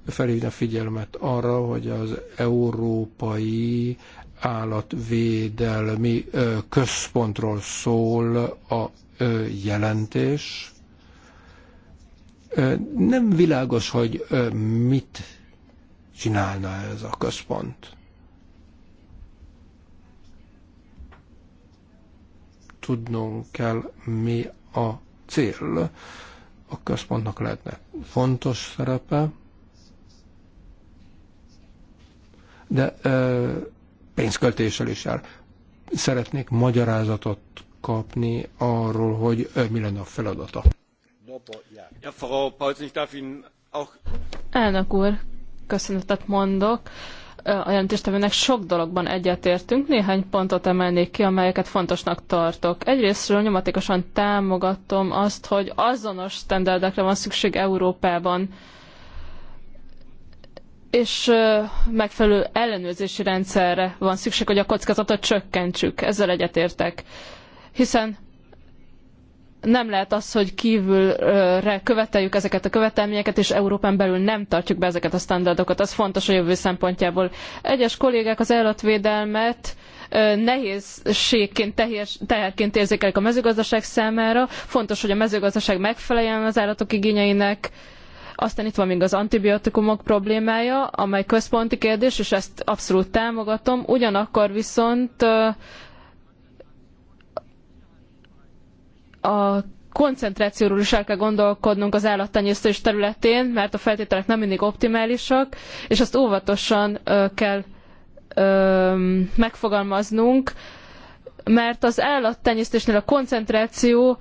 Speaker 5: felhívni a figyelmet arra, hogy az európai állatvédelmi központról szól a jelentés. Nem világos, hogy mit csinálna ez a központ. Tudnunk kell, mi a cél. A központnak lehetne fontos szerepe, de pénzköltéssel is jár. Szeretnék magyarázatot kapni arról, hogy mi lenne a feladata.
Speaker 3: Elnök úr, köszönetet mondok. A jelentéstevőnek sok dologban egyetértünk, néhány pontot emelnék ki, amelyeket fontosnak tartok. Egyrésztről nyomatékosan támogatom azt, hogy azonos standardekre van szükség Európában és megfelelő ellenőrzési rendszerre van szükség, hogy a kockázatot csökkentsük. Ezzel egyetértek. Hiszen nem lehet az, hogy kívülre követeljük ezeket a követelményeket, és Európán belül nem tartjuk be ezeket a standardokat. Az fontos a jövő szempontjából. Egyes kollégák az állatvédelmet nehézségként, teherként érzékelik a mezőgazdaság számára. Fontos, hogy a mezőgazdaság megfeleljen az állatok igényeinek, aztán itt van még az antibiotikumok problémája, amely központi kérdés, és ezt abszolút támogatom. Ugyanakkor viszont a koncentrációról is el kell gondolkodnunk az állattenyésztés területén, mert a feltételek nem mindig optimálisak, és azt óvatosan kell megfogalmaznunk, mert az állattenyésztésnél a koncentráció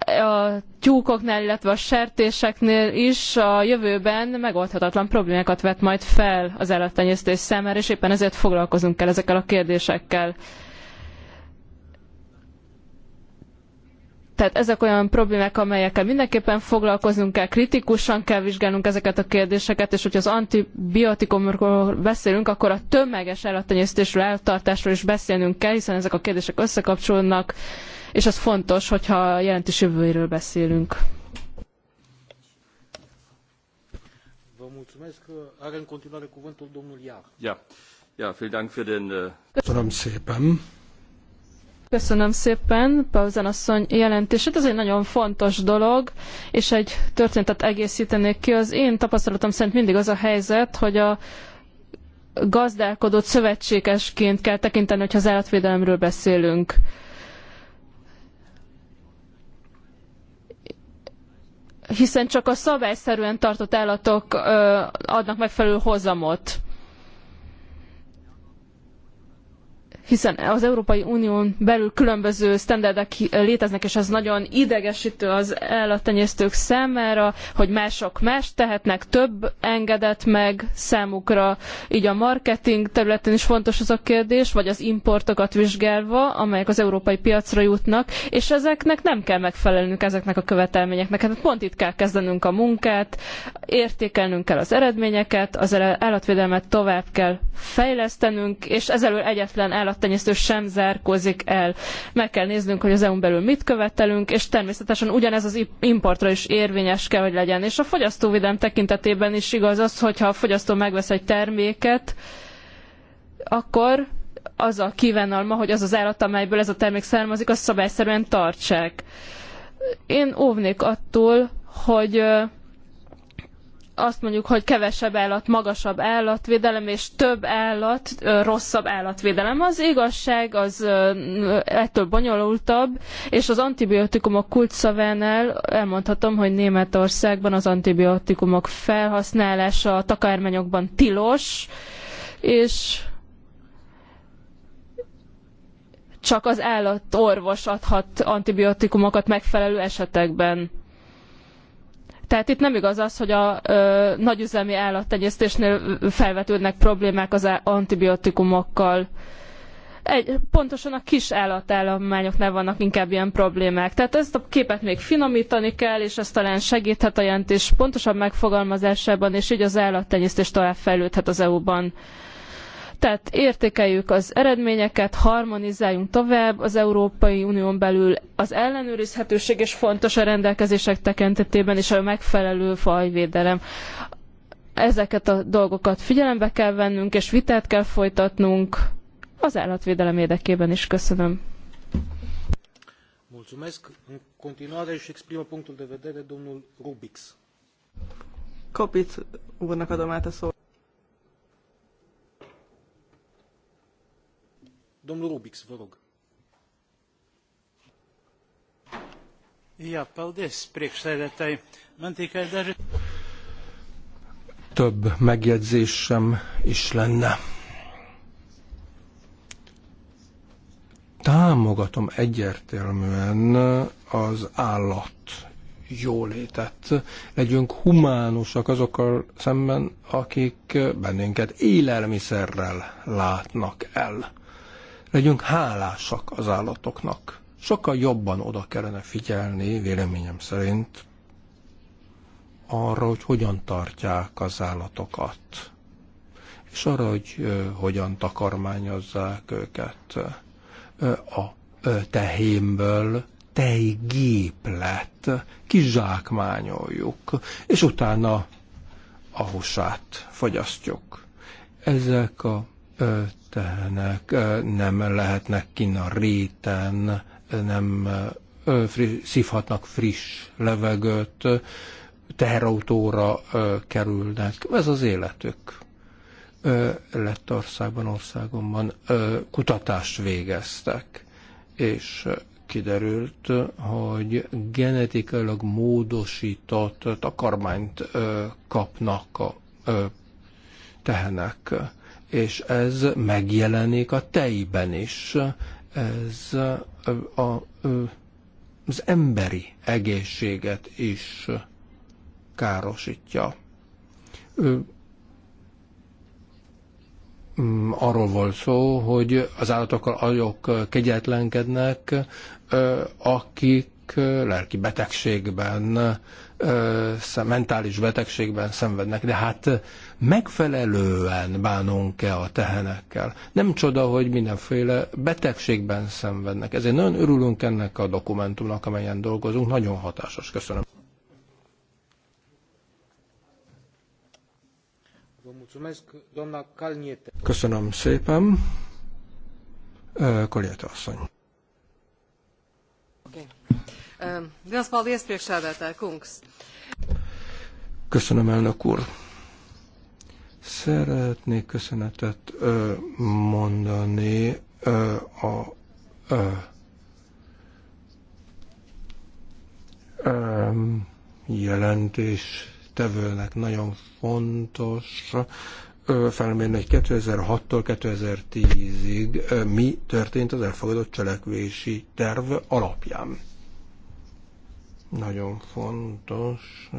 Speaker 3: a tyúkoknál, illetve a sertéseknél is a jövőben megoldhatatlan problémákat vet majd fel az állattenyésztés számára, és éppen ezért foglalkozunk kell ezekkel a kérdésekkel. Tehát ezek olyan problémák, amelyekkel mindenképpen foglalkoznunk kell, kritikusan kell vizsgálnunk ezeket a kérdéseket, és hogyha az antibiotikumokról beszélünk, akkor a tömeges állattenyésztésről, állattartásról is beszélnünk kell, hiszen ezek a kérdések összekapcsolódnak és ez fontos, hogyha a jelentős jövőjéről beszélünk.
Speaker 4: Äh, Köszönöm
Speaker 3: szépen. Köszönöm szépen Pauzen asszony jelentését. Ez egy nagyon fontos dolog, és egy történetet egészítenék ki. Az én tapasztalatom szerint mindig az a helyzet, hogy a gazdálkodót szövetségesként kell tekinteni, hogyha az állatvédelemről beszélünk. hiszen csak a szabályszerűen tartott állatok adnak megfelelő hozamot. hiszen az Európai Unión belül különböző sztenderdek léteznek, és ez nagyon idegesítő az állattenyésztők számára, hogy mások más tehetnek, több engedett meg számukra, így a marketing területén is fontos az a kérdés, vagy az importokat vizsgálva, amelyek az európai piacra jutnak, és ezeknek nem kell megfelelnünk ezeknek a követelményeknek. Hát pont itt kell kezdenünk a munkát, értékelnünk kell az eredményeket, az állatvédelmet tovább kell fejlesztenünk, és ezelől egyetlen állat állattenyésztő sem zárkózik el. Meg kell néznünk, hogy az EU-n belül mit követelünk, és természetesen ugyanez az importra is érvényes kell, hogy legyen. És a fogyasztóvédelem tekintetében is igaz az, hogyha a fogyasztó megvesz egy terméket, akkor az a kívánalma, hogy az az állat, amelyből ez a termék származik, azt szabályszerűen tartsák. Én óvnék attól, hogy azt mondjuk, hogy kevesebb állat, magasabb állatvédelem, és több állat, rosszabb állatvédelem. Az igazság az ettől bonyolultabb, és az antibiotikumok kulcsszavánál elmondhatom, hogy Németországban az antibiotikumok felhasználása a takarmányokban tilos, és csak az állatorvos adhat antibiotikumokat megfelelő esetekben tehát itt nem igaz az, hogy a ö, nagyüzemi állattenyésztésnél felvetődnek problémák az antibiotikumokkal. Egy, pontosan a kis állatállományoknál vannak inkább ilyen problémák. Tehát ezt a képet még finomítani kell, és ez talán segíthet a jelentés pontosabb megfogalmazásában, és így az állattenyésztés tovább fejlődhet az EU-ban. Tehát értékeljük az eredményeket, harmonizáljunk tovább az Európai Unión belül. Az ellenőrizhetőség is fontos a rendelkezések tekintetében, és a megfelelő fajvédelem ezeket a dolgokat figyelembe kell vennünk, és vitát kell folytatnunk az állatvédelem érdekében is. Köszönöm.
Speaker 1: Mulțumesc. În continuare își exprimă punctul de vedere domnul Rubix.
Speaker 2: Kopit úrnak a
Speaker 4: Domnul Rubix, vă rog. Ja, paldies, priekšsēdētāji. Man tikai daži...
Speaker 5: Több megjegyzésem is lenne. Támogatom egyértelműen az állat jólétet. Legyünk humánusak azokkal szemben, akik bennünket élelmiszerrel látnak el Legyünk hálásak az állatoknak. Sokkal jobban oda kellene figyelni, véleményem szerint, arra, hogy hogyan tartják az állatokat, és arra, hogy hogyan takarmányozzák őket. A tehémből tejgéplet, kizsákmányoljuk, és utána a húsát fogyasztjuk. Ezek a tehenek nem lehetnek kinn a réten, nem szívhatnak friss levegőt, teherautóra kerülnek. Ez az életük. lett országban, országomban kutatást végeztek, és kiderült, hogy genetikailag módosított takarmányt kapnak a tehenek és ez megjelenik a tejben is. Ez a, a, az emberi egészséget is károsítja. arról volt szó, hogy az állatokkal azok kegyetlenkednek, akik lelki betegségben ö, mentális betegségben szenvednek, de hát megfelelően bánunk-e a tehenekkel? Nem csoda, hogy mindenféle betegségben szenvednek. Ezért nagyon örülünk ennek a dokumentumnak, amelyen dolgozunk. Nagyon hatásos. Köszönöm. Köszönöm szépen. Koléta asszony.
Speaker 2: Okay. Ehm, Liels paldies, priekšsēdētāja
Speaker 5: Köszönöm, elnök úr! Szeretnék köszönetet mondani a ehm, jelentés tevőnek nagyon fontos felmérni, hogy 2006-tól 2010-ig mi történt az elfogadott cselekvési terv alapján. Nagyon fontos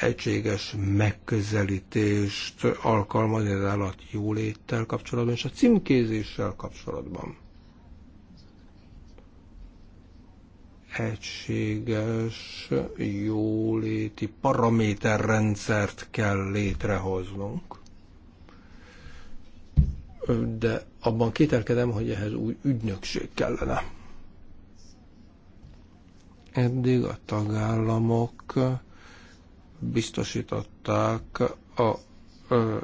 Speaker 5: egységes megközelítést alkalmazni az állat jóléttel kapcsolatban és a címkézéssel kapcsolatban. Egységes jóléti paraméterrendszert kell létrehoznunk. De abban kételkedem, hogy ehhez új ügynökség kellene. Eddig a tagállamok biztosították a ö,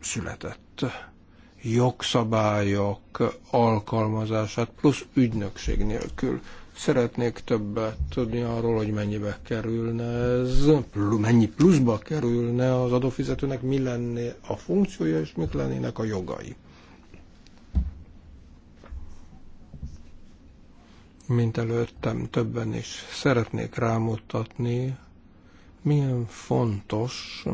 Speaker 5: született jogszabályok alkalmazását, plusz ügynökség nélkül. Szeretnék többet tudni arról, hogy mennyibe kerülne ez, mennyi pluszba kerülne az adófizetőnek, mi lenne a funkciója és mik lennének a jogai. mint előttem többen is szeretnék rámutatni, milyen fontos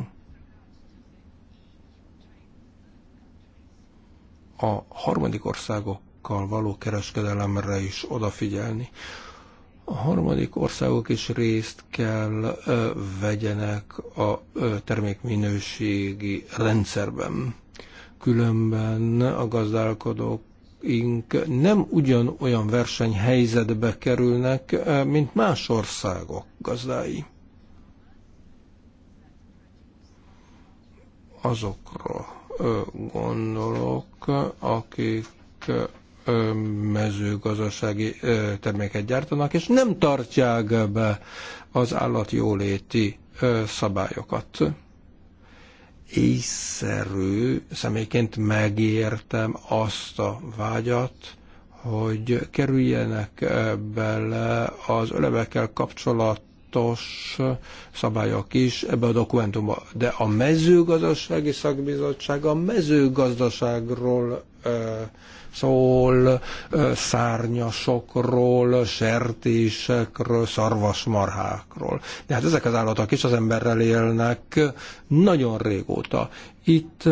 Speaker 5: a harmadik országokkal való kereskedelemre is odafigyelni. A harmadik országok is részt kell ö, vegyenek a ö, termékminőségi rendszerben. Különben a gazdálkodók nem ugyanolyan versenyhelyzetbe kerülnek, eh, mint más országok gazdái. Azokra eh, gondolok, akik eh, mezőgazdasági terméket gyártanak, és nem tartják be az állatjóléti szabályokat észszerű személyként megértem azt a vágyat, hogy kerüljenek eh, bele az ölevekkel kapcsolat fontos szabályok is ebbe a dokumentumba. De a mezőgazdasági szakbizottság a mezőgazdaságról szól, szárnyasokról, sertésekről, szarvasmarhákról. De hát ezek az állatok is az emberrel élnek nagyon régóta. Itt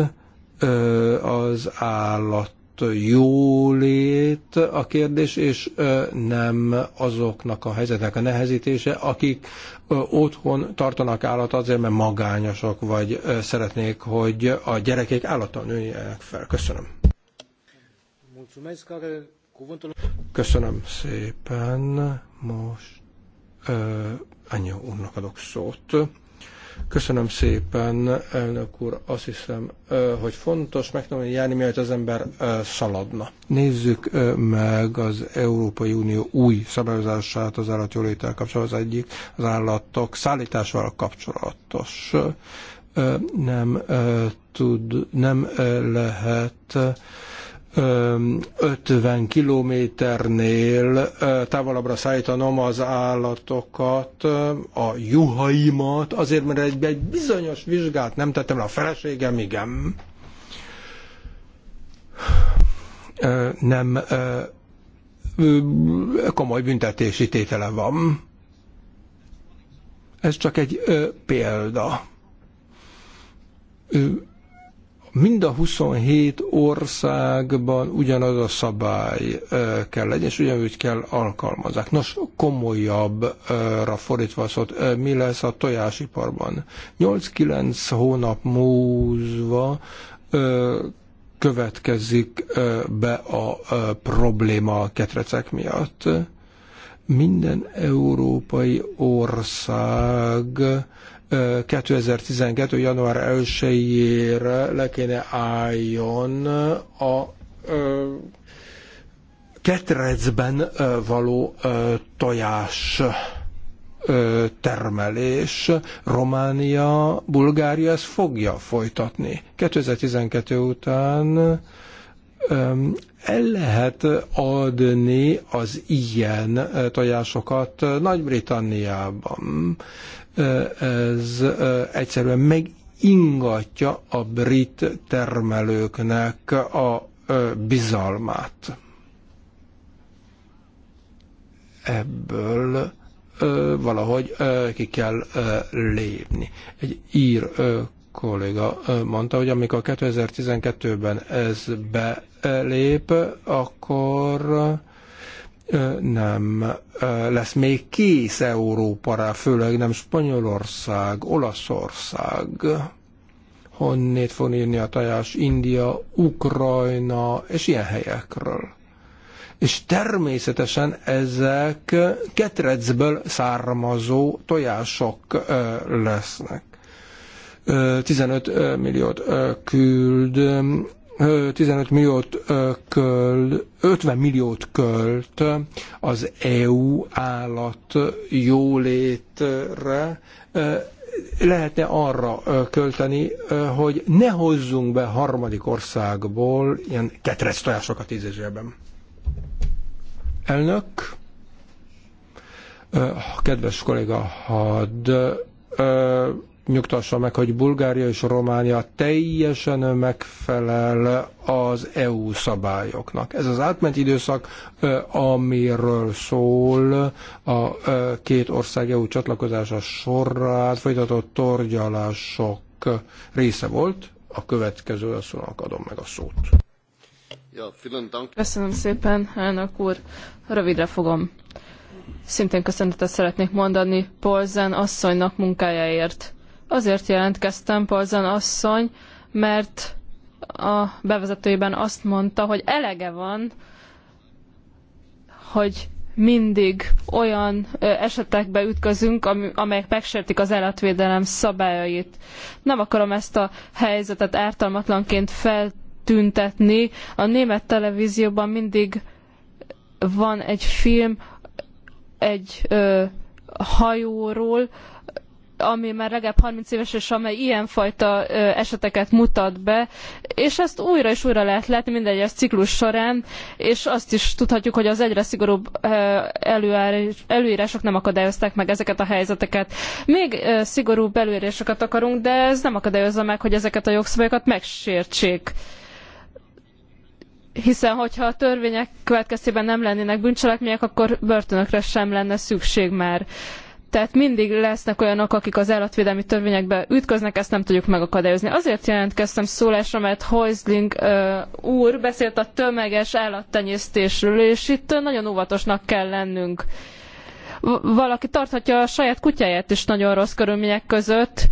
Speaker 5: az állat jólét a kérdés, és nem azoknak a helyzetnek a nehezítése, akik otthon tartanak állat azért, mert magányosak, vagy szeretnék, hogy a gyerekek állattal nőjenek fel. Köszönöm. Köszönöm szépen. Most uh, Anya úrnak adok szót. Köszönöm szépen, elnök úr. Azt hiszem, hogy fontos megtanulni járni, mielőtt az ember szaladna. Nézzük meg az Európai Unió új szabályozását az állatjóléttel kapcsolatban. Az egyik az állatok szállításával kapcsolatos. Nem tud, nem lehet 50 kilométernél távolabbra szállítanom az állatokat, a juhaimat, azért mert egy, egy bizonyos vizsgát nem tettem le a feleségem, igen. Nem komoly büntetési tétele van. Ez csak egy példa mind a 27 országban ugyanaz a szabály kell legyen, és ugyanúgy kell alkalmazzák. Nos, komolyabbra fordítva szót, mi lesz a tojásiparban? 8-9 hónap múlva következik be a probléma a ketrecek miatt. Minden európai ország 2012. január 1-ére le kéne álljon a ketrecben való tojás termelés. Románia, Bulgária ezt fogja folytatni. 2012 után el lehet adni az ilyen tojásokat Nagy-Britanniában ez egyszerűen megingatja a brit termelőknek a bizalmát. Ebből valahogy ki kell lépni. Egy ír kolléga mondta, hogy amikor 2012-ben ez belép, akkor nem lesz még kész Európára, főleg nem Spanyolország, Olaszország. Honnét fog írni a tajás India, Ukrajna és ilyen helyekről. És természetesen ezek ketrecből származó tojások lesznek. 15 milliót küld 15 milliót költ, 50 milliót költ az EU állat jólétre, lehetne arra költeni, hogy ne hozzunk be harmadik országból ilyen ketrec tojásokat ízésében. Elnök, kedves kolléga, hadd nyugtassa meg, hogy Bulgária és Románia teljesen megfelel az EU szabályoknak. Ez az átment időszak, amiről szól a két ország EU csatlakozása során folytatott torgyalások része volt. A következő szónak adom meg a szót.
Speaker 3: Köszönöm szépen, elnök úr. Rövidre fogom. Szintén köszönetet szeretnék mondani Polzen asszonynak munkájáért. Azért jelentkeztem, Polzan asszony, mert a bevezetőjében azt mondta, hogy elege van, hogy mindig olyan esetekbe ütközünk, amelyek megsértik az állatvédelem szabályait. Nem akarom ezt a helyzetet ártalmatlanként feltüntetni. A német televízióban mindig van egy film egy ö, hajóról, ami már legalább 30 éves, és amely ilyenfajta eseteket mutat be, és ezt újra és újra lehet látni minden egyes ciklus során, és azt is tudhatjuk, hogy az egyre szigorúbb előírások nem akadályozták meg ezeket a helyzeteket. Még szigorúbb előírásokat akarunk, de ez nem akadályozza meg, hogy ezeket a jogszabályokat megsértsék hiszen hogyha a törvények következtében nem lennének bűncselekmények, akkor börtönökre sem lenne szükség már. Tehát mindig lesznek olyanok, akik az állatvédelmi törvényekbe ütköznek, ezt nem tudjuk megakadályozni. Azért jelentkeztem szólásra, mert Heusling uh, úr beszélt a tömeges állattenyésztésről, és itt nagyon óvatosnak kell lennünk. Valaki tarthatja a saját kutyáját is nagyon rossz körülmények között,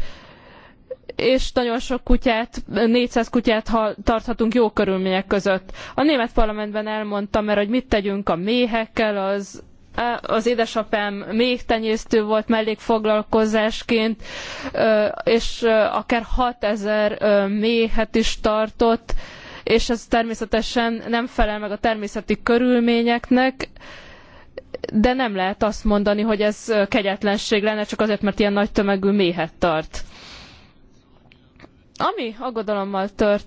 Speaker 3: és nagyon sok kutyát, 400 kutyát tarthatunk jó körülmények között. A német parlamentben elmondtam mert hogy mit tegyünk a méhekkel, az az édesapám még tenyésztő volt mellékfoglalkozásként, és akár 6000 méhet is tartott, és ez természetesen nem felel meg a természeti körülményeknek, de nem lehet azt mondani, hogy ez kegyetlenség lenne, csak azért, mert ilyen nagy tömegű méhet tart. Ami aggodalommal tört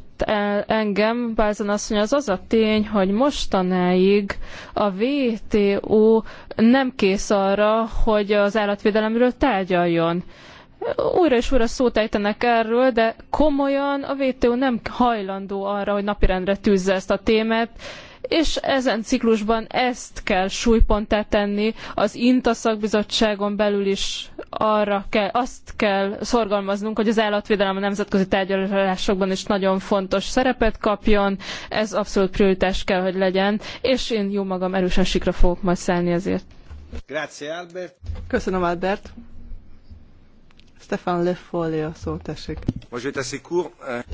Speaker 3: engem, Bázan asszony, az az a tény, hogy mostanáig a WTO nem kész arra, hogy az állatvédelemről tárgyaljon. Újra és újra szót ejtenek erről, de komolyan a WTO nem hajlandó arra, hogy napirendre tűzze ezt a témát, és ezen ciklusban ezt kell súlyponttá tenni az INTA szakbizottságon belül is arra kell, azt kell szorgalmaznunk, hogy az állatvédelem a nemzetközi tárgyalásokban is nagyon fontos szerepet kapjon, ez abszolút prioritás kell, hogy legyen, és én jó magam erősen sikra fogok majd szállni ezért. Grazie, Albert. Köszönöm, Albert. Stefan Le
Speaker 2: Folle tessék.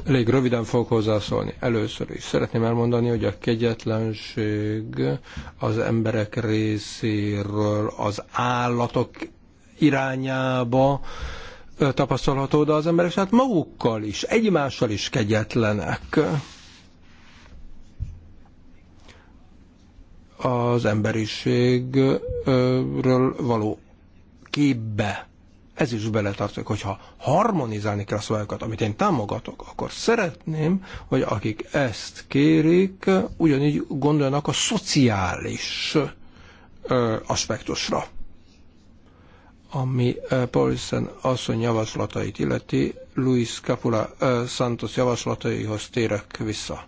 Speaker 5: Elég röviden fogok hozzászólni. Először is szeretném elmondani, hogy a kegyetlenség az emberek részéről az állatok irányába tapasztalható, oda az emberek hát magukkal is, egymással is kegyetlenek. Az emberiségről való képbe ez is beletartozik, hogyha harmonizálni kell a szabályokat, amit én támogatok, akkor szeretném, hogy akik ezt kérik, ugyanígy gondoljanak a szociális aspektusra. Ami Paulsen asszony javaslatait illeti, Luis Capula Santos javaslataihoz térek vissza.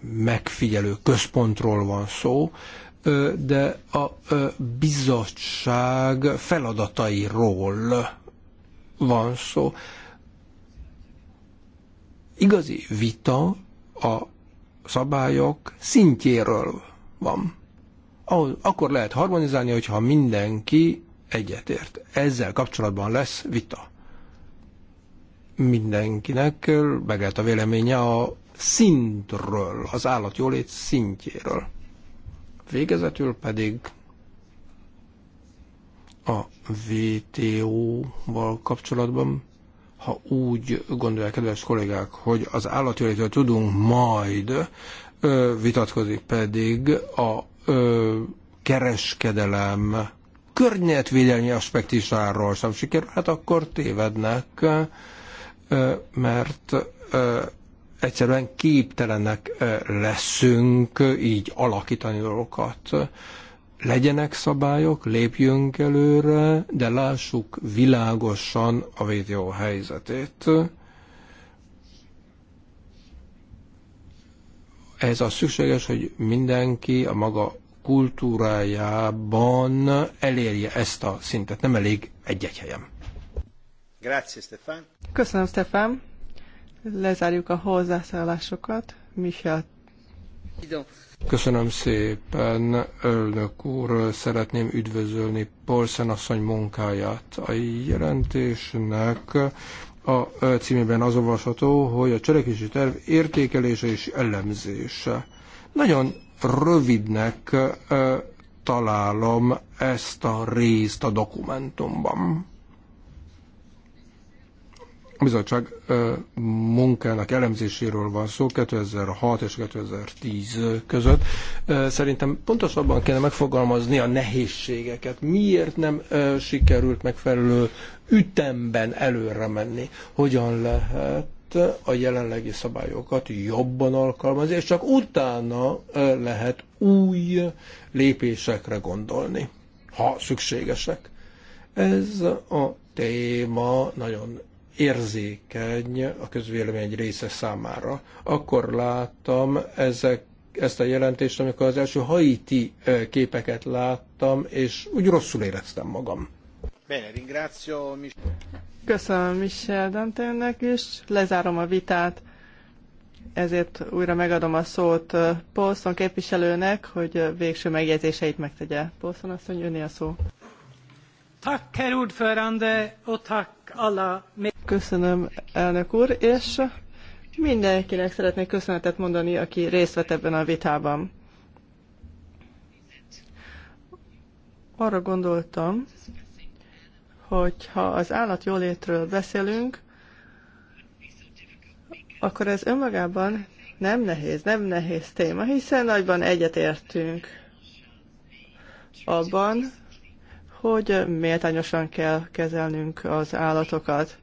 Speaker 5: Megfigyelő központról van szó, de a bizottság feladatairól van szó. Igazi vita a szabályok szintjéről van ahhoz, akkor lehet harmonizálni, hogyha mindenki egyetért. Ezzel kapcsolatban lesz vita. Mindenkinek megelt a véleménye a szintről, az állatjólét szintjéről. Végezetül pedig a VTO-val kapcsolatban, ha úgy gondolják, kedves kollégák, hogy az állatjólétől tudunk majd, vitatkozik pedig a ö, kereskedelem környezetvédelmi aspektusáról sem sikerül, hát akkor tévednek, ö, mert ö, egyszerűen képtelenek leszünk így alakítani dolgokat. Legyenek szabályok, lépjünk előre, de lássuk világosan a védjó helyzetét ez az szükséges, hogy mindenki a maga kultúrájában elérje ezt a szintet. Nem elég egy-egy helyen.
Speaker 1: Grazie,
Speaker 2: Stefan. Köszönöm, Stefan. Lezárjuk a hozzászállásokat. Michel.
Speaker 5: Köszönöm szépen, elnök úr. Szeretném üdvözölni Polszen asszony munkáját. A jelentésnek a címében az olvasható, hogy a cselekvési terv értékelése és elemzése. Nagyon rövidnek találom ezt a részt a dokumentumban. A bizottság munkának elemzéséről van szó 2006 és 2010 között. Szerintem pontosabban kéne megfogalmazni a nehézségeket. Miért nem sikerült megfelelő ütemben előre menni? Hogyan lehet a jelenlegi szabályokat jobban alkalmazni, és csak utána lehet új lépésekre gondolni, ha szükségesek. Ez a téma nagyon érzékeny a közvélemény egy része számára. Akkor láttam ezek, ezt a jelentést, amikor az első haiti képeket láttam, és úgy rosszul éreztem magam.
Speaker 1: Bene, ringrazio
Speaker 2: Köszönöm Michel Danténnek is. Lezárom a vitát, ezért újra megadom a szót Paulson képviselőnek, hogy végső megjegyzéseit megtegye. Paulson azt mondja, a szó.
Speaker 4: Tack, herr ordförande, och tack
Speaker 2: Köszönöm, elnök úr, és mindenkinek szeretnék köszönetet mondani, aki részt vett ebben a vitában. Arra gondoltam, hogy ha az állatjólétről beszélünk, akkor ez önmagában nem nehéz, nem nehéz téma, hiszen nagyban egyetértünk abban, hogy méltányosan kell kezelnünk az állatokat.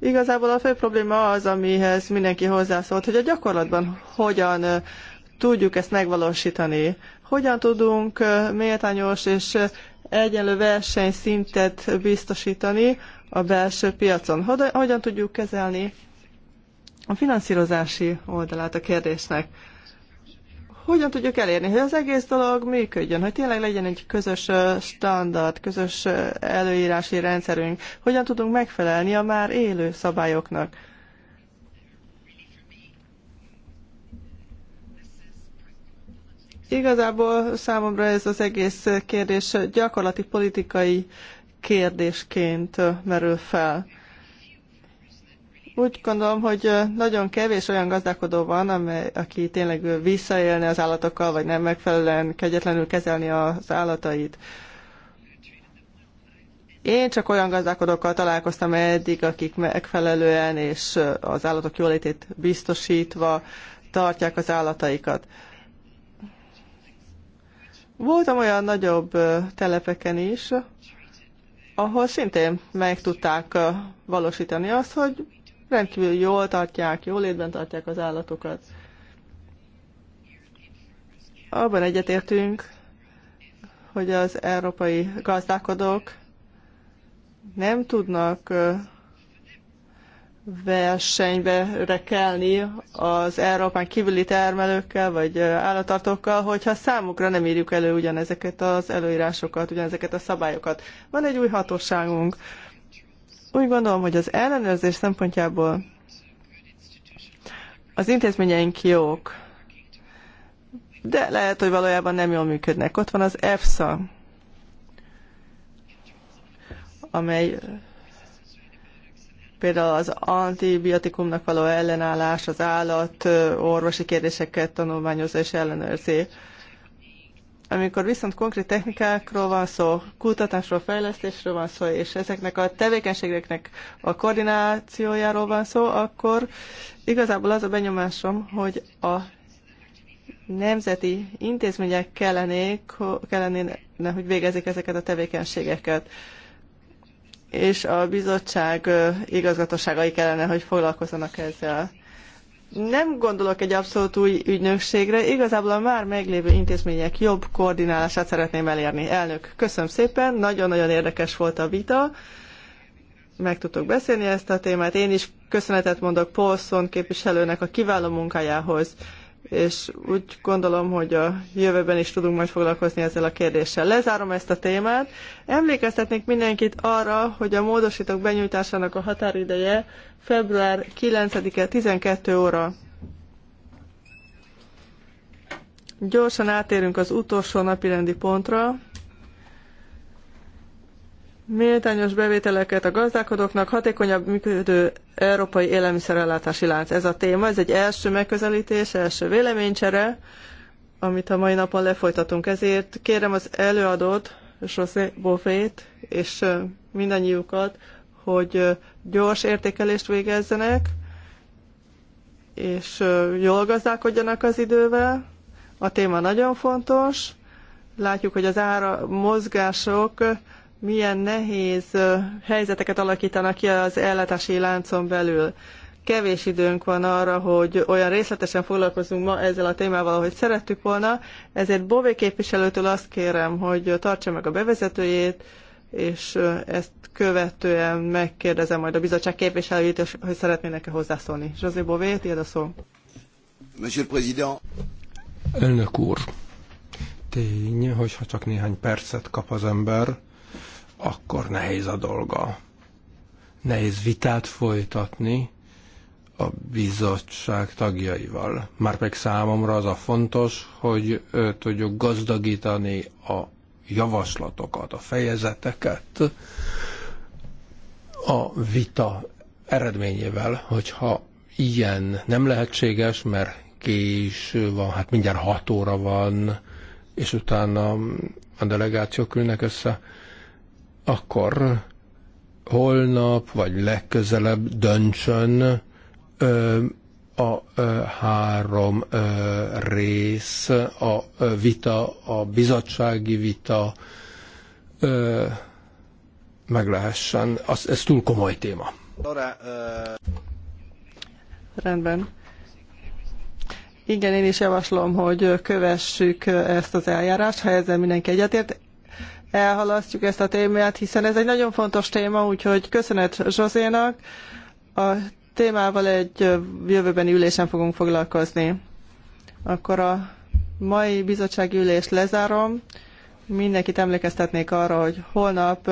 Speaker 2: Igazából a fő probléma az, amihez mindenki hozzászólt, hogy a gyakorlatban hogyan tudjuk ezt megvalósítani, hogyan tudunk méltányos és egyenlő versenyszintet biztosítani a belső piacon, hogyan tudjuk kezelni a finanszírozási oldalát a kérdésnek hogyan tudjuk elérni, hogy az egész dolog működjön, hogy tényleg legyen egy közös standard, közös előírási rendszerünk, hogyan tudunk megfelelni a már élő szabályoknak. Igazából számomra ez az egész kérdés gyakorlati politikai kérdésként merül fel. Úgy gondolom, hogy nagyon kevés olyan gazdálkodó van, amely, aki tényleg visszaélne az állatokkal, vagy nem megfelelően kegyetlenül kezelni az állatait. Én csak olyan gazdálkodókkal találkoztam eddig, akik megfelelően és az állatok jólétét biztosítva tartják az állataikat. Voltam olyan nagyobb telepeken is, ahol szintén meg tudták valósítani azt, hogy rendkívül jól tartják, jól létben tartják az állatokat. Abban egyetértünk, hogy az európai gazdálkodók nem tudnak versenybe rekelni az Európán kívüli termelőkkel vagy állatartókkal, hogyha számukra nem írjuk elő ugyanezeket az előírásokat, ugyanezeket a szabályokat. Van egy új hatóságunk, úgy gondolom, hogy az ellenőrzés szempontjából az intézményeink jók, de lehet, hogy valójában nem jól működnek. Ott van az EFSA, amely például az antibiotikumnak való ellenállás, az állat orvosi kérdéseket tanulmányozás és ellenőrzi. Amikor viszont konkrét technikákról van szó, kutatásról, fejlesztésről van szó, és ezeknek a tevékenységeknek a koordinációjáról van szó, akkor igazából az a benyomásom, hogy a nemzeti intézmények kellenék, kellene, hogy végezik ezeket a tevékenységeket és a bizottság igazgatóságai kellene, hogy foglalkozzanak ezzel. Nem gondolok egy abszolút új ügynökségre, igazából a már meglévő intézmények jobb koordinálását szeretném elérni. Elnök, köszönöm szépen, nagyon-nagyon érdekes volt a vita, meg tudtuk beszélni ezt a témát. Én is köszönetet mondok Paulson képviselőnek a kiváló munkájához és úgy gondolom, hogy a jövőben is tudunk majd foglalkozni ezzel a kérdéssel. Lezárom ezt a témát. Emlékeztetnék mindenkit arra, hogy a módosítók benyújtásának a határideje február 9-e 12 óra. Gyorsan átérünk az utolsó napi rendi pontra méltányos bevételeket a gazdálkodóknak, hatékonyabb működő európai élelmiszerellátási lánc. Ez a téma, ez egy első megközelítés, első véleménycsere, amit a mai napon lefolytatunk. Ezért kérem az előadót, José Bofét és mindannyiukat, hogy gyors értékelést végezzenek, és jól gazdálkodjanak az idővel. A téma nagyon fontos. Látjuk, hogy az ára mozgások milyen nehéz helyzeteket alakítanak ki az ellátási láncon belül. Kevés időnk van arra, hogy olyan részletesen foglalkozunk ma ezzel a témával, ahogy szerettük volna, ezért Bové képviselőtől azt kérem, hogy tartsa meg a bevezetőjét, és ezt követően megkérdezem majd a bizottság képviselőjét, hogy szeretnének-e hozzászólni. José Bové, tiéd a szó.
Speaker 1: Monsieur le Président.
Speaker 5: Elnök úr, tény, hogyha csak néhány percet kap az ember, akkor nehéz a dolga. Nehéz vitát folytatni a bizottság tagjaival. Márpedig számomra az a fontos, hogy tudjuk gazdagítani a javaslatokat, a fejezeteket a vita eredményével, hogyha ilyen nem lehetséges, mert késő van, hát mindjárt hat óra van, és utána a delegációk ülnek össze, akkor holnap vagy legközelebb döntsön ö, a ö, három ö, rész, a ö, vita, a bizottsági vita ö, meg lehessen. Az, ez túl komoly téma.
Speaker 2: Rendben. Igen, én is javaslom, hogy kövessük ezt az eljárást, ha ezzel mindenki egyetért elhalasztjuk ezt a témát, hiszen ez egy nagyon fontos téma, úgyhogy köszönet Zsozénak. A témával egy jövőbeni ülésen fogunk foglalkozni. Akkor a mai bizottsági ülést lezárom. Mindenkit emlékeztetnék arra, hogy holnap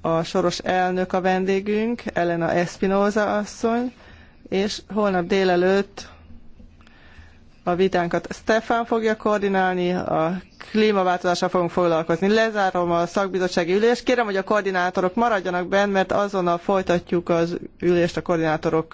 Speaker 2: a soros elnök a vendégünk, Elena Espinoza asszony, és holnap délelőtt a vitánkat Stefan fogja koordinálni, a klímaváltozással fogunk foglalkozni. Lezárom a szakbizottsági ülést. Kérem, hogy a koordinátorok maradjanak benn, mert azonnal folytatjuk az ülést a koordinátorok